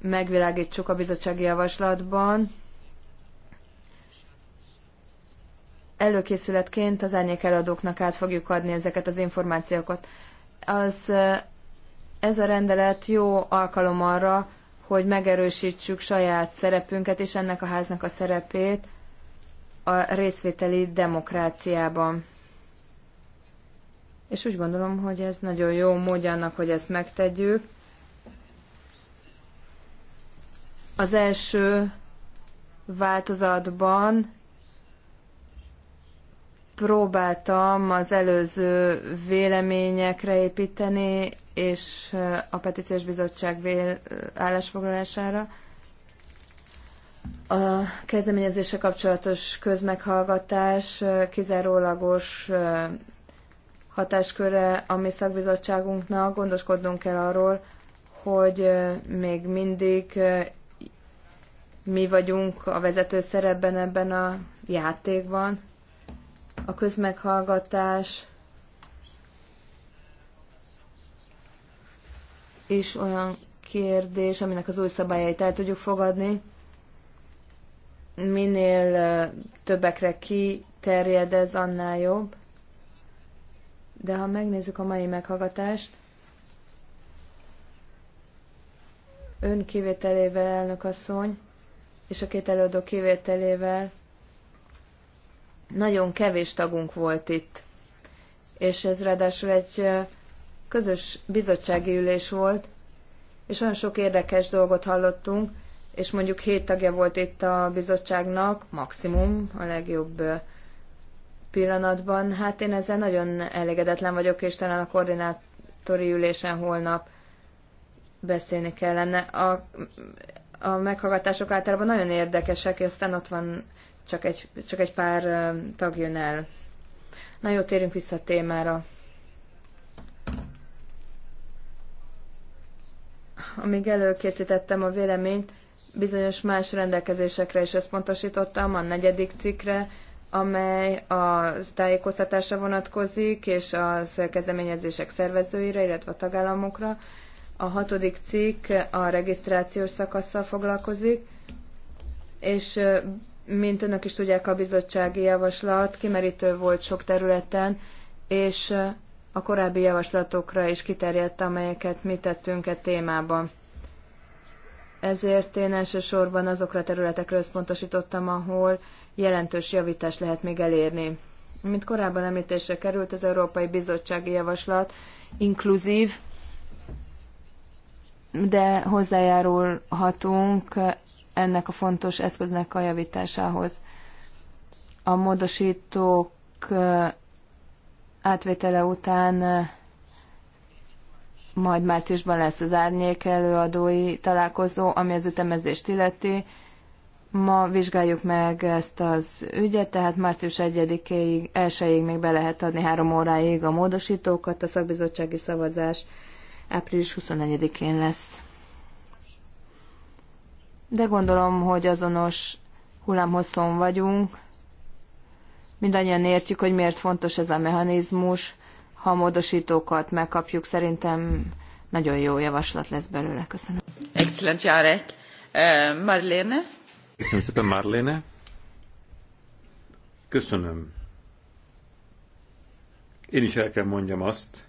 megvilágítsuk a bizottsági javaslatban. Előkészületként az árnyékeladóknak át fogjuk adni ezeket az információkat. Az, ez a rendelet jó alkalom arra, hogy megerősítsük saját szerepünket és ennek a háznak a szerepét a részvételi demokráciában. És úgy gondolom, hogy ez nagyon jó módja annak, hogy ezt megtegyük. Az első változatban próbáltam az előző véleményekre építeni, és a petíciós bizottság állásfoglalására a kezdeményezése kapcsolatos közmeghallgatás kizárólagos hatásköre a mi szakbizottságunknak. Gondoskodnunk kell arról, hogy még mindig mi vagyunk a vezető szerepben ebben a játékban. A közmeghallgatás is olyan kérdés, aminek az új szabályait el tudjuk fogadni minél többekre kiterjed ez, annál jobb. De ha megnézzük a mai meghallgatást, ön kivételével elnök asszony, és a két előadó kivételével nagyon kevés tagunk volt itt. És ez ráadásul egy közös bizottsági ülés volt, és olyan sok érdekes dolgot hallottunk, és mondjuk hét tagja volt itt a bizottságnak, maximum a legjobb pillanatban. Hát én ezzel nagyon elégedetlen vagyok, és talán a koordinátori ülésen holnap beszélni kellene. A, a meghallgatások általában nagyon érdekesek, és aztán ott van csak egy, csak egy pár tag jön el. Na jó, térjünk vissza a témára. Amíg előkészítettem a véleményt, bizonyos más rendelkezésekre is összpontosítottam, a negyedik cikkre, amely a tájékoztatásra vonatkozik, és az kezdeményezések szervezőire, illetve a tagállamokra. A hatodik cikk a regisztrációs szakaszsal foglalkozik, és mint önök is tudják, a bizottsági javaslat kimerítő volt sok területen, és a korábbi javaslatokra is kiterjedt, amelyeket mi tettünk e témában ezért én elsősorban azokra a területekre összpontosítottam, ahol jelentős javítást lehet még elérni. Mint korábban említésre került, az Európai Bizottsági Javaslat inkluzív, de hozzájárulhatunk ennek a fontos eszköznek a javításához. A módosítók átvétele után majd márciusban lesz az árnyék előadói találkozó, ami az ütemezést illeti. Ma vizsgáljuk meg ezt az ügyet, tehát március 1-ig, 1-ig még be lehet adni három óráig a módosítókat, a szakbizottsági szavazás április 24-én lesz. De gondolom, hogy azonos hullámhosszon vagyunk. Mindannyian értjük, hogy miért fontos ez a mechanizmus, ha a módosítókat megkapjuk, szerintem nagyon jó javaslat lesz belőle. Köszönöm. Excellent, Jarek. Uh, Marlene? Köszönöm szépen, Marlene. Köszönöm. Én is el kell mondjam azt,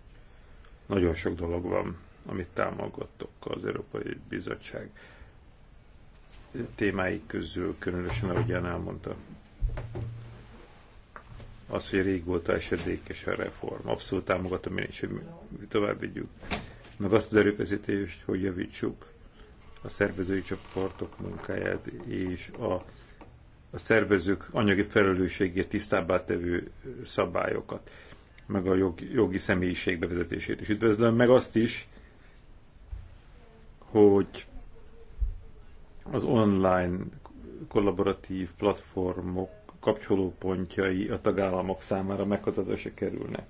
nagyon sok dolog van, amit támogattok az Európai Bizottság témái közül, különösen ahogyan elmondta az, hogy régóta esedékes a reform. Abszolút támogatom én is, hogy tovább vigyük. Meg azt az erőfeszítést, hogy javítsuk a szervezői csoportok munkáját és a, a szervezők anyagi felelősségét tisztábbá tevő szabályokat, meg a jog, jogi személyiség bevezetését is üdvözlöm, meg azt is, hogy az online kollaboratív platformok kapcsolópontjai a tagállamok számára meghatározásra kerülnek.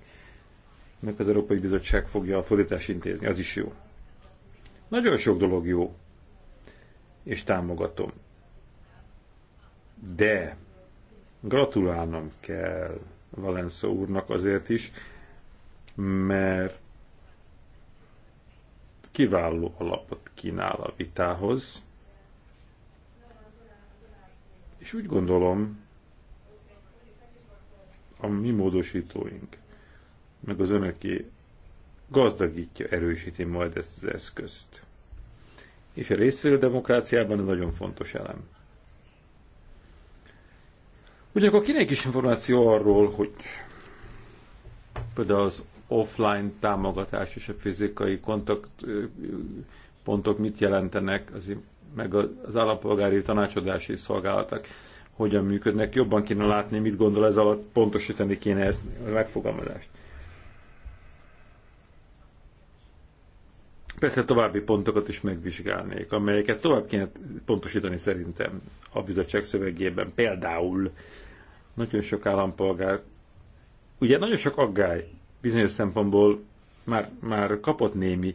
mert az Európai Bizottság fogja a fordítást intézni, az is jó. Nagyon sok dolog jó, és támogatom. De gratulálnom kell Valenza úrnak azért is, mert kiváló alapot kínál a vitához, és úgy gondolom, a mi módosítóink, meg az önöké gazdagítja, erősíti majd ezt az eszközt. És a részfélő demokráciában egy nagyon fontos elem. Ugyanakkor kinek is információ arról, hogy például az offline támogatás és a fizikai kontaktpontok mit jelentenek, az, meg az állampolgári tanácsadási szolgálatok hogyan működnek. Jobban kéne látni, mit gondol ez alatt, pontosítani kéne ezt a megfogalmazást. Persze további pontokat is megvizsgálnék, amelyeket tovább kéne pontosítani szerintem a bizottság szövegében. Például nagyon sok állampolgár, ugye nagyon sok aggály bizonyos szempontból már, már kapott némi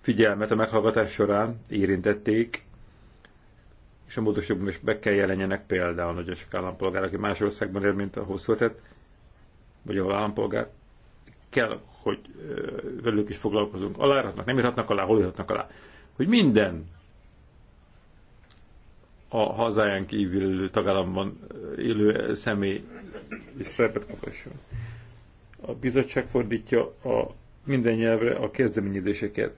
figyelmet a meghallgatás során, érintették, és a módosokban is be kell jelenjenek például sok állampolgár, aki más országban él, mint a született, vagy ahol állampolgár, kell, hogy velük is foglalkozunk. Aláírhatnak, nem írhatnak alá, hol írhatnak alá. Hogy minden a hazáján kívül tagállamban élő személy is szerepet kapasson. A bizottság fordítja a minden nyelvre a kezdeményezéseket,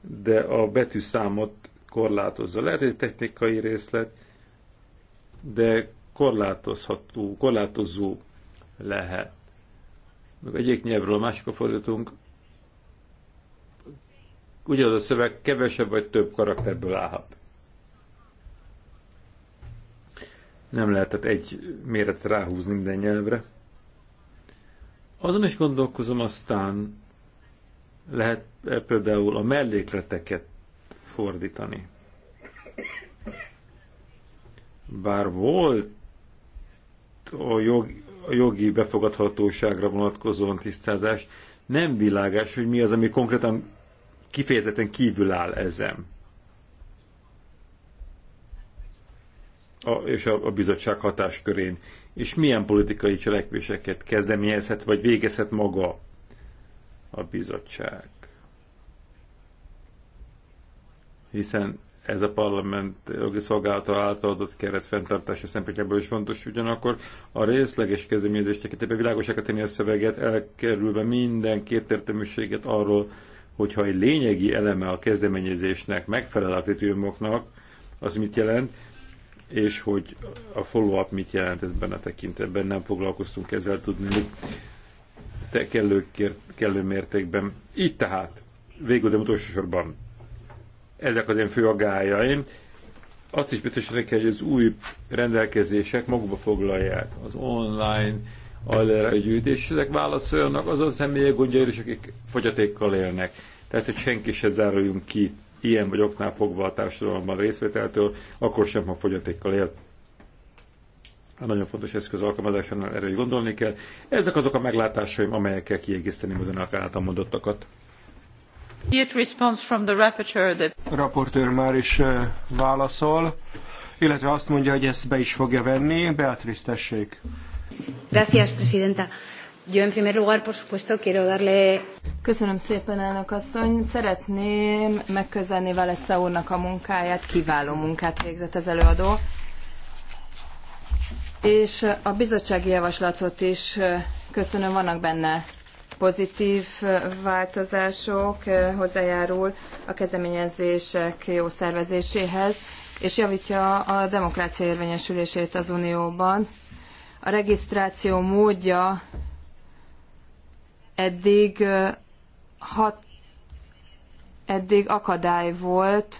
de a betűszámot korlátozza. Lehet, hogy egy technikai részlet, de korlátozható, korlátozó lehet. Meg egyik nyelvről a másikra fordítunk, ugyanaz a szöveg kevesebb vagy több karakterből állhat. Nem lehetett egy méret ráhúzni minden nyelvre. Azon is gondolkozom aztán, lehet -e például a mellékleteket fordítani. Bár volt a, jog, a jogi befogadhatóságra vonatkozóan tisztázás, nem világos, hogy mi az, ami konkrétan kifejezetten kívül áll ezen. A, és a, a bizottság hatáskörén. És milyen politikai cselekvéseket kezdeményezhet, vagy végezhet maga a bizottság. hiszen ez a parlament jogi szolgálata által adott keret fenntartása szempontjából is fontos, ugyanakkor a részleges kezdeményezés tekintetében világosákat tenni a szöveget, elkerülve minden kétértelműséget arról, hogyha egy lényegi eleme a kezdeményezésnek megfelel a kritériumoknak, az mit jelent, és hogy a follow-up mit jelent ez benne tekintetben, nem foglalkoztunk ezzel tudni te kellő, kellő mértékben. Így tehát, végül, de utolsó sorban ezek az én fő aggájaim. Azt is biztosítani kell, hogy az új rendelkezések magukba foglalják az online és ezek válaszoljanak azon személyek gondjaira is, akik fogyatékkal élnek. Tehát, hogy senki se záruljunk ki ilyen vagy oknál fogva a társadalomban részvételtől, akkor sem, ha fogyatékkal él. A nagyon fontos eszköz alkalmazásánál erre is gondolni kell. Ezek azok a meglátásaim, amelyekkel kiegészteni mozanak által mondottakat. A raportőr már is válaszol, illetve azt mondja, hogy ezt be is fogja venni. Beatriz, tessék. Gracias, presidenta. Yo en primer lugar, por supuesto, quiero darle... Köszönöm szépen, elnök asszony. Szeretném megközelni Valesza úrnak a munkáját. Kiváló munkát végzett az előadó. És a bizottsági javaslatot is köszönöm, vannak benne pozitív változások, hozzájárul a kezdeményezések jó szervezéséhez, és javítja a demokrácia érvényesülését az Unióban. A regisztráció módja eddig hat, eddig akadály volt,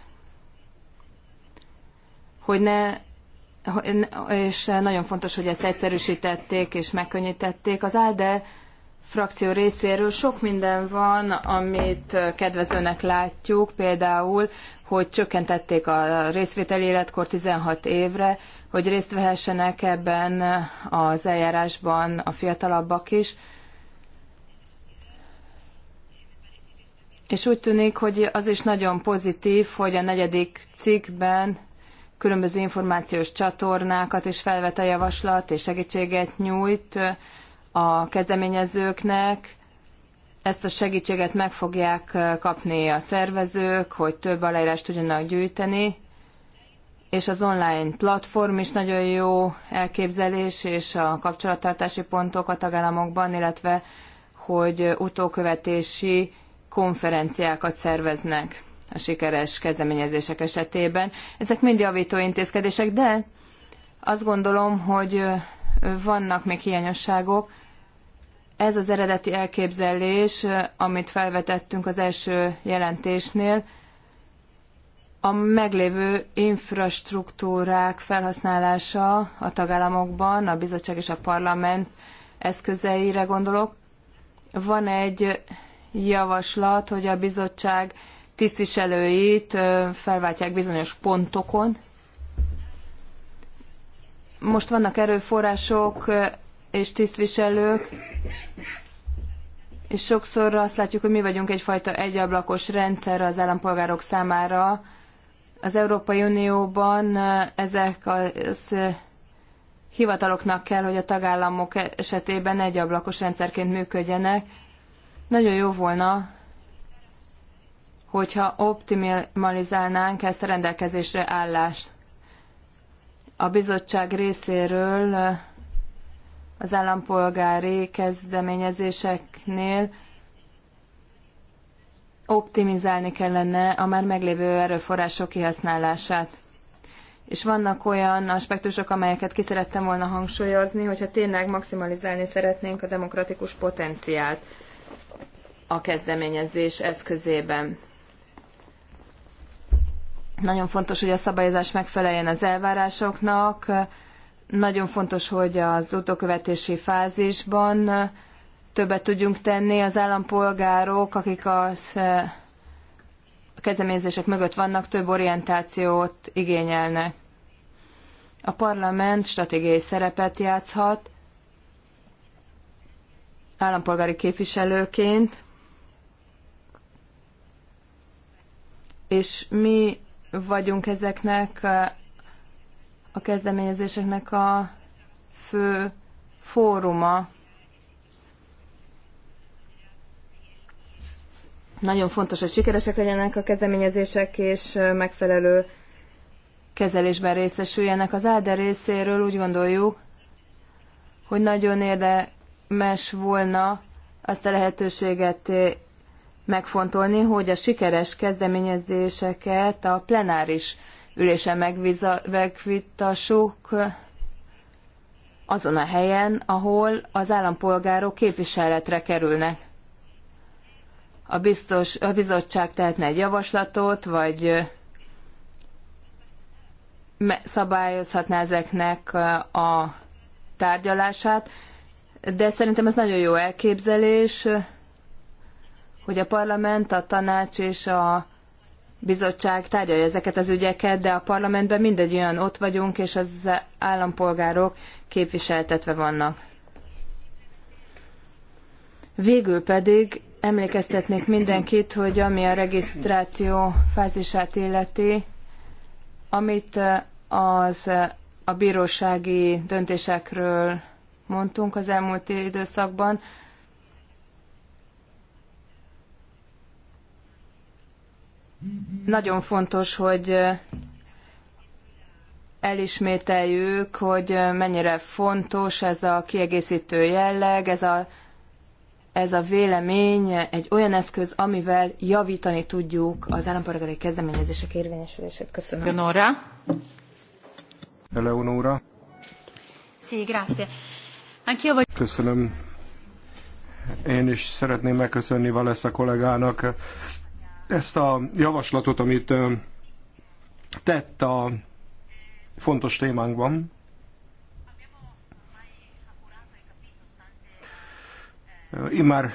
hogy ne és nagyon fontos, hogy ezt egyszerűsítették és megkönnyítették. Az ALDE frakció részéről sok minden van, amit kedvezőnek látjuk, például, hogy csökkentették a részvételi életkor 16 évre, hogy részt vehessenek ebben az eljárásban a fiatalabbak is. És úgy tűnik, hogy az is nagyon pozitív, hogy a negyedik cikkben különböző információs csatornákat is felvet a javaslat, és segítséget nyújt a kezdeményezőknek, ezt a segítséget meg fogják kapni a szervezők, hogy több aláírást tudjanak gyűjteni, és az online platform is nagyon jó elképzelés, és a kapcsolattartási pontok a tagállamokban, illetve hogy utókövetési konferenciákat szerveznek a sikeres kezdeményezések esetében. Ezek mind javító intézkedések, de azt gondolom, hogy vannak még hiányosságok, ez az eredeti elképzelés, amit felvetettünk az első jelentésnél, a meglévő infrastruktúrák felhasználása a tagállamokban, a bizottság és a parlament eszközeire gondolok. Van egy javaslat, hogy a bizottság tisztviselőit felváltják bizonyos pontokon. Most vannak erőforrások és tisztviselők, és sokszor azt látjuk, hogy mi vagyunk egyfajta egyablakos rendszer az állampolgárok számára. Az Európai Unióban ezek az hivataloknak kell, hogy a tagállamok e- esetében egyablakos rendszerként működjenek. Nagyon jó volna, hogyha optimalizálnánk ezt a rendelkezésre állást. A bizottság részéről az állampolgári kezdeményezéseknél optimizálni kellene a már meglévő erőforrások kihasználását. És vannak olyan aspektusok, amelyeket ki szerettem volna hangsúlyozni, hogyha tényleg maximalizálni szeretnénk a demokratikus potenciált a kezdeményezés eszközében. Nagyon fontos, hogy a szabályozás megfeleljen az elvárásoknak, nagyon fontos, hogy az utókövetési fázisban többet tudjunk tenni. Az állampolgárok, akik az e, kezdeményezések mögött vannak, több orientációt igényelnek. A parlament stratégiai szerepet játszhat állampolgári képviselőként, és mi vagyunk ezeknek a kezdeményezéseknek a fő fóruma. Nagyon fontos, hogy sikeresek legyenek a kezdeményezések, és megfelelő kezelésben részesüljenek. Az ÁDE részéről úgy gondoljuk, hogy nagyon érdemes volna azt a lehetőséget megfontolni, hogy a sikeres kezdeményezéseket a plenáris ülésen megvitassuk azon a helyen, ahol az állampolgárok képviseletre kerülnek. A, biztos, a bizottság tehetne egy javaslatot, vagy szabályozhatná ezeknek a tárgyalását, de szerintem ez nagyon jó elképzelés, hogy a parlament, a tanács és a bizottság tárgyalja ezeket az ügyeket, de a parlamentben mindegy olyan ott vagyunk, és az állampolgárok képviseltetve vannak. Végül pedig emlékeztetnék mindenkit, hogy ami a regisztráció fázisát illeti, amit az a bírósági döntésekről mondtunk az elmúlt időszakban, Nagyon fontos, hogy elismételjük, hogy mennyire fontos ez a kiegészítő jelleg, ez a, ez a vélemény egy olyan eszköz, amivel javítani tudjuk az állampolgári kezdeményezések érvényesülését. Köszönöm. Eleonora. Eleonora. Sí, grazie. Anch'io vagy... Köszönöm. Én is szeretném megköszönni Valesza kollégának ezt a javaslatot, amit tett a fontos témánkban, immár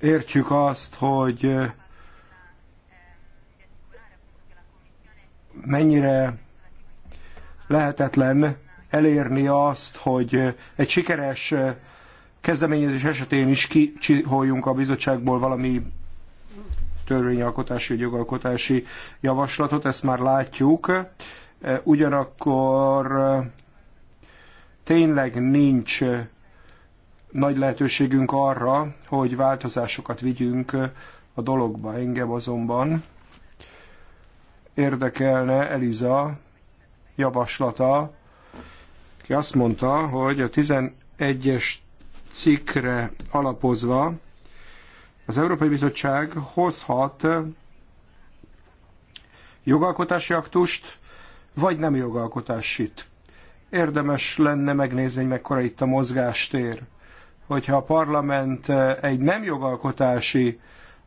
értjük azt, hogy mennyire lehetetlen elérni azt, hogy egy sikeres kezdeményezés esetén is kicsiholjunk a bizottságból valami törvényalkotási, jogalkotási javaslatot, ezt már látjuk. E, ugyanakkor e, tényleg nincs e, nagy lehetőségünk arra, hogy változásokat vigyünk a dologba. Engem azonban érdekelne Eliza javaslata, ki azt mondta, hogy a 11-es cikkre alapozva az Európai Bizottság hozhat jogalkotási aktust, vagy nem jogalkotásit. Érdemes lenne megnézni, hogy mekkora itt a mozgástér. Hogyha a parlament eh, egy nem jogalkotási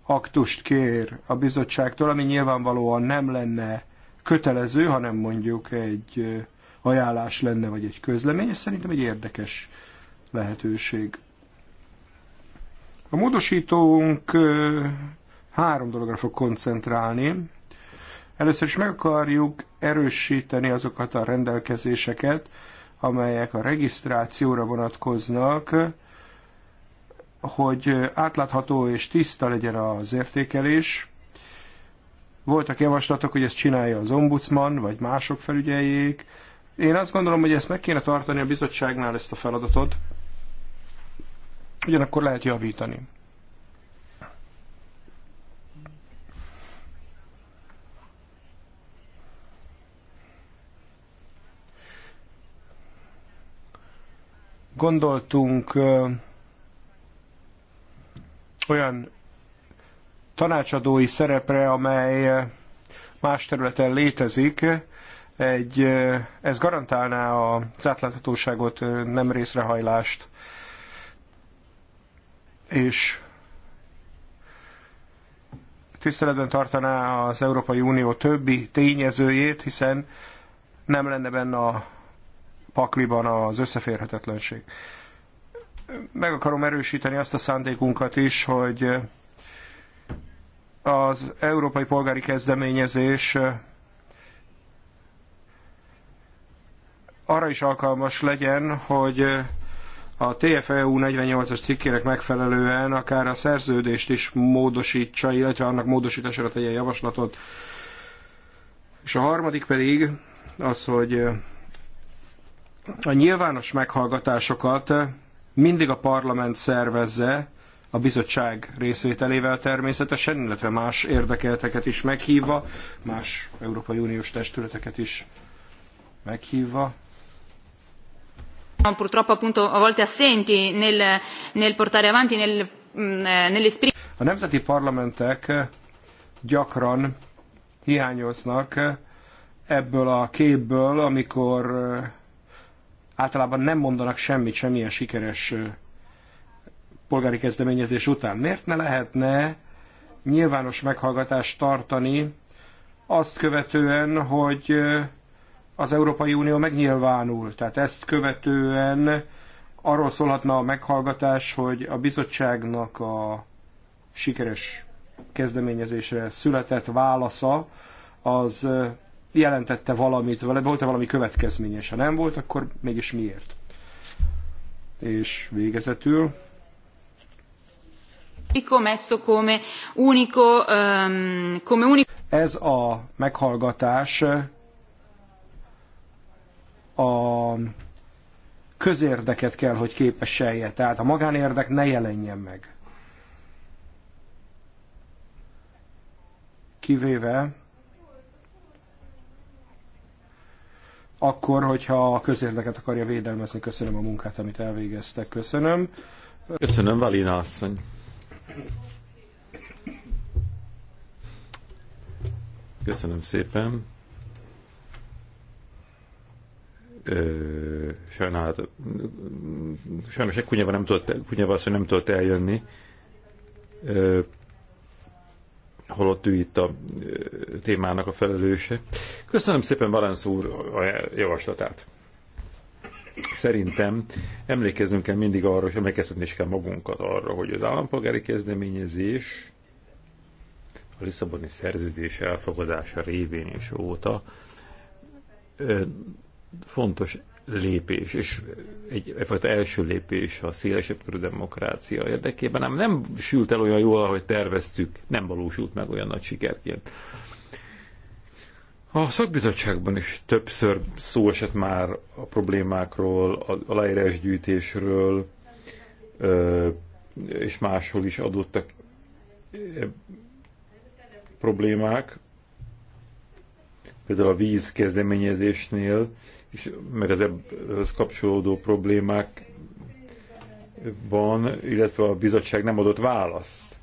aktust kér a bizottságtól, ami nyilvánvalóan nem lenne kötelező, hanem mondjuk egy eh, ajánlás lenne, vagy egy közlemény, ez szerintem egy érdekes lehetőség. A módosítónk három dologra fog koncentrálni. Először is meg akarjuk erősíteni azokat a rendelkezéseket, amelyek a regisztrációra vonatkoznak, hogy átlátható és tiszta legyen az értékelés. Voltak javaslatok, hogy ezt csinálja az ombudsman, vagy mások felügyeljék. Én azt gondolom, hogy ezt meg kéne tartani a bizottságnál ezt a feladatot, ugyanakkor lehet javítani. Gondoltunk olyan tanácsadói szerepre, amely más területen létezik, egy, ez garantálná az átláthatóságot, nem részrehajlást és tiszteletben tartaná az Európai Unió többi tényezőjét, hiszen nem lenne benne a pakliban az összeférhetetlenség. Meg akarom erősíteni azt a szándékunkat is, hogy az európai polgári kezdeményezés arra is alkalmas legyen, hogy a TFEU 48-as cikkének megfelelően akár a szerződést is módosítsa, illetve annak módosítására tegyen javaslatot. És a harmadik pedig az, hogy a nyilvános meghallgatásokat mindig a parlament szervezze, a bizottság részvételével természetesen, illetve más érdekelteket is meghívva, más Európai Uniós testületeket is meghívva purtroppo appunto a volte assenti nel, nel portare avanti, nel, mm, eh, nell'esprimere. A nemzeti parlamentek gyakran hiányoznak ebből a képből, amikor eh, általában nem mondanak semmit semmilyen sikeres eh, polgári kezdeményezés után. Miért ne lehetne nyilvános meghallgatást tartani azt követően, hogy az Európai Unió megnyilvánul. Tehát ezt követően arról szólhatna a meghallgatás, hogy a bizottságnak a sikeres kezdeményezésre született válasza az jelentette valamit, volt-e valami és Ha nem volt, akkor mégis miért? És végezetül. Ehm, Ez a meghallgatás a közérdeket kell, hogy képviselje, tehát a magánérdek ne jelenjen meg. Kivéve akkor, hogyha a közérdeket akarja védelmezni. Köszönöm a munkát, amit elvégeztek. Köszönöm. Köszönöm, Valina asszony. Köszönöm szépen. sajnálat, sajnos egy kunyava, nem tudott, kunyava az, hogy nem tudott eljönni, ö, holott ő itt a ö, témának a felelőse. Köszönöm szépen Valensz úr a javaslatát. Szerintem emlékezzünk kell mindig arra, és emlékeztetni is kell magunkat arra, hogy az állampolgári kezdeményezés a Lisszaboni szerződés elfogadása révén és óta ö, fontos lépés, és egy, egyfajta első lépés a szélesebb körű demokrácia érdekében, Nem, nem sült el olyan jól, ahogy terveztük, nem valósult meg olyan nagy sikerként. A szakbizottságban is többször szó esett már a problémákról, a gyűjtésről és máshol is adottak problémák, például a víz kezdeményezésnél, és meg az ebből kapcsolódó problémák van, illetve a bizottság nem adott választ.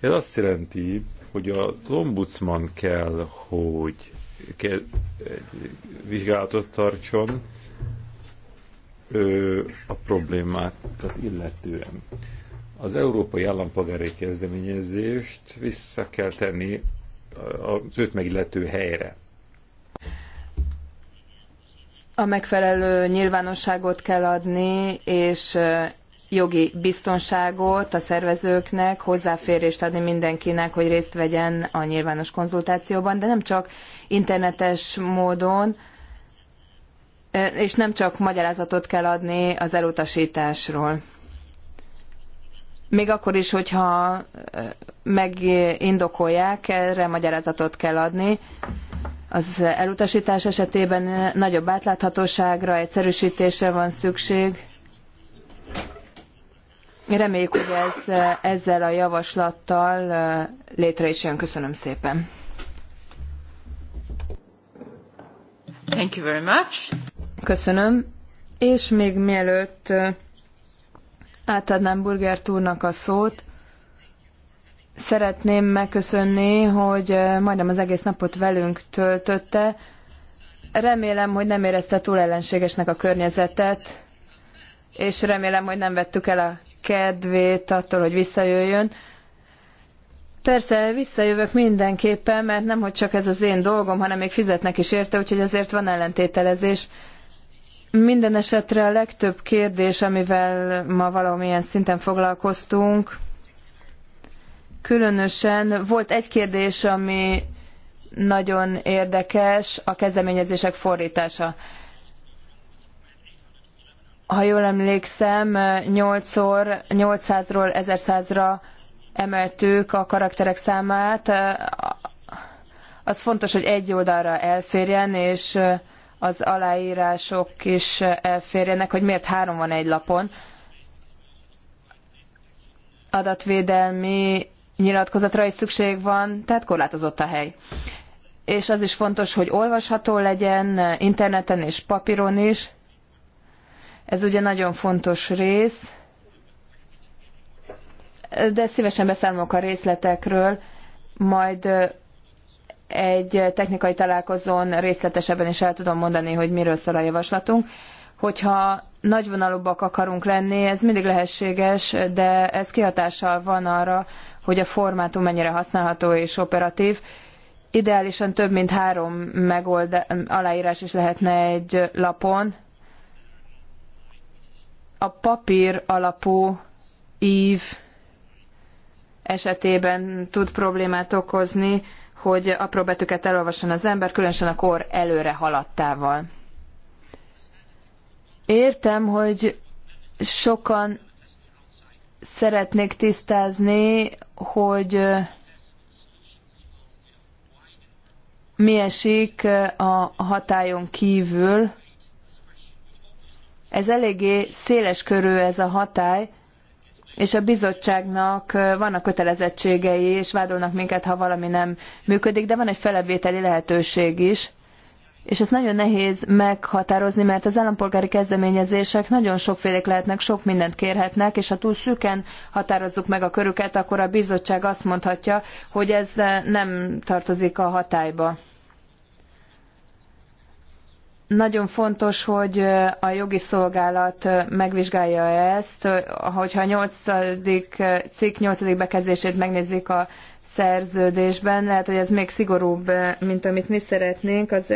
Ez azt jelenti, hogy a ombudsman kell, hogy egy vizsgálatot tartson a problémát illetően. Az európai állampolgári kezdeményezést vissza kell tenni az őt megillető helyre a megfelelő nyilvánosságot kell adni, és jogi biztonságot a szervezőknek, hozzáférést adni mindenkinek, hogy részt vegyen a nyilvános konzultációban, de nem csak internetes módon, és nem csak magyarázatot kell adni az elutasításról. Még akkor is, hogyha megindokolják, erre magyarázatot kell adni. Az elutasítás esetében nagyobb átláthatóságra, egyszerűsítésre van szükség. Reméljük, hogy ez, ezzel a javaslattal létre is jön. Köszönöm szépen. Thank you very much. Köszönöm. És még mielőtt átadnám Burgert úrnak a szót, Szeretném megköszönni, hogy majdnem az egész napot velünk töltötte. Remélem, hogy nem érezte túl ellenségesnek a környezetet, és remélem, hogy nem vettük el a kedvét attól, hogy visszajöjjön. Persze, visszajövök mindenképpen, mert nem, hogy csak ez az én dolgom, hanem még fizetnek is érte, úgyhogy azért van ellentételezés. Minden esetre a legtöbb kérdés, amivel ma valamilyen szinten foglalkoztunk, Különösen volt egy kérdés, ami nagyon érdekes, a kezdeményezések fordítása. Ha jól emlékszem, 8-szor, 800-ról 1100-ra emeltük a karakterek számát. Az fontos, hogy egy oldalra elférjen, és az aláírások is elférjenek, hogy miért három van egy lapon. Adatvédelmi nyilatkozatra is szükség van, tehát korlátozott a hely. És az is fontos, hogy olvasható legyen interneten és papíron is. Ez ugye nagyon fontos rész, de szívesen beszámolok a részletekről, majd egy technikai találkozón részletesebben is el tudom mondani, hogy miről szól a javaslatunk. Hogyha nagyvonalúbbak akarunk lenni, ez mindig lehetséges, de ez kihatással van arra, hogy a formátum mennyire használható és operatív. Ideálisan több mint három megolda, aláírás is lehetne egy lapon. A papír alapú ív esetében tud problémát okozni, hogy apró betűket elolvasson az ember, különösen a kor előre haladtával. Értem, hogy sokan szeretnék tisztázni, hogy mi esik a hatályon kívül. Ez eléggé széles körű ez a hatály, és a bizottságnak vannak kötelezettségei, és vádolnak minket, ha valami nem működik, de van egy felevételi lehetőség is és ezt nagyon nehéz meghatározni, mert az állampolgári kezdeményezések nagyon sokfélek lehetnek, sok mindent kérhetnek, és ha túl szűken határozzuk meg a körüket, akkor a bizottság azt mondhatja, hogy ez nem tartozik a hatályba. Nagyon fontos, hogy a jogi szolgálat megvizsgálja ezt, hogyha a 8. cikk 8. bekezdését megnézik a szerződésben, lehet, hogy ez még szigorúbb, mint amit mi szeretnénk, az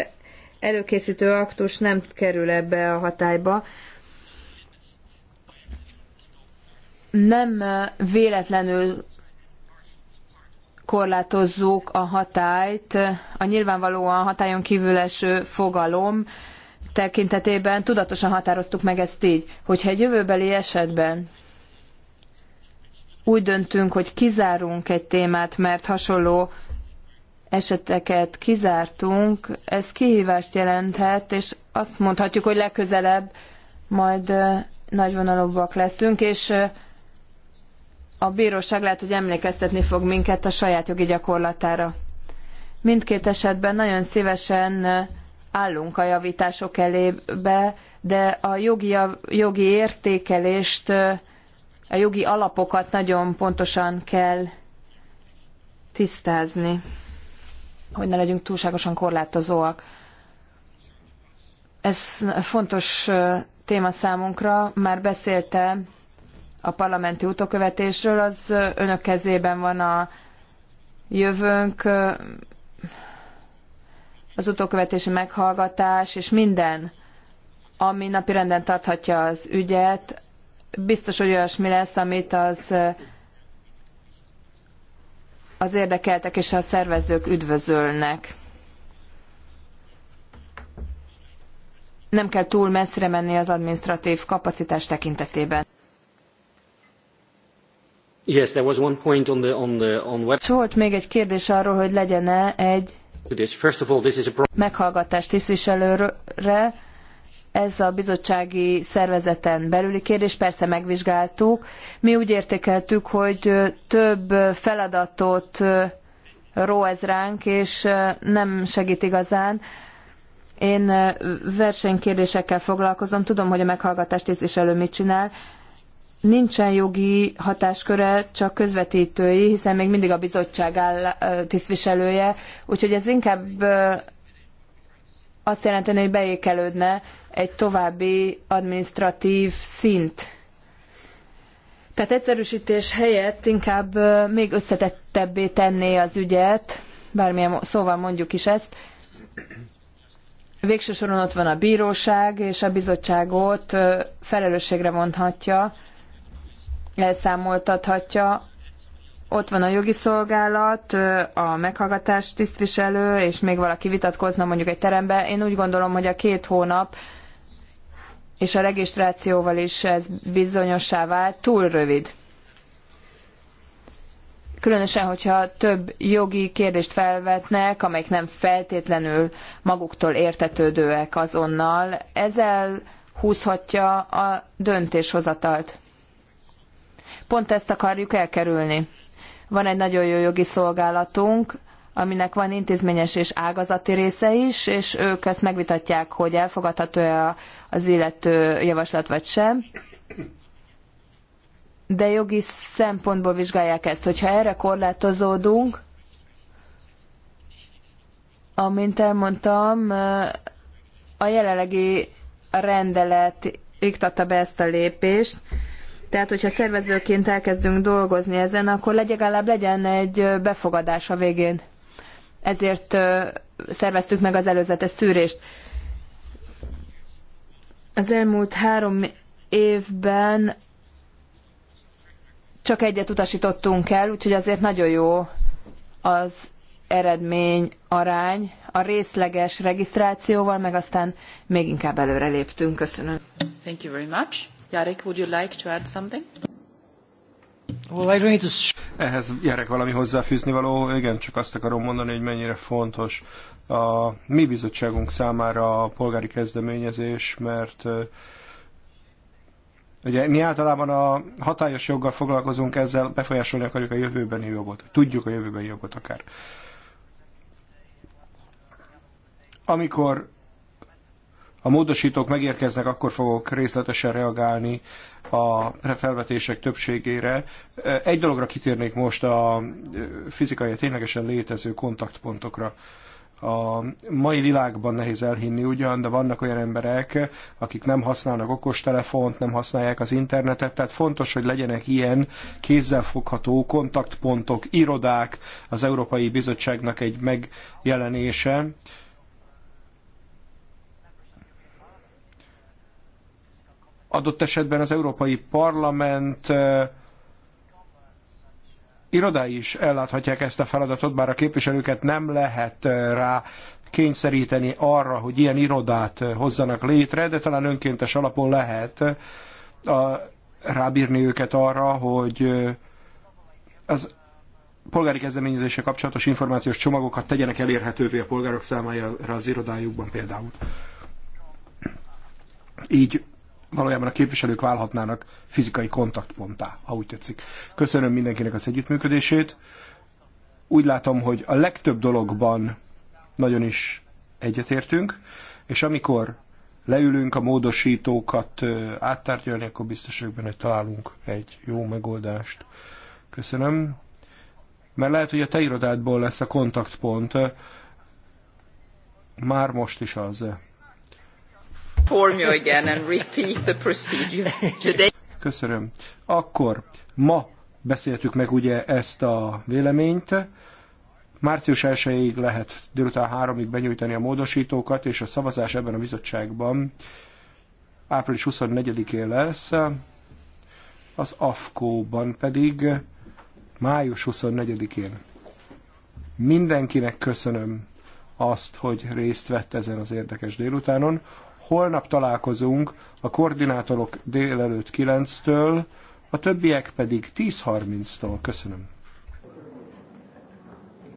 előkészítő aktus nem kerül ebbe a hatályba. Nem véletlenül korlátozzuk a hatályt, a nyilvánvalóan hatályon kívül eső fogalom tekintetében tudatosan határoztuk meg ezt így, hogyha egy jövőbeli esetben úgy döntünk, hogy kizárunk egy témát, mert hasonló eseteket kizártunk, ez kihívást jelenthet, és azt mondhatjuk, hogy legközelebb majd nagyvonalúbbak leszünk, és a bíróság lehet, hogy emlékeztetni fog minket a saját jogi gyakorlatára. Mindkét esetben nagyon szívesen állunk a javítások elébe, de a jogi, a jogi értékelést, a jogi alapokat nagyon pontosan kell tisztázni hogy ne legyünk túlságosan korlátozóak. Ez fontos téma számunkra. Már beszélte a parlamenti utókövetésről, az önök kezében van a jövőnk, az utókövetési meghallgatás, és minden, ami napirenden tarthatja az ügyet, biztos, hogy olyasmi lesz, amit az az érdekeltek és a szervezők üdvözölnek. Nem kell túl messzire menni az administratív kapacitás tekintetében. Yes, there was one point on the, on the, on web... Volt még egy kérdés arról, hogy legyen-e egy meghallgatást tisztviselőre, ez a bizottsági szervezeten belüli kérdés, persze megvizsgáltuk. Mi úgy értékeltük, hogy több feladatot ró ez ránk, és nem segít igazán. Én versenykérdésekkel foglalkozom, tudom, hogy a meghallgatást tízés elő mit csinál. Nincsen jogi hatásköre, csak közvetítői, hiszen még mindig a bizottság áll tisztviselője, úgyhogy ez inkább azt jelenteni, hogy beékelődne egy további administratív szint. Tehát egyszerűsítés helyett inkább még összetettebbé tenné az ügyet, bármilyen szóval mondjuk is ezt. Végső soron ott van a bíróság, és a bizottságot felelősségre vonhatja, elszámoltathatja. Ott van a jogi szolgálat, a meghallgatás tisztviselő, és még valaki vitatkozna mondjuk egy terembe. Én úgy gondolom, hogy a két hónap és a regisztrációval is ez bizonyossá vált, túl rövid. Különösen, hogyha több jogi kérdést felvetnek, amelyek nem feltétlenül maguktól értetődőek azonnal, ezzel húzhatja a döntéshozatalt. Pont ezt akarjuk elkerülni. Van egy nagyon jó jogi szolgálatunk, aminek van intézményes és ágazati része is, és ők ezt megvitatják, hogy elfogadható-e a az illető javaslat vagy sem. De jogi szempontból vizsgálják ezt, hogyha erre korlátozódunk, amint elmondtam, a jelenlegi rendelet iktatta be ezt a lépést, tehát, hogyha szervezőként elkezdünk dolgozni ezen, akkor legalább legyen egy befogadás a végén. Ezért szerveztük meg az előzetes szűrést. Az elmúlt három évben csak egyet utasítottunk el, úgyhogy azért nagyon jó az eredmény arány a részleges regisztrációval, meg aztán még inkább előre léptünk. Köszönöm. Thank you very much. Jarek, would you like to add something? Well, I don't need to... Ehhez Jarek valami hozzáfűzni való, igen, csak azt akarom mondani, hogy mennyire fontos a mi bizottságunk számára a polgári kezdeményezés, mert Ugye mi általában a hatályos joggal foglalkozunk, ezzel befolyásolni akarjuk a jövőbeni jogot. Tudjuk a jövőbeni jogot akár. Amikor a módosítók megérkeznek, akkor fogok részletesen reagálni a felvetések többségére. Egy dologra kitérnék most a fizikai, a ténylegesen létező kontaktpontokra. A mai világban nehéz elhinni ugyan, de vannak olyan emberek, akik nem használnak okostelefont, nem használják az internetet, tehát fontos, hogy legyenek ilyen kézzelfogható kontaktpontok, irodák, az Európai Bizottságnak egy megjelenése. Adott esetben az Európai Parlament irodái is elláthatják ezt a feladatot, bár a képviselőket nem lehet eh, rá kényszeríteni arra, hogy ilyen irodát eh, hozzanak létre, de talán önkéntes alapon lehet eh, a, rábírni őket arra, hogy az polgári kezdeményezése kapcsolatos információs csomagokat tegyenek elérhetővé a polgárok számára az irodájukban például. Így valójában a képviselők válhatnának fizikai kontaktponttá, ha úgy tetszik. Köszönöm mindenkinek az együttműködését. Úgy látom, hogy a legtöbb dologban nagyon is egyetértünk, és amikor leülünk a módosítókat áttárgyalni, akkor biztos vagyok benne, hogy találunk egy jó megoldást. Köszönöm. Mert lehet, hogy a te irodádból lesz a kontaktpont. Már most is az again and repeat the procedure today. Köszönöm. Akkor ma beszéltük meg ugye ezt a véleményt. Március 1-ig lehet délután 3-ig benyújtani a módosítókat, és a szavazás ebben a bizottságban április 24-én lesz, az AFKO-ban pedig május 24-én. Mindenkinek köszönöm azt, hogy részt vett ezen az érdekes délutánon. Holnap találkozunk a koordinátorok délelőtt 9-től, a többiek pedig 10.30-tól. Köszönöm.